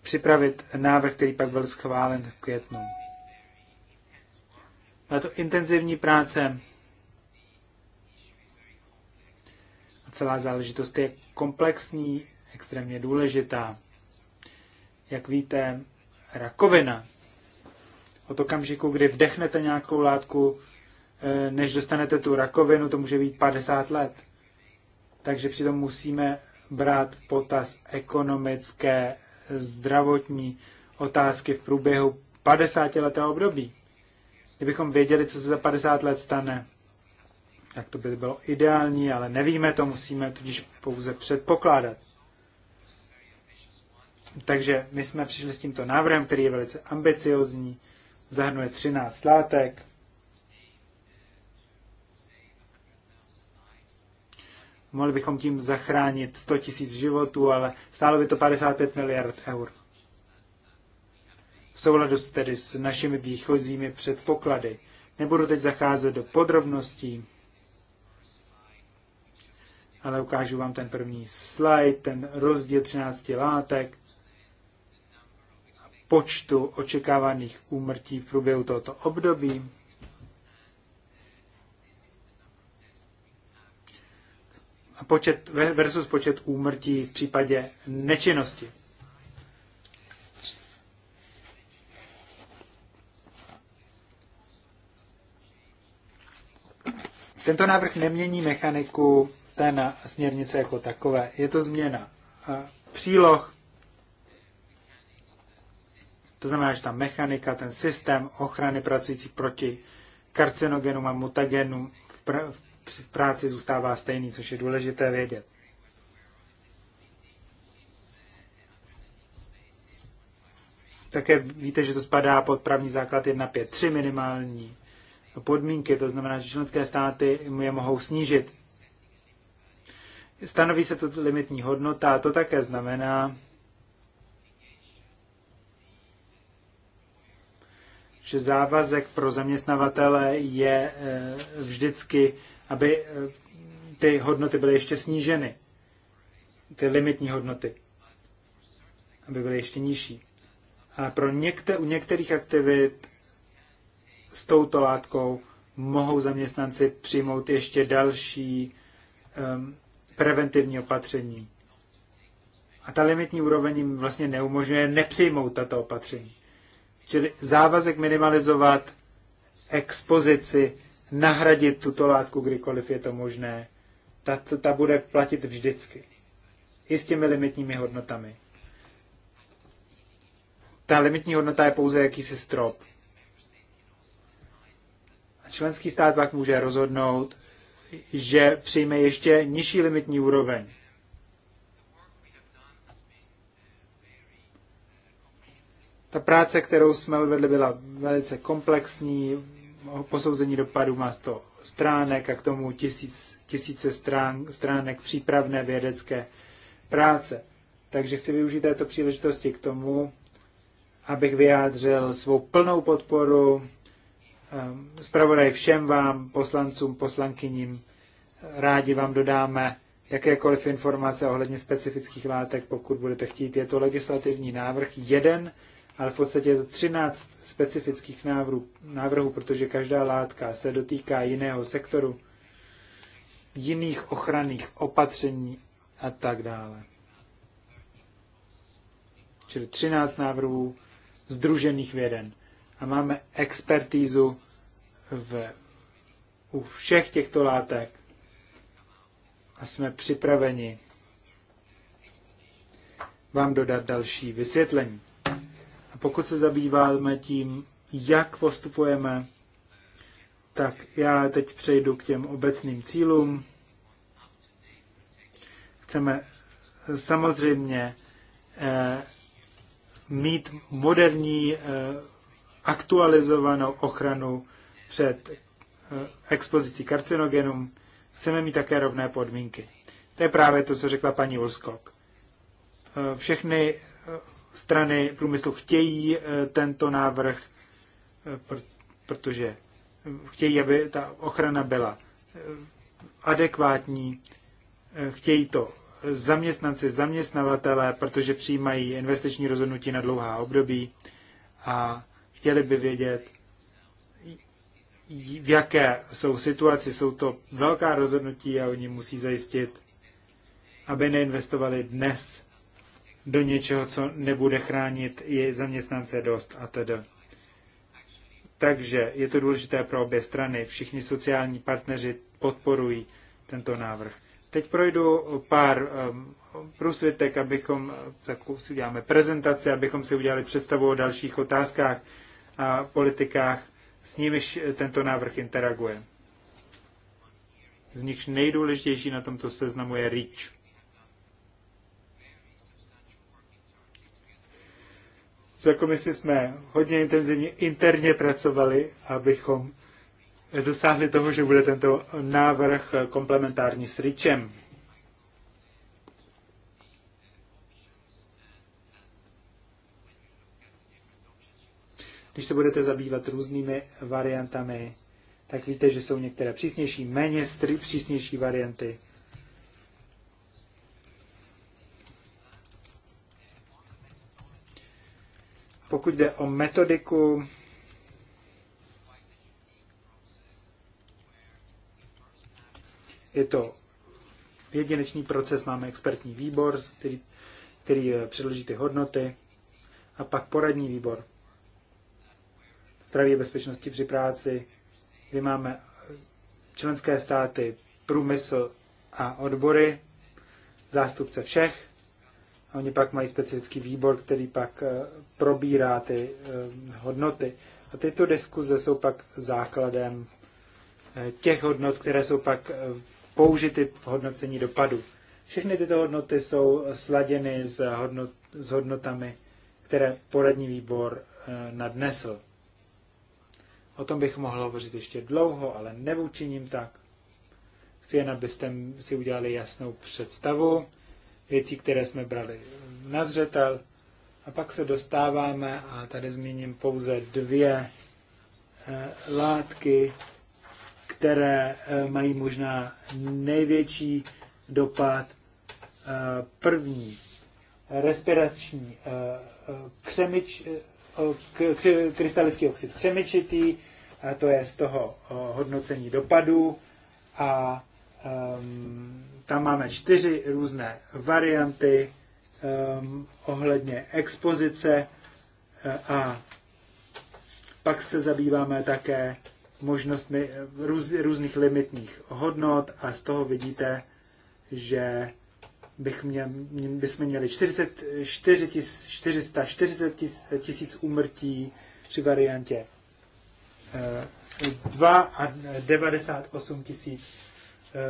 připravit návrh, který pak byl schválen v květnu. Byla to intenzivní práce, celá záležitost je komplexní, extrémně důležitá. Jak víte, rakovina. Od okamžiku, kdy vdechnete nějakou látku, eh, než dostanete tu rakovinu, to může být 50 let. Takže přitom musíme brát potaz ekonomické, zdravotní otázky v průběhu 50 letého období. Kdybychom věděli, co se za 50 let stane, jak to by bylo ideální, ale nevíme to, musíme tudíž pouze předpokládat. Takže my jsme přišli s tímto návrhem, který je velice ambiciozní, zahrnuje 13 látek. Mohli bychom tím zachránit 100 tisíc životů, ale stálo by to 55 miliard eur. V souladu tedy s našimi výchozími předpoklady. Nebudu teď zacházet do podrobností, ale ukážu vám ten první slide, ten rozdíl 13 látek a počtu očekávaných úmrtí v průběhu tohoto období. A počet versus počet úmrtí v případě nečinnosti. Tento návrh nemění mechaniku té na směrnice jako takové. Je to změna eh, příloh, to znamená, že ta mechanika, ten systém ochrany pracující proti karcinogenům a mutagenům v, pr- v práci zůstává stejný, což je důležité vědět. Také víte, že to spadá pod právní základ 1.5.3 minimální podmínky, to znamená, že členské státy je mohou snížit Stanoví se tu limitní hodnota a to také znamená, že závazek pro zaměstnavatele je e, vždycky, aby e, ty hodnoty byly ještě sníženy, ty limitní hodnoty, aby byly ještě nižší. A pro někte, u některých aktivit s touto látkou mohou zaměstnanci přijmout ještě další um, preventivní opatření. A ta limitní úroveň jim vlastně neumožňuje nepřijmout tato opatření. Čili závazek minimalizovat expozici, nahradit tuto látku, kdykoliv je to možné, ta, ta bude platit vždycky. I s těmi limitními hodnotami. Ta limitní hodnota je pouze jakýsi strop. A členský stát pak může rozhodnout, že přijme ještě nižší limitní úroveň. Ta práce, kterou jsme odvedli, byla velice komplexní. Posouzení dopadu má 100 stránek a k tomu tisíc, tisíce strán, stránek přípravné vědecké práce. Takže chci využít této příležitosti k tomu, abych vyjádřil svou plnou podporu Eh, zpravodaj všem vám, poslancům, poslankyním. Rádi vám dodáme jakékoliv informace ohledně specifických látek, pokud budete chtít. Je to legislativní návrh jeden, ale v podstatě je to 13 specifických návrhů, návrhů, protože každá látka se dotýká jiného sektoru, jiných ochranných opatření a tak dále. Čili 13 návrhů združených v jeden a máme expertízu v, u všech těchto látek a jsme připraveni vám dodat další vysvětlení. A pokud se zabýváme tím, jak postupujeme, tak já teď přejdu k těm obecným cílům. Chceme samozřejmě eh, mít moderní eh, aktualizovanou ochranu před eh, expozicí karcinogenům. Chceme mít také rovné podmínky. To je právě to, co řekla paní Uskok. Eh, všechny eh, strany průmyslu chtějí tento návrh, protože chtějí, aby ta ochrana byla adekvátní, chtějí to zaměstnanci, zaměstnavatele, protože přijímají investiční rozhodnutí na dlouhá období a chtěli by vědět, v jaké jsou situaci. Jsou to velká rozhodnutí a oni musí zajistit, aby neinvestovali dnes do něčeho, co nebude chránit je zaměstnance dost a tedy. Takže je to důležité pro obě strany. Všichni sociální partneři podporují tento návrh. Teď projdu pár um, průsvitek, abychom, tak si uděláme prezentaci, abychom si udělali představu o dalších otázkách, a politikách, s nimiž tento návrh interaguje. Z nichž nejdůležitější na tomto seznamu je REACH. Za komisi jsme hodně intenzivně interně pracovali, abychom dosáhli toho, že bude tento návrh komplementární s REACHem. Když se budete zabývat různými variantami, tak víte, že jsou některé přísnější, méně stry, přísnější varianty. Pokud jde o metodiku, je to jedinečný proces, máme expertní výbor, který, který eh, předloží ty hodnoty, a pak poradní výbor zdraví a bezpečnosti při práci, kdy máme členské státy, průmysl a odbory, zástupce všech. A oni pak mají specifický výbor, který pak eh, probírá ty eh, hodnoty. A tyto diskuze jsou pak základem eh, těch hodnot, které jsou pak použity v hodnocení dopadu. Všechny tyto hodnoty jsou sladěny s, hodnot, s hodnotami, které poradní výbor nadnesl. O tom bych mohl hovořit ještě dlouho, ale neučiním tak. Chci jen, abyste si udělali jasnou představu věcí, které jsme brali na zřetel. A pak se dostáváme, a tady zmíním pouze dvě eh, látky, které eh, mají možná největší dopad. Eh, první, respirační eh, křemič, eh, eh k, kři, krystalický oxid křemičitý, to je z toho eh, hodnocení dopadů a um, tam máme čtyři různé varianty um, ohledně expozice eh, a pak se zabýváme také možnostmi eh, růz, různých limitních hodnot a z toho vidíte, že bych mě, bychom měli 40, 4, 440 tisíc úmrtí při variantě 2 eh, a 98 tisíc.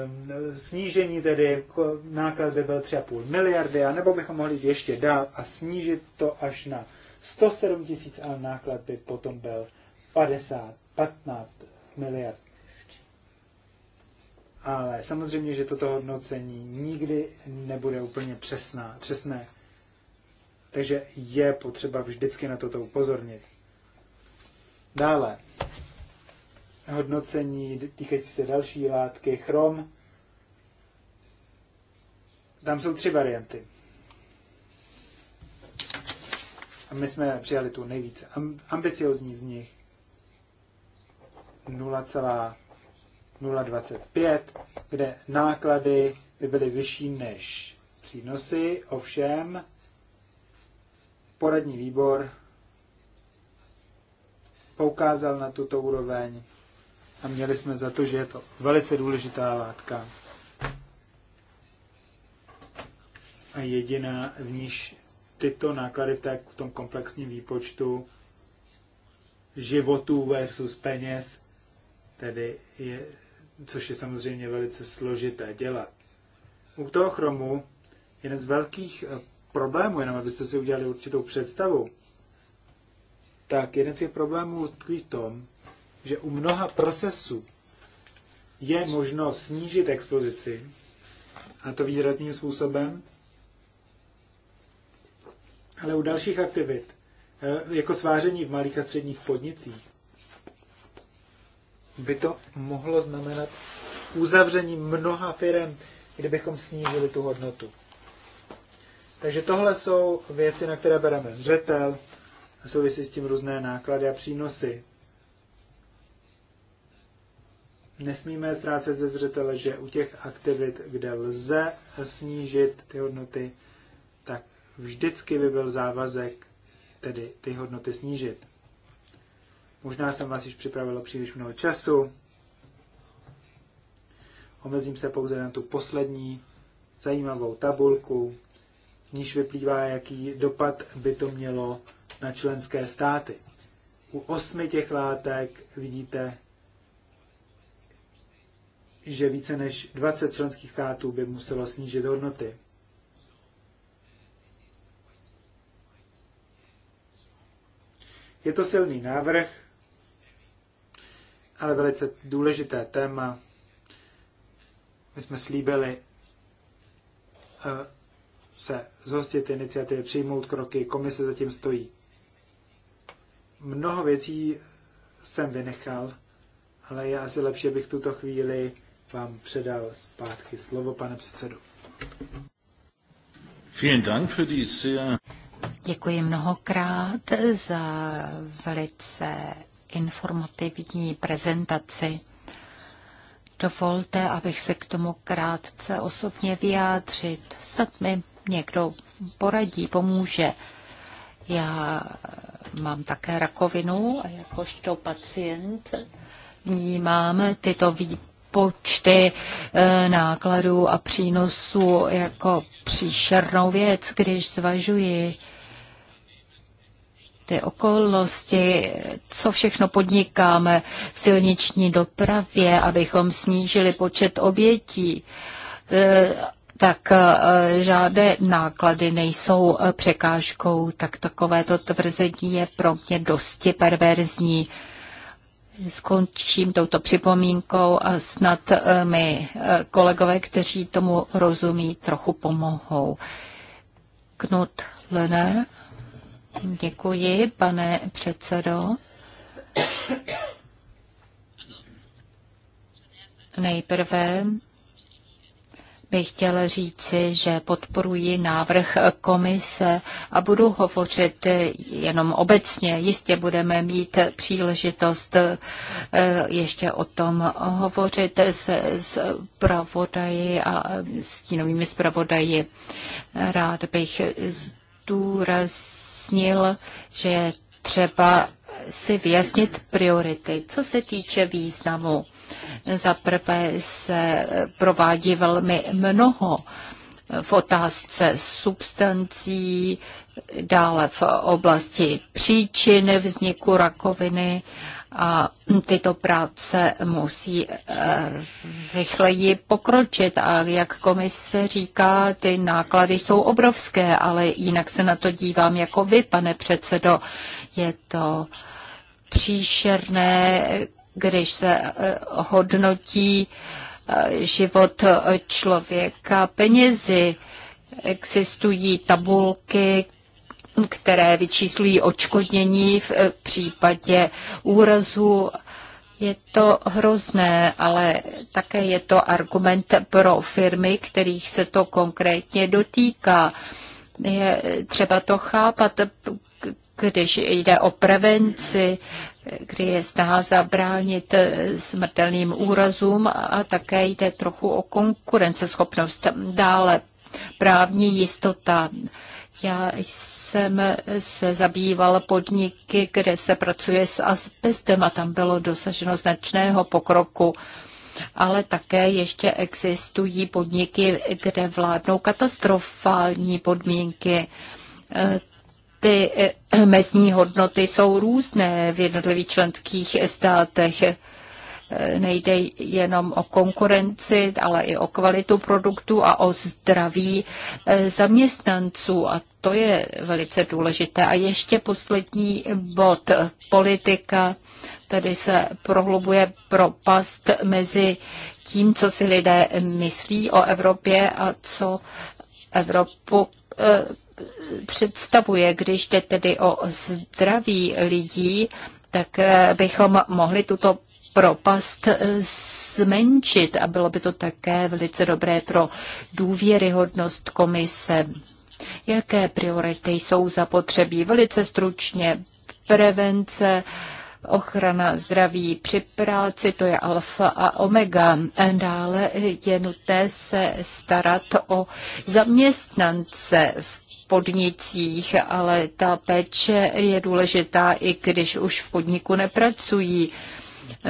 Ehm, snížení tedy náklad by byl 3,5 miliardy, a nebo bychom mohli jít ještě dál a snížit to až na 107 tisíc, ale náklad by potom byl 50, 15 miliard. Ale samozřejmě, že toto hodnocení nikdy nebude úplně přesná, přesné. Takže je potřeba vždycky na toto upozornit. Dále hodnocení týkající se další látky, chrom. Tam jsou tři varianty. A my jsme přijali tu nejvíce ambiciozní z nich. 0,025, kde náklady by byly vyšší než přínosy, ovšem poradní výbor poukázal na tuto úroveň a měli jsme za to, že je to velice důležitá látka a jediná, v níž tyto náklady tak v tom komplexním výpočtu životů versus peněz, tedy je, což je samozřejmě velice složité dělat. U toho chromu jeden z velkých eh, problémů, jenom abyste si udělali určitou představu, tak jeden z těch problémů tkví v tom, že u mnoha procesů je možno snížit expozici, a to výrazným způsobem, ale u dalších aktivit, eh, jako sváření v malých a středních podnicích, by to mohlo znamenat uzavření mnoha firm, kdybychom snížili tu hodnotu. Takže tohle jsou věci, na které bereme zřetel a souvisí s tím různé náklady a přínosy. Nesmíme ztrácet ze zřetele, že u těch aktivit, kde lze snížit ty hodnoty, tak vždycky by byl závazek tedy ty hodnoty snížit. Možná jsem vás již připravil příliš mnoho času. Omezím se pouze na tu poslední zajímavou tabulku, z níž vyplývá, jaký dopad by to mělo na členské státy. U osmi těch látek vidíte, že více než 20 členských států by muselo snížit hodnoty. Je to silný návrh, ale velice důležité téma. My jsme slíbili eh, se zhostit iniciativy, přijmout kroky, komise zatím stojí. Mnoho věcí jsem vynechal, ale je asi lepší, abych tuto chvíli vám předal zpátky slovo, pane předsedu. Děkuji mnohokrát za velice informativní prezentaci. Dovolte, abych se k tomu krátce osobně vyjádřit. Snad mi někdo poradí, pomůže. Já mám také rakovinu a jakožto pacient vnímám tyto výpočty eh, nákladů a přínosů jako příšernou věc, když zvažuji ty okolnosti, co všechno podnikáme v silniční dopravě, abychom snížili počet obětí eh, tak eh, žádné náklady nejsou eh, překážkou, tak takovéto tvrzení je pro mě dosti perverzní. Skončím touto připomínkou a snad eh, mi kolegové, kteří tomu rozumí, trochu pomohou. Knut Lener. Děkuji, pane předsedo. Nejprve bych chtěl říci, že podporuji návrh komise a budu hovořit jenom obecně. Jistě budeme mít příležitost eh, ještě o tom hovořit se zpravodaji a s tínovými zpravodaji. Rád bych zdůraznil, že třeba si vyjasnit priority, co se týče významu. Za prvé se provádí velmi mnoho v otázce substancí, dále v oblasti příčin vzniku rakoviny a tyto práce musí eh, rychleji pokročit a jak komise říká, ty náklady jsou obrovské, ale jinak se na to dívám jako vy, pane předsedo. Je to příšerné když se e, hodnotí e, život člověka penězi. Existují tabulky, které vyčíslují očkodnění v e, případě úrazu. Je to hrozné, ale také je to argument pro firmy, kterých se to konkrétně dotýká. Je třeba to chápat, když jde o prevenci, kdy je snaha zabránit smrtelným úrazům a také jde trochu o konkurenceschopnost. Dále právní jistota. Já jsem se zabýval podniky, kde se pracuje s asbestem a tam bylo dosaženo značného pokroku. Ale také ještě existují podniky, kde vládnou katastrofální podmínky ty eh, mezní hodnoty jsou různé v jednotlivých členských státech. Eh, nejde jenom o konkurenci, ale i o kvalitu produktu a o zdraví eh, zaměstnanců. A to je velice důležité. A ještě poslední bod. Politika. Tady se prohlubuje propast mezi tím, co si lidé myslí o Evropě a co Evropu představuje, když jde tedy o zdraví lidí, tak eh, bychom mohli tuto propast eh, zmenšit a bylo by to také velice dobré pro důvěryhodnost komise. Jaké priority jsou zapotřebí? Velice stručně prevence, ochrana zdraví při práci, to je alfa a omega. Dále je nutné se starat o zaměstnance v podnicích, ale ta péče je důležitá, i když už v podniku nepracují,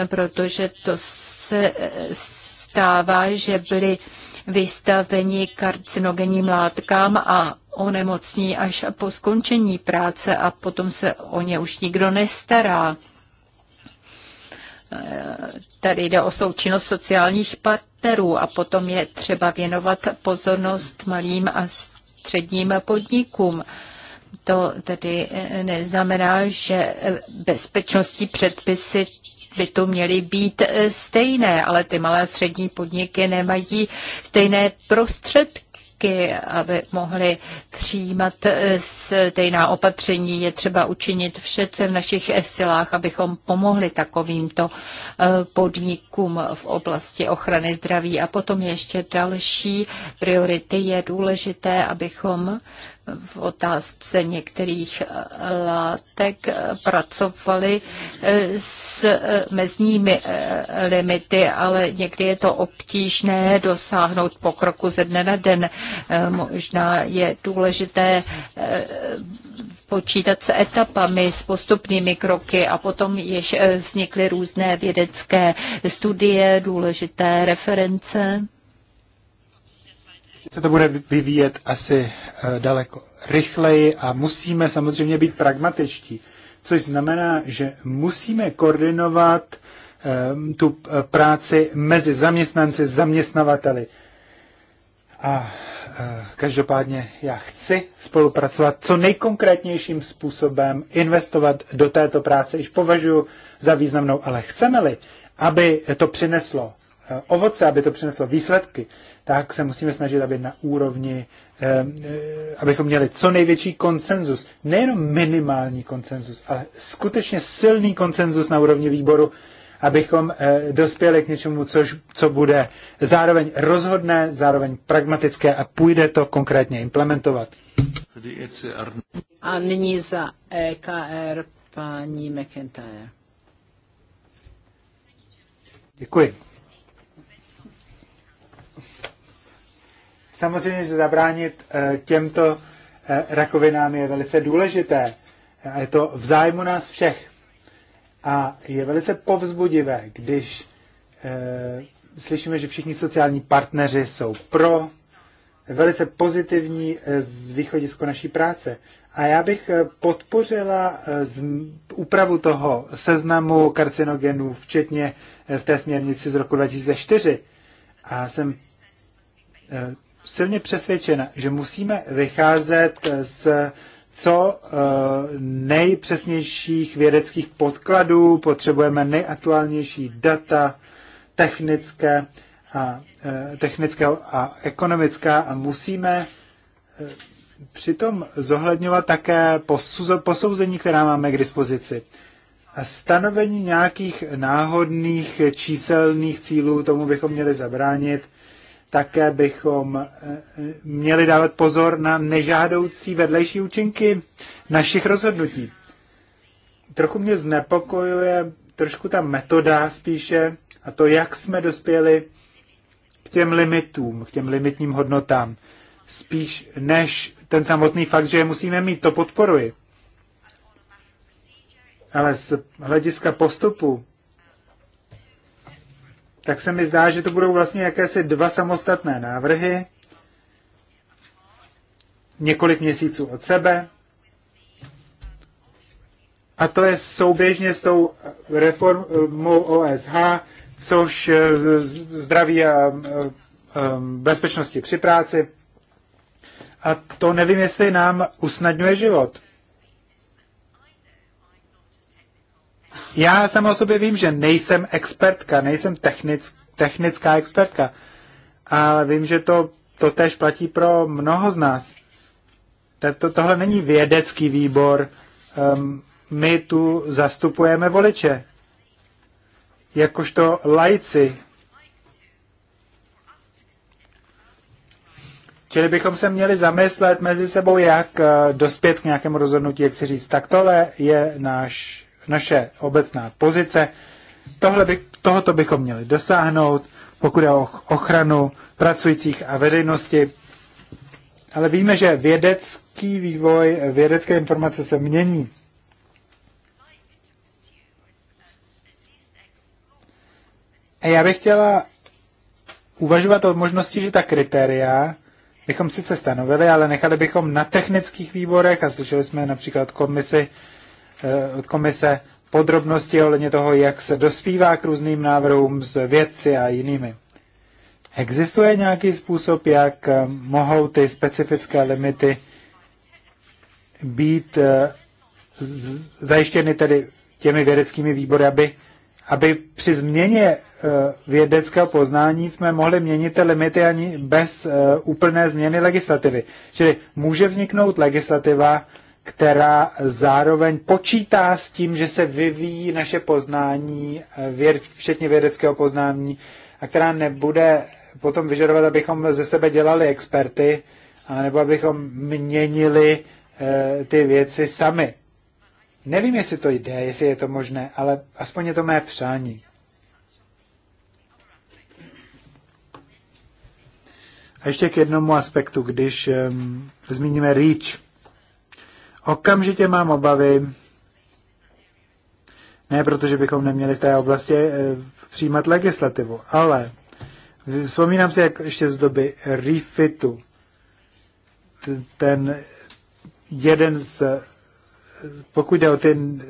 protože to se stává, že byli vystaveni karcinogenním látkám a onemocní až po skončení práce a potom se o ně už nikdo nestará. Tady jde o součinnost sociálních partnerů a potom je třeba věnovat pozornost malým a středním podnikům. To tedy eh, neznamená, že eh, bezpečnostní předpisy by tu měly být eh, stejné, ale ty malé a střední podniky nemají stejné prostředky podniky, aby mohli přijímat eh, stejná opatření. Je třeba učinit vše, co v našich silách, abychom pomohli takovýmto eh, podnikům v oblasti ochrany zdraví. A potom ještě další priority. Je důležité, abychom v otázce některých látek pracovali s mezními limity, ale někdy je to obtížné dosáhnout pokroku ze dne na den. Možná je důležité počítat s etapami, s postupnými kroky a potom již vznikly různé vědecké studie, důležité reference se to bude vyvíjet asi eh, daleko rychleji a musíme samozřejmě být pragmatičtí, což znamená, že musíme koordinovat eh, tu eh, práci mezi zaměstnanci, zaměstnavateli. A každopádně já chci spolupracovat co nejkonkrétnějším způsobem, investovat do této práce, již považuji za významnou, ale chceme-li, aby to přineslo Eh, ovoce, aby to přineslo výsledky, tak se musíme snažit, aby na úrovni, eh, eh, abychom měli co největší konsenzus. Nejenom minimální konsenzus, ale skutečně silný konsenzus na úrovni výboru, abychom dospěli k něčemu, což, co bude zároveň rozhodné, zároveň pragmatické a půjde to konkrétně implementovat. A nyní za EKR paní McIntyre. Děkuji. Samozřejmě, že zabránit eh, těmto eh, rakovinám je velice důležité. A je to v zájmu nás všech. A je velice povzbudivé, když e, slyšíme, že všichni sociální partneři jsou pro, velice pozitivní z východisko naší práce. A já bych podpořila z, úpravu toho seznamu karcinogenů, včetně v té směrnici z roku 2004. A jsem silně přesvědčena, že musíme vycházet z co eh, nejpřesnějších vědeckých podkladů, potřebujeme nejaktuálnější data technické a, eh, technické a ekonomická a musíme eh, přitom zohledňovat také posouzení, která máme k dispozici. A stanovení nějakých náhodných číselných cílů, tomu bychom měli zabránit. Také bychom eh, měli dávat pozor na nežádoucí vedlejší účinky našich rozhodnutí. Trochu mě znepokojuje trošku ta metoda spíše a to, jak jsme dospěli k těm limitům, k těm limitním hodnotám, spíš než ten samotný fakt, že je musíme mít, to podporuji. Ale z hlediska postupu tak se mi zdá, že to budou vlastně jakési dva samostatné návrhy, několik měsíců od sebe. A to je souběžně s tou reformou OSH, což eh, zdraví a eh, eh, bezpečnosti při práci. A to nevím, jestli nám usnadňuje život. Já sama o sobě vím, že nejsem expertka, nejsem technic, technická expertka, ale vím, že to, to tež platí pro mnoho z nás. Tato, tohle není vědecký výbor, um, my tu zastupujeme voliče, jakožto lajci. Čili bychom se měli zamyslet mezi sebou, jak eh, dospět k nějakému rozhodnutí, jak si říct, tak tohle je náš naše obecná pozice. Tohle by, tohoto bychom měli dosáhnout, pokud je o ochranu pracujících a veřejnosti. Ale víme, že vědecký vývoj, vědecké informace se mění. A já bych chtěla uvažovat o možnosti, že ta kritéria bychom sice stanovili, ale nechali bychom na technických výborech a slyšeli jsme například komisi Eh, od komise podrobnosti ohledně toho, jak se dospívá k různým návrhům z vědci a jinými. Existuje nějaký způsob, jak eh, mohou ty specifické limity být eh, zajištěny tedy těmi vědeckými výbory, aby, aby při změně vědeckého poznání jsme mohli měnit ty limity ani bez úplné změny legislativy. Čili může vzniknout legislativa, která zároveň počítá s tím, že se vyvíjí naše poznání, eh, věd, včetně vědeckého poznání, a která nebude potom vyžadovat, abychom ze sebe dělali experty, nebo abychom měnili e, ty věci sami. Nevím, jestli to jde, jestli je to možné, ale aspoň je to mé přání. A ještě k jednomu aspektu, když um, zmíníme REACH, Okamžitě mám obavy, ne protože bychom neměli v té oblasti eh, přijímat legislativu, ale vzpomínám si, jak ještě z doby refitu ten jeden z, pokud jde o ten,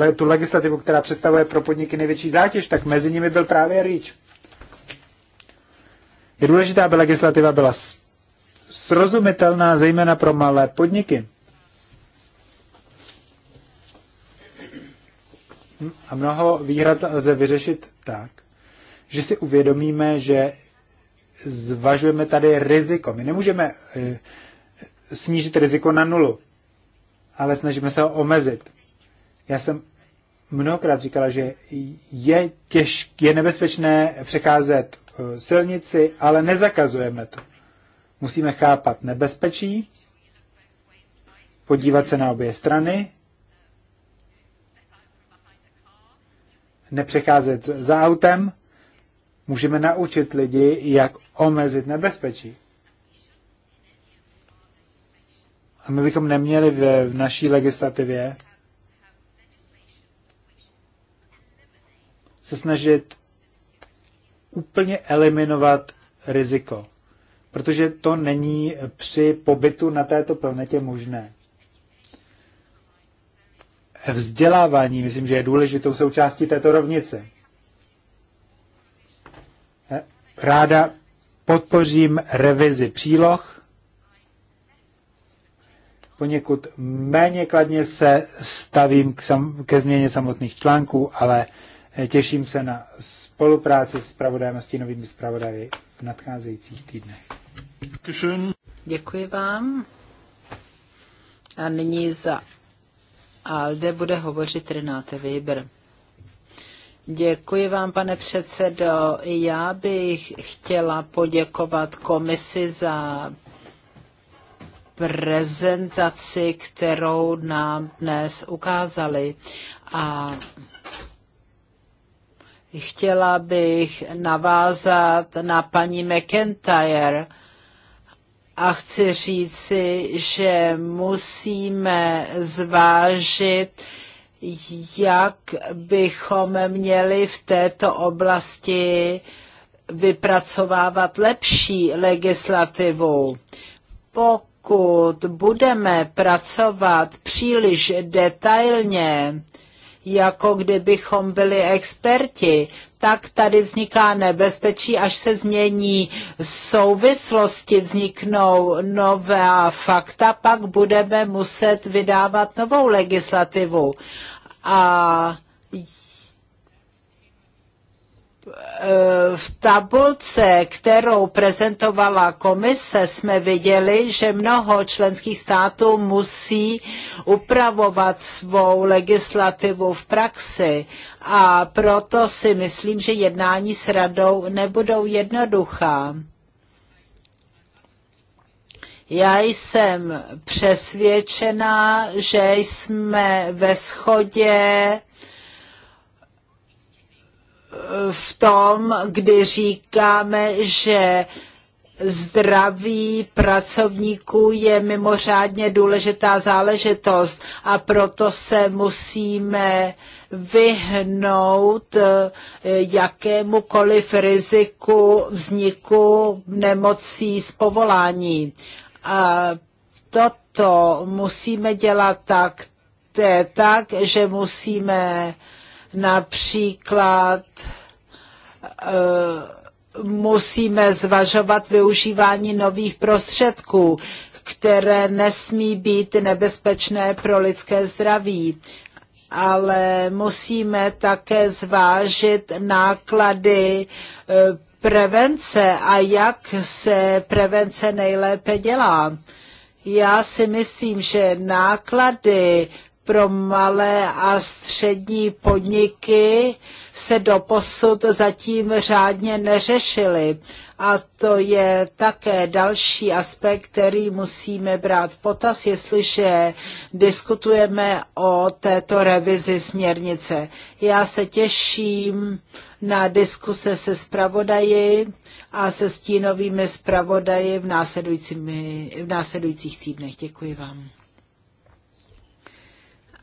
eh, tu legislativu, která představuje pro podniky největší zátěž, tak mezi nimi byl právě REACH. Je důležité, aby legislativa byla srozumitelná, zejména pro malé podniky. a mnoho výhrad lze vyřešit tak, že si uvědomíme, že zvažujeme tady riziko. My nemůžeme eh, snížit riziko na nulu, ale snažíme se ho omezit. Já jsem mnohokrát říkala, že je, těžk, je nebezpečné přecházet eh, silnici, ale nezakazujeme to. Musíme chápat nebezpečí, podívat se na obě strany nepřecházet za autem, můžeme naučit lidi, jak omezit nebezpečí. A my bychom neměli v, v naší legislativě se snažit úplně eliminovat riziko, protože to není při pobytu na této planetě možné vzdělávání, myslím, že je důležitou součástí této rovnice. Ráda podpořím revizi příloh. Poněkud méně kladně se stavím k sam, ke změně samotných článků, ale těším se na spolupráci s pravodajem a stínovými zpravodaji v nadcházejících týdnech. Děkuji vám. A nyní za ALDE bude hovořit Renáte Weber. Děkuji vám, pane předsedo. Já bych chtěla poděkovat komisi za prezentaci, kterou nám dnes ukázali. A chtěla bych navázat na paní McIntyre, a chci říci, že musíme zvážit, jak bychom měli v této oblasti vypracovávat lepší legislativu. Pokud budeme pracovat příliš detailně, jako kdybychom byli experti, tak tady vzniká nebezpečí, až se změní souvislosti, vzniknou nová fakta, pak budeme muset vydávat novou legislativu. A v tabulce, kterou prezentovala komise, jsme viděli, že mnoho členských států musí upravovat svou legislativu v praxi a proto si myslím, že jednání s radou nebudou jednoduchá. Já jsem přesvědčená, že jsme ve shodě v tom, kdy říkáme, že zdraví pracovníků je mimořádně důležitá záležitost a proto se musíme vyhnout eh, jakémukoliv riziku vzniku nemocí z povolání. A toto musíme dělat tak, tak, že musíme uh, Například eh, musíme zvažovat využívání nových prostředků, které nesmí být nebezpečné pro lidské zdraví. Ale musíme také zvážit náklady eh, prevence a jak se prevence nejlépe dělá. Já si myslím, že náklady pro malé a střední podniky se doposud zatím řádně neřešily. A to je také další aspekt, který musíme brát v potaz, jestliže diskutujeme o této revizi směrnice. Já se těším na diskuse se zpravodaji a se stínovými zpravodaji v, v následujících týdnech. Děkuji vám.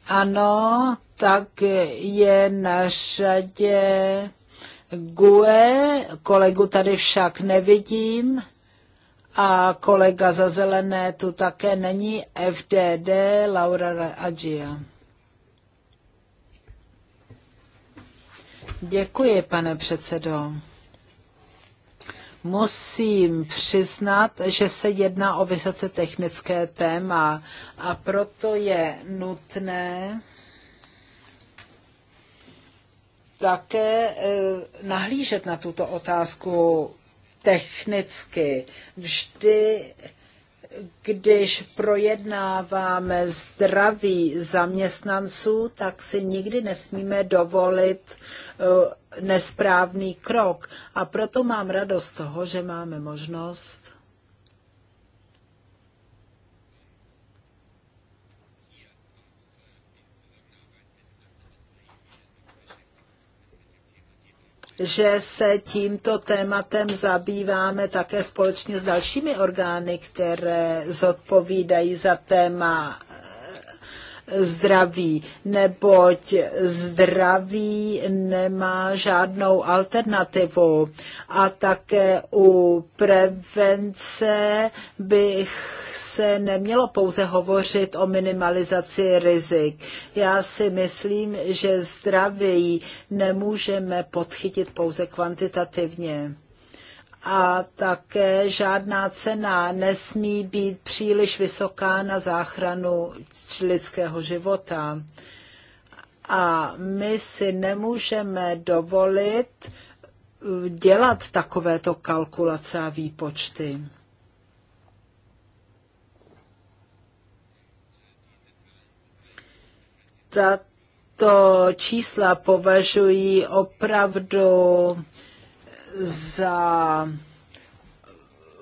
Ano, tak je na řadě GUE, kolegu tady však nevidím a kolega za zelené tu také není, FDD Laura Agia. Děkuji, pane předsedo. Musím přiznat, že se jedná o vysoce technické téma a proto je nutné také eh, nahlížet na tuto otázku technicky. Vždy když projednáváme zdraví zaměstnanců, tak si nikdy nesmíme dovolit eh, nesprávný krok. A proto mám radost toho, že máme možnost že se tímto tématem zabýváme také společně s dalšími orgány, které zodpovídají za téma zdraví, neboť zdraví nemá žádnou alternativu. A také u prevence bych se nemělo pouze hovořit o minimalizaci rizik. Já si myslím, že zdraví nemůžeme podchytit pouze kvantitativně a také žádná cena nesmí být příliš vysoká na záchranu lidského života. A my si nemůžeme dovolit uh, dělat takovéto kalkulace a výpočty. Tato čísla považují opravdu za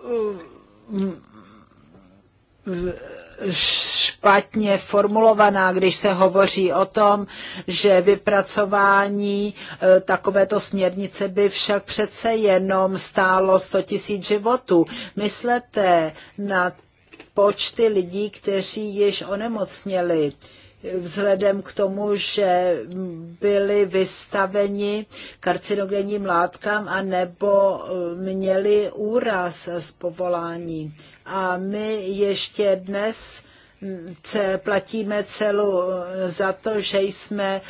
eh, špatně formulovaná, když se hovoří o tom, že vypracování eh, takovéto směrnice by však přece jenom stálo 100 000 životů. Myslete na počty lidí, kteří již onemocněli vzhledem k tomu, že byli vystaveni karcinogenním látkám a nebo eh, měli úraz z povolání. A my ještě dnes platíme celu eh, za to, že jsme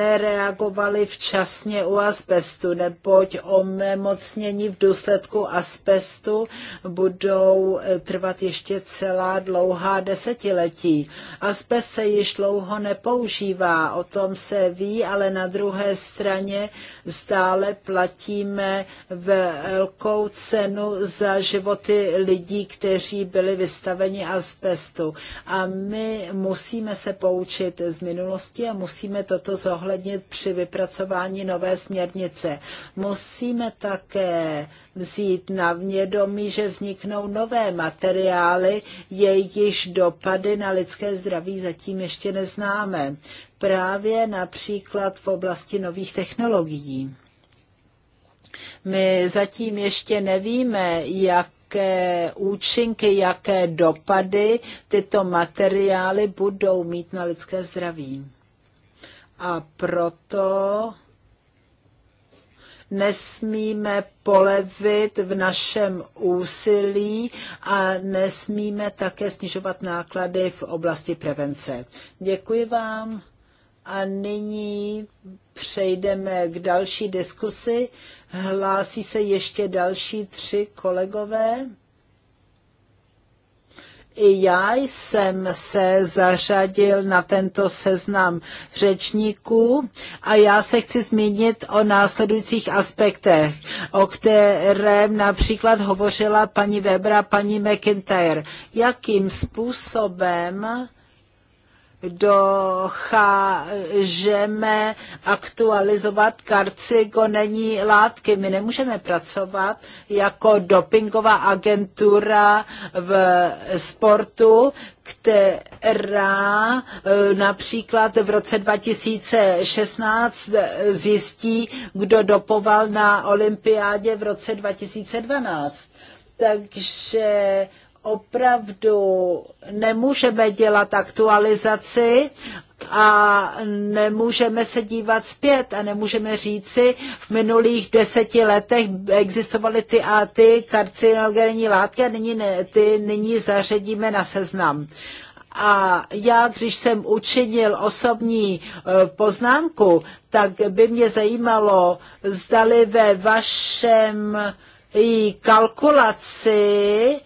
nereagovali včasně u asbestu, neboť onemocnění v důsledku asbestu budou eh, trvat ještě celá dlouhá desetiletí. Asbest se již dlouho nepoužívá, o tom se ví, ale na druhé straně stále platíme velkou cenu za životy lidí, kteří byli vystaveni asbestu. A my musíme se poučit z minulosti a musíme toto zohlednit při vypracování nové směrnice. Musíme také vzít na vědomí, že vzniknou nové materiály, jejichž dopady na lidské zdraví zatím ještě neznáme. Právě například v oblasti nových technologií. My zatím ještě nevíme, jak jaké účinky, jaké dopady tyto materiály budou mít na lidské zdraví. A proto nesmíme polevit v našem úsilí a nesmíme také snižovat náklady v oblasti prevence. Děkuji vám a nyní přejdeme k další diskusi. Hlásí se ještě další tři kolegové. I já jsem se zařadil na tento seznam řečníků a já se chci zmínit o následujících aspektech, o kterém například hovořila paní Webra, paní McIntyre. Jakým způsobem dochážeme aktualizovat není látky. My nemůžeme pracovat jako dopingová agentura v sportu, která eh, například v roce 2016 eh, zjistí, kdo dopoval na olympiádě v roce 2012. Takže opravdu nemůžeme dělat aktualizaci a nemůžeme se dívat zpět a nemůžeme říci, v minulých deseti letech existovaly ty a ty karcinogenní látky a nyní, ty nyní zařadíme na seznam. A já, když jsem učinil osobní e, poznámku, tak by mě zajímalo, zdali ve vašem kalkulaci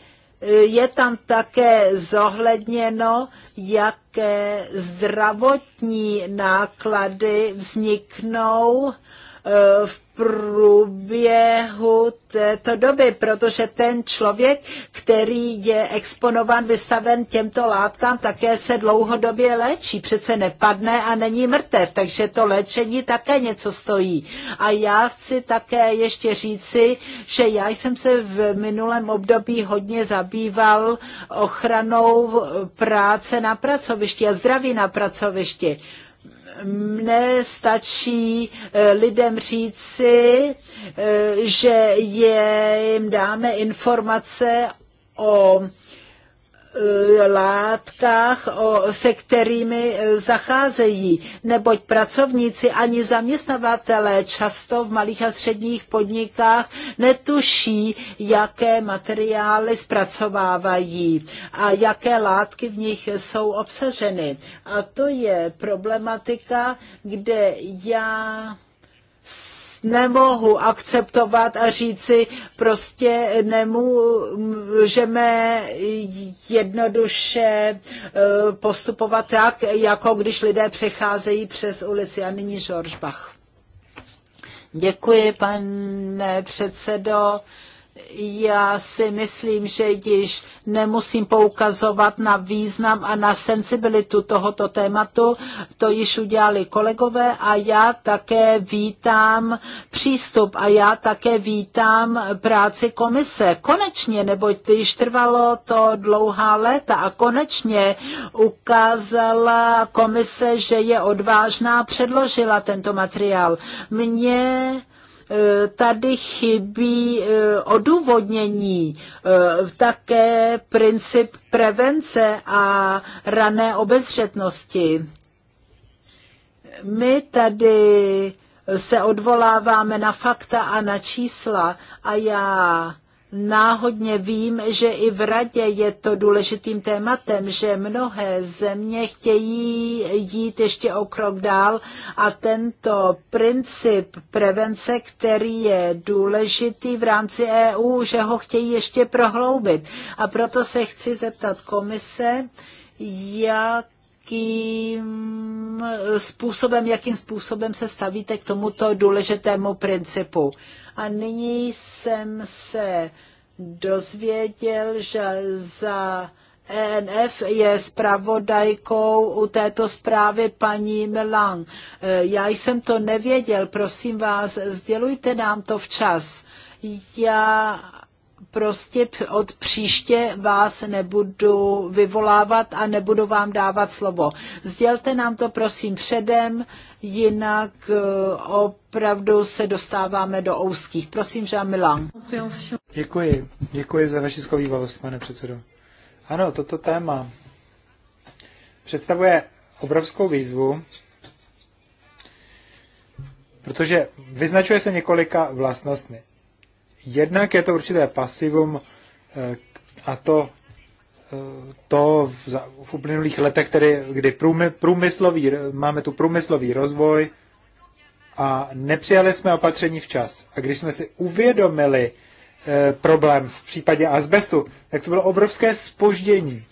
je tam také zohledněno, jaké zdravotní náklady vzniknou eh, v průběhu této doby, protože ten člověk, který je exponován, vystaven těmto látkám, také se dlouhodobě léčí. Přece nepadne a není mrtev, takže to léčení také něco stojí. A já chci také ještě říci, že já jsem se v minulém období hodně zabýval ochranou práce na pracovišti a zdraví na pracovišti mne stačí eh, lidem říci, eh, že jim dáme informace o Eh, látkách, se kterými eh, zacházejí, neboť pracovníci ani zaměstnavatelé často v malých a středních podnikách netuší, jaké materiály zpracovávají a jaké látky v nich jsou obsaženy. A to je problematika, kde já nemohu akceptovat a říci, prostě nemůžeme jednoduše eh, postupovat tak, jako když lidé přecházejí přes ulici. A nyní George Bach. Děkuji, pane předsedo já si myslím, že již nemusím poukazovat na význam a na sensibilitu tohoto tématu. To již udělali kolegové a já také vítám přístup a já také vítám práci komise. Konečně, neboť již trvalo to dlouhá léta a konečně ukázala komise, že je odvážná, předložila tento materiál. Mně Eh, tady chybí eh, odůvodnění, eh, také princip prevence a rané obezřetnosti. My tady se odvoláváme na fakta a na čísla a já náhodně vím, že i v radě je to důležitým tématem, že mnohé země chtějí jít ještě o krok dál a tento princip prevence, který je důležitý v rámci EU, že ho chtějí ještě prohloubit. A proto se chci zeptat komise, jak jakým způsobem, jakým způsobem se stavíte k tomuto důležitému principu. A nyní jsem se dozvěděl, že za ENF je zpravodajkou u této zprávy paní Melan. Já jsem to nevěděl, prosím vás, sdělujte nám to včas. Já prostě od příště vás nebudu vyvolávat a nebudu vám dávat slovo. Sdělte nám to prosím předem, jinak eh, opravdu se dostáváme do úzkých. Prosím, Jean Milan. Děkuji. Děkuji za vaši schovývalost, pane předsedo. Ano, toto téma představuje obrovskou výzvu, protože vyznačuje se několika vlastnostmi. Jednak je to určité pasivum eh, a to, eh, to v uplynulých letech, tedy, kdy průmyslový, máme tu průmyslový rozvoj a nepřijali jsme opatření včas. A když jsme si uvědomili eh, problém v případě asbestu, tak to bylo obrovské spoždění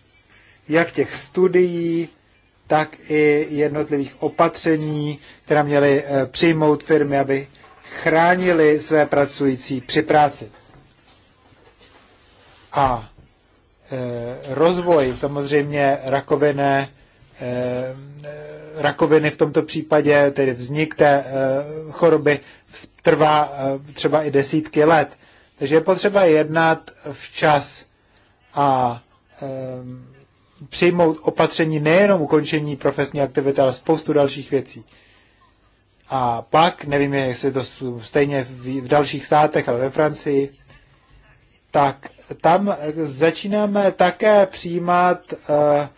jak těch studií, tak i jednotlivých opatření, která měly přijmout firmy, aby chránili své pracující při práci. A e, rozvoj samozřejmě rakoviny, e, e, rakoviny v tomto případě, tedy vznik té e, choroby, trvá e, třeba i desítky let. Takže je potřeba jednat včas a e, přijmout opatření nejenom ukončení profesní aktivity, ale spoustu dalších věcí. A pak, nevím, jestli to stejně v dalších státech, ale ve Francii, tak tam začínáme také přijímat eh,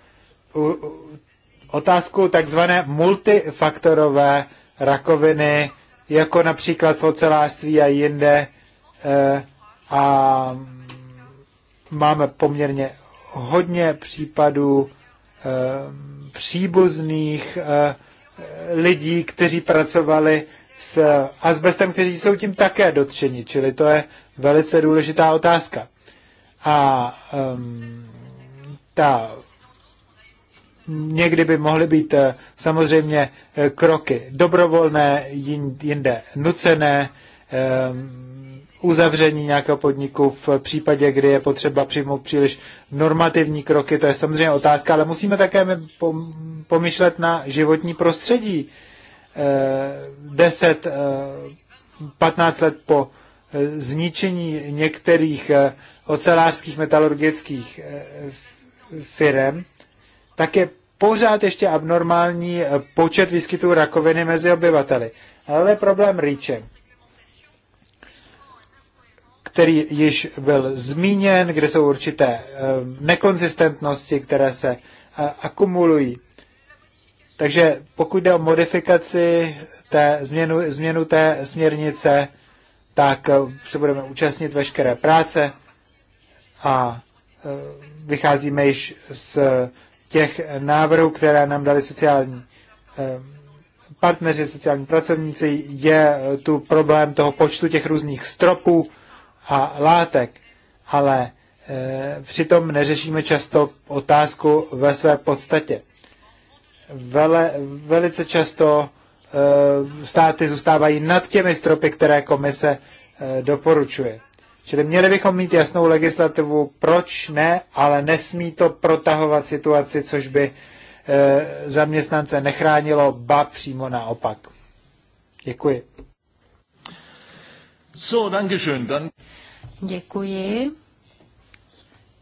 otázku takzvané multifaktorové rakoviny, jako například v ocelářství a jinde. Eh, a máme poměrně hodně případů eh, příbuzných uh, lidí, kteří pracovali s asbestem, kteří jsou tím také dotčeni, čili to je velice důležitá otázka. A um, ta někdy by mohly být eh, samozřejmě eh, kroky dobrovolné, jinde nucené, um, uzavření nějakého podniku v případě, kdy je potřeba přijmout příliš normativní kroky, to je samozřejmě otázka, ale musíme také pomyšlet na životní prostředí. 10, eh, 15 eh, let po eh, zničení některých ocelářských metalurgických firem, tak je pořád ještě abnormální počet výskytů rakoviny mezi obyvateli. Ale problém rýče který již byl zmíněn, kde jsou určité eh, nekonzistentnosti, které se eh, akumulují. Takže pokud jde o modifikaci té změnu, změnu té směrnice, tak eh, se budeme účastnit veškeré práce a vycházíme již z těch návrhů, které nám dali sociální partneři, sociální pracovníci, je tu problém toho počtu těch různých stropů, a látek, ale e, přitom neřešíme často otázku ve své podstatě. Vele, velice často e, státy zůstávají nad těmi stropy, které komise e, doporučuje. Čili měli bychom mít jasnou legislativu, proč ne, ale nesmí to protahovat situaci, což by zaměstnance nechránilo, ba přímo naopak. Děkuji. So, danke schön. Dann... Děkuji.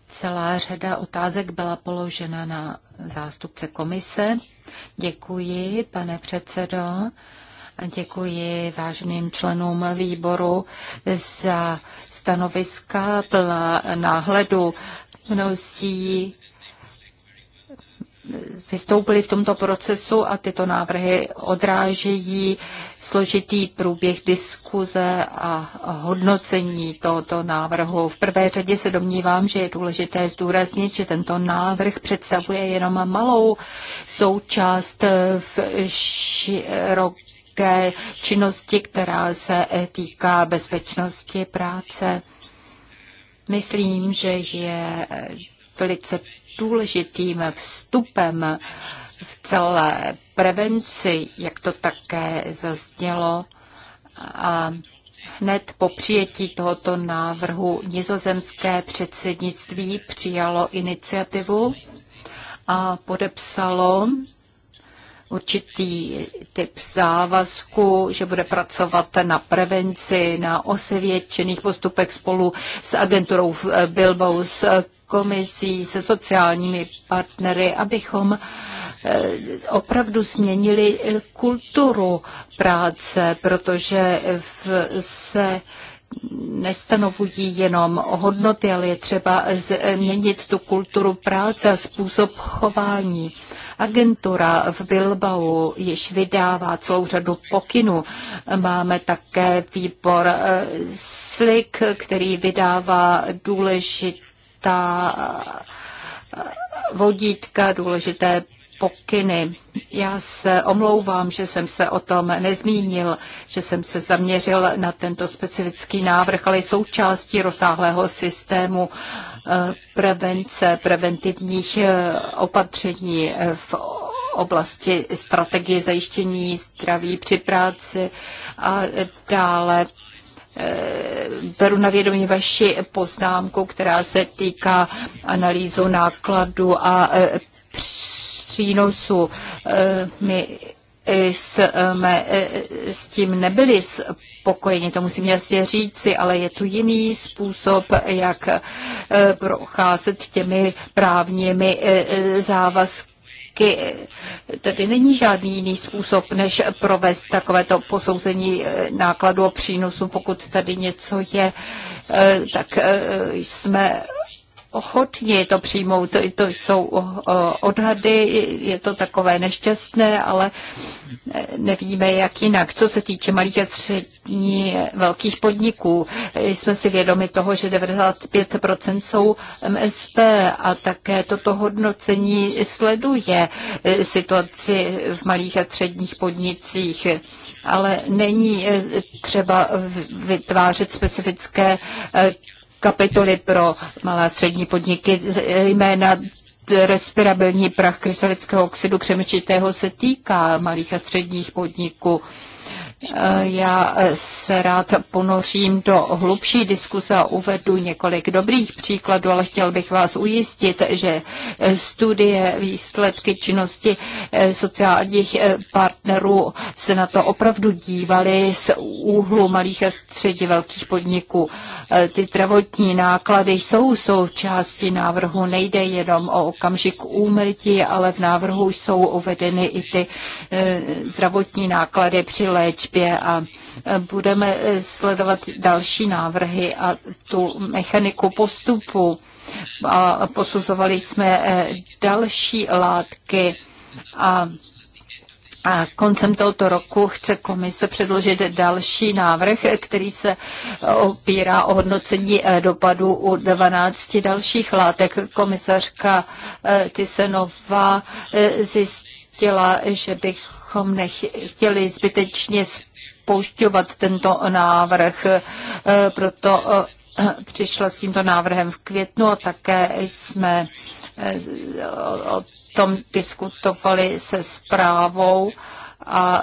Celá řada otázek byla položena na zástupce komise. Děkuji, pane předsedo. Děkuji váženým členům výboru za stanoviska plná náhledu. Mnozí vystoupili v tomto procesu a tyto návrhy odrážejí složitý průběh diskuze a hodnocení tohoto návrhu. V prvé řadě se domnívám, že je důležité zdůraznit, že tento návrh představuje jenom malou součást v široké činnosti, která se týká bezpečnosti práce. Myslím, že je velice důležitým vstupem v celé prevenci, jak to také zaznělo. A Hned po přijetí tohoto návrhu nizozemské předsednictví přijalo iniciativu a podepsalo určitý typ závazku, že bude pracovat na prevenci, na osvědčených postupech spolu s agenturou eh, Bilbao, s komisí, se sociálními partnery, abychom eh, opravdu změnili eh, kulturu práce, protože se nestanovují jenom hodnoty, ale je třeba změnit tu kulturu práce a způsob chování. Agentura v Bilbao již vydává celou řadu pokynů. Máme také výbor eh, SLIK, který vydává důležitá eh, vodítka, důležité pokyny. Já se omlouvám, že jsem se o tom nezmínil, že jsem se zaměřil na tento specifický návrh, ale součástí rozsáhlého systému eh, prevence, preventivních eh, opatření eh, v oblasti strategie zajištění zdraví při práci a dále beru na vědomí vaši poznámku, která se týká analýzu nákladu a přínosu. Eh, my eh, jsme eh, s tím nebyli spokojeni, to musím jasně říci, ale je tu jiný způsob, jak procházet těmi právními závazky Tady není žádný jiný způsob, než provést takovéto posouzení nákladu a přínosu. Pokud tady něco je, tak jsme ochotni to přijmout. To, to jsou eh, odhady, je to takové nešťastné, ale eh, nevíme, jak jinak. Co se týče malých a střední velkých podniků, jsme si vědomi toho, že 95% jsou MSP a také toto hodnocení sleduje eh, situaci v malých a středních podnicích ale není třeba vytvářet specifické kapitoly pro malé a střední podniky, jména respirabilní prach krysalického oxidu křemečitého se týká malých a středních podniků. Eh, já eh, se rád ponořím do hlubší diskuse a uvedu několik dobrých příkladů, ale chtěl bych vás ujistit, že eh, studie výsledky činnosti sociálních partnerů se na to opravdu dívaly z úhlu malých a středně velkých podniků. Ty zdravotní náklady jsou součástí návrhu, nejde jenom o okamžik úmrtí, ale v návrhu jsou uvedeny i ty zdravotní náklady při léčbě službě a e, budeme e, sledovat další návrhy a tu mechaniku postupu. A posuzovali jsme e, další látky a a koncem tohoto roku chce komise předložit další návrh, který se opírá o hodnocení dopadu u 12 dalších látek. Komisařka Tysenová zjistila, že bych bychom nechtěli zbytečně spoušťovat tento návrh. Eh, proto eh, přišla s tímto návrhem v květnu a také jsme eh, o tom diskutovali se zprávou a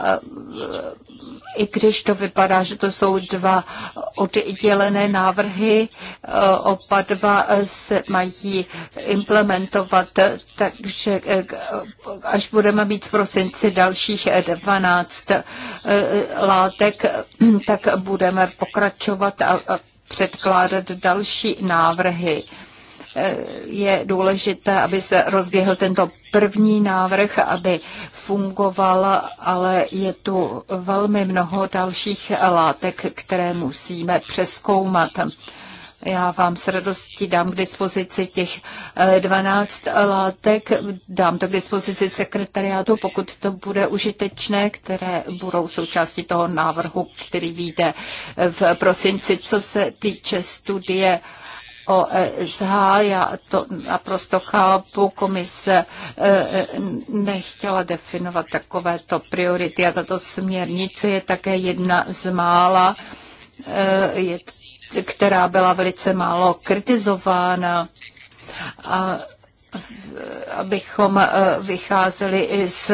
i když to vypadá, že to jsou dva oddělené návrhy, eh, oba dva eh, se mají implementovat, takže eh, až budeme mít v prosinci dalších 12 látek, tak budeme pokračovat a předkládat další návrhy je důležité, aby se rozběhl tento první návrh, aby fungoval, ale je tu velmi mnoho dalších látek, které musíme přeskoumat. Já vám s radostí dám k dispozici těch 12 eh, látek, dám to k dispozici sekretariátu, pokud to bude užitečné, které budou součástí toho návrhu, který vyjde v prosinci. Co se týče studie OSH. Já to naprosto chápu. Komise eh, eh, nechtěla definovat takovéto priority a tato směrnice je také jedna z mála, eh, která byla velice málo kritizována. A abychom eh, vycházeli z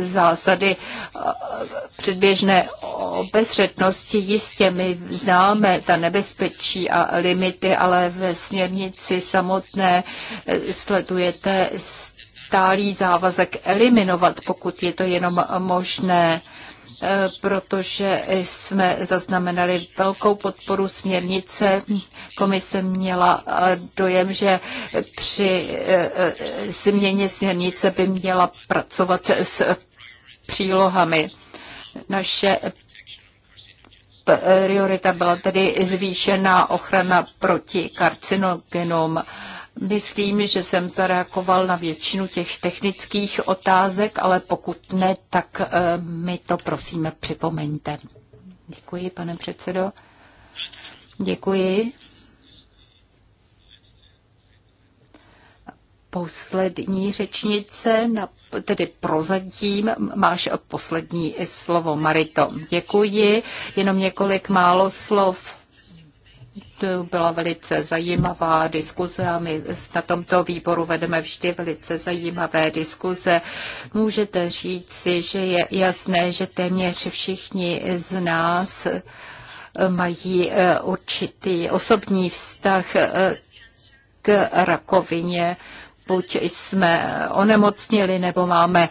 zásady eh, předběžné obezřetnosti. Jistě my známe ta nebezpečí a limity, ale ve směrnici samotné eh, sledujete stálý závazek eliminovat, pokud je to jenom možné Eh, protože jsme zaznamenali velkou podporu směrnice. Komise měla eh, dojem, že při eh, změně směrnice by měla pracovat s přílohami. Naše priorita byla tedy zvýšená ochrana proti karcinogenům Myslím, že jsem zareagoval na většinu těch technických otázek, ale pokud ne, tak eh, mi to prosíme připomeňte. Děkuji, pane předsedo. Děkuji. Poslední řečnice, tedy prozatím máš poslední slovo, Marito. Děkuji, jenom několik málo slov byla velice zajímavá diskuze a my na tomto výboru vedeme vždy velice zajímavé diskuze. Můžete říct si, že je jasné, že téměř všichni z nás eh, mají eh, určitý osobní vztah eh, k rakovině, buď jsme onemocnili nebo máme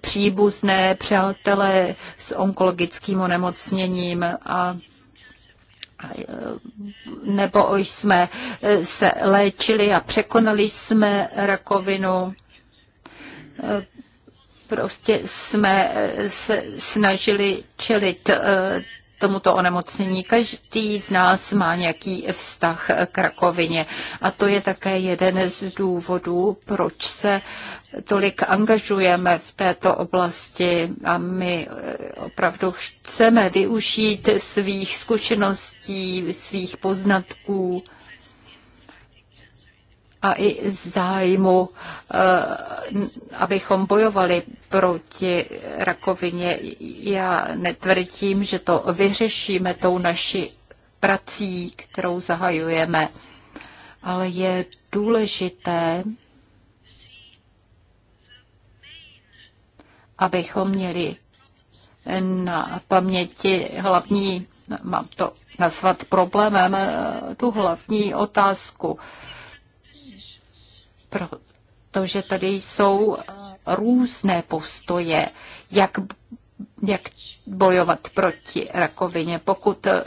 příbuzné přátelé s onkologickým onemocněním a E, nebo už jsme e, se léčili a překonali jsme rakovinu. E, prostě jsme se snažili čelit tomuto onemocnění. Každý z nás má nějaký vztah k rakovině a to je také jeden z důvodů, proč se tolik angažujeme v této oblasti a my eh, opravdu chceme využít svých zkušeností, svých poznatků a i zájmu, eh, abychom bojovali proti rakovině. Já netvrdím, že to vyřešíme tou naší prací, kterou zahajujeme, ale je důležité, abychom měli na paměti hlavní, mám to nazvat problémem, eh, tu hlavní otázku protože tady jsou různé postoje, jak, jak bojovat proti rakovině. Pokud eh,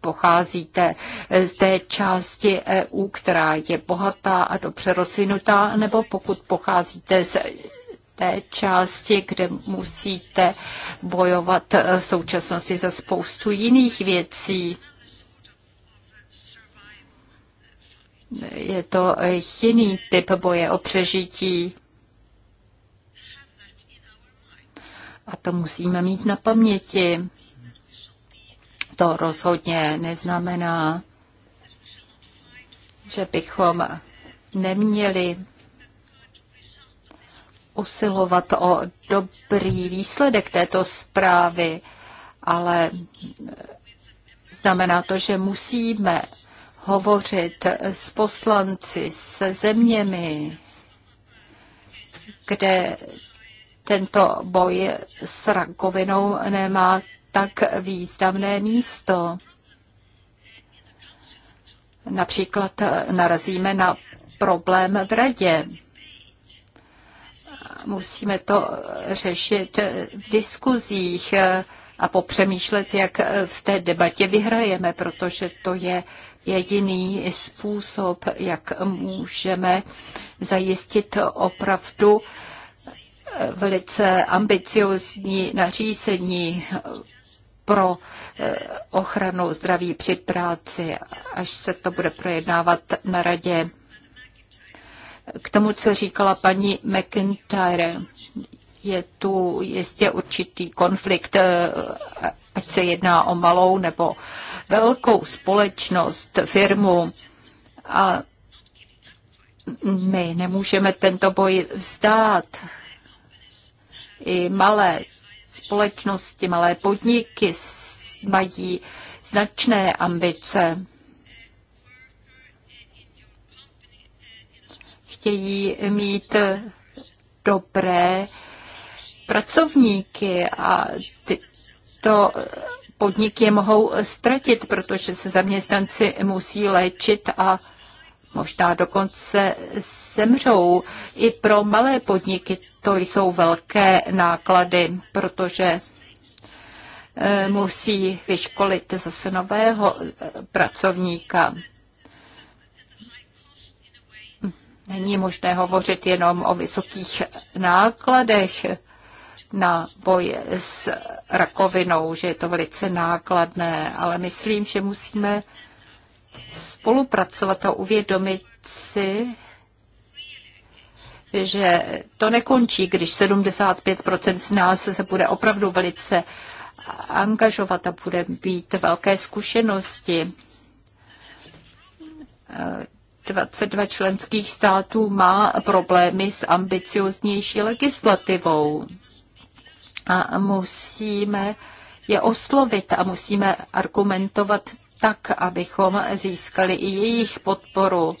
pocházíte z té části EU, která je bohatá a dobře rozvinutá, nebo pokud pocházíte z té části, kde musíte bojovat eh, v současnosti za spoustu jiných věcí. Je to jiný typ boje o přežití. A to musíme mít na paměti. To rozhodně neznamená, že bychom neměli usilovat o dobrý výsledek této zprávy, ale znamená to, že musíme hovořit s poslanci, se zeměmi, kde tento boj s rakovinou nemá tak významné místo. Například narazíme na problém v radě. Musíme to řešit v diskuzích a popřemýšlet, jak v té debatě vyhrajeme, protože to je jediný způsob, jak můžeme zajistit opravdu velice ambiciozní nařízení pro eh, ochranu zdraví při práci, až se to bude projednávat na radě. K tomu, co říkala paní McIntyre, je tu jistě určitý konflikt, eh, ať se jedná o malou nebo velkou společnost, firmu. A my nemůžeme tento boj vzdát. I malé společnosti, malé podniky mají značné ambice. Chtějí mít dobré pracovníky a tyto podniky je mohou ztratit, protože se zaměstnanci musí léčit a možná dokonce zemřou. I pro malé podniky to jsou velké náklady, protože eh, musí vyškolit zase nového eh, pracovníka. Není možné hovořit jenom o vysokých nákladech na boj s rakovinou, že je to velice nákladné, ale myslím, že musíme spolupracovat a uvědomit si, že to nekončí, když 75% z nás se bude opravdu velice angažovat a bude být velké zkušenosti. 22 členských států má problémy s ambicioznější legislativou a musíme je oslovit a musíme argumentovat tak, abychom získali i jejich podporu,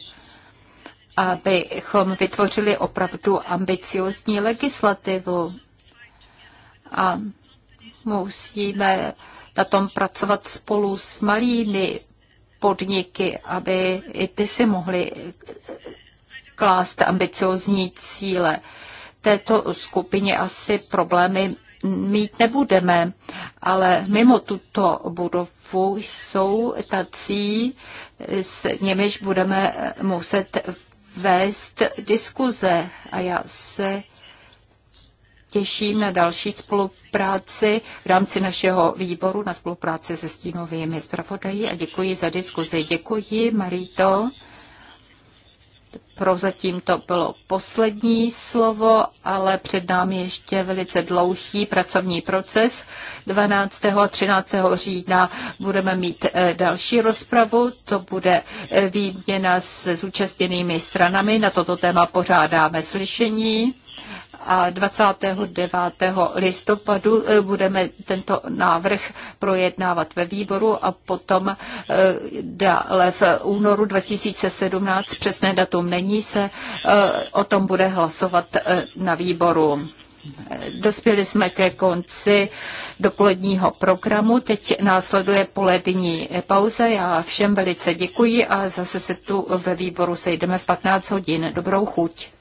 abychom vytvořili opravdu ambiciozní legislativu. A musíme na tom pracovat spolu s malými podniky, aby i ty si mohly klást ambiciozní cíle. Této skupině asi problémy mít nebudeme, ale mimo tuto budovu jsou tací, s nimiž budeme muset vést diskuze a já se těším na další spolupráci v rámci našeho výboru, na spolupráci se stínovými zpravodají a děkuji za diskuzi. Děkuji, Marito. Prozatím to bylo poslední slovo, ale před námi ještě velice dlouhý pracovní proces. 12. a 13. října budeme mít eh, další rozpravu. To bude eh, výměna se zúčastněnými stranami. Na toto téma pořádáme slyšení a 29. listopadu eh, budeme tento návrh projednávat ve výboru a potom eh, dále v únoru 2017, přesné datum není, se eh, o tom bude hlasovat na výboru. Dospěli jsme ke konci dopoledního programu, teď následuje polední pauza. Já všem velice děkuji a zase se tu ve výboru sejdeme v 15 hodin. Dobrou chuť.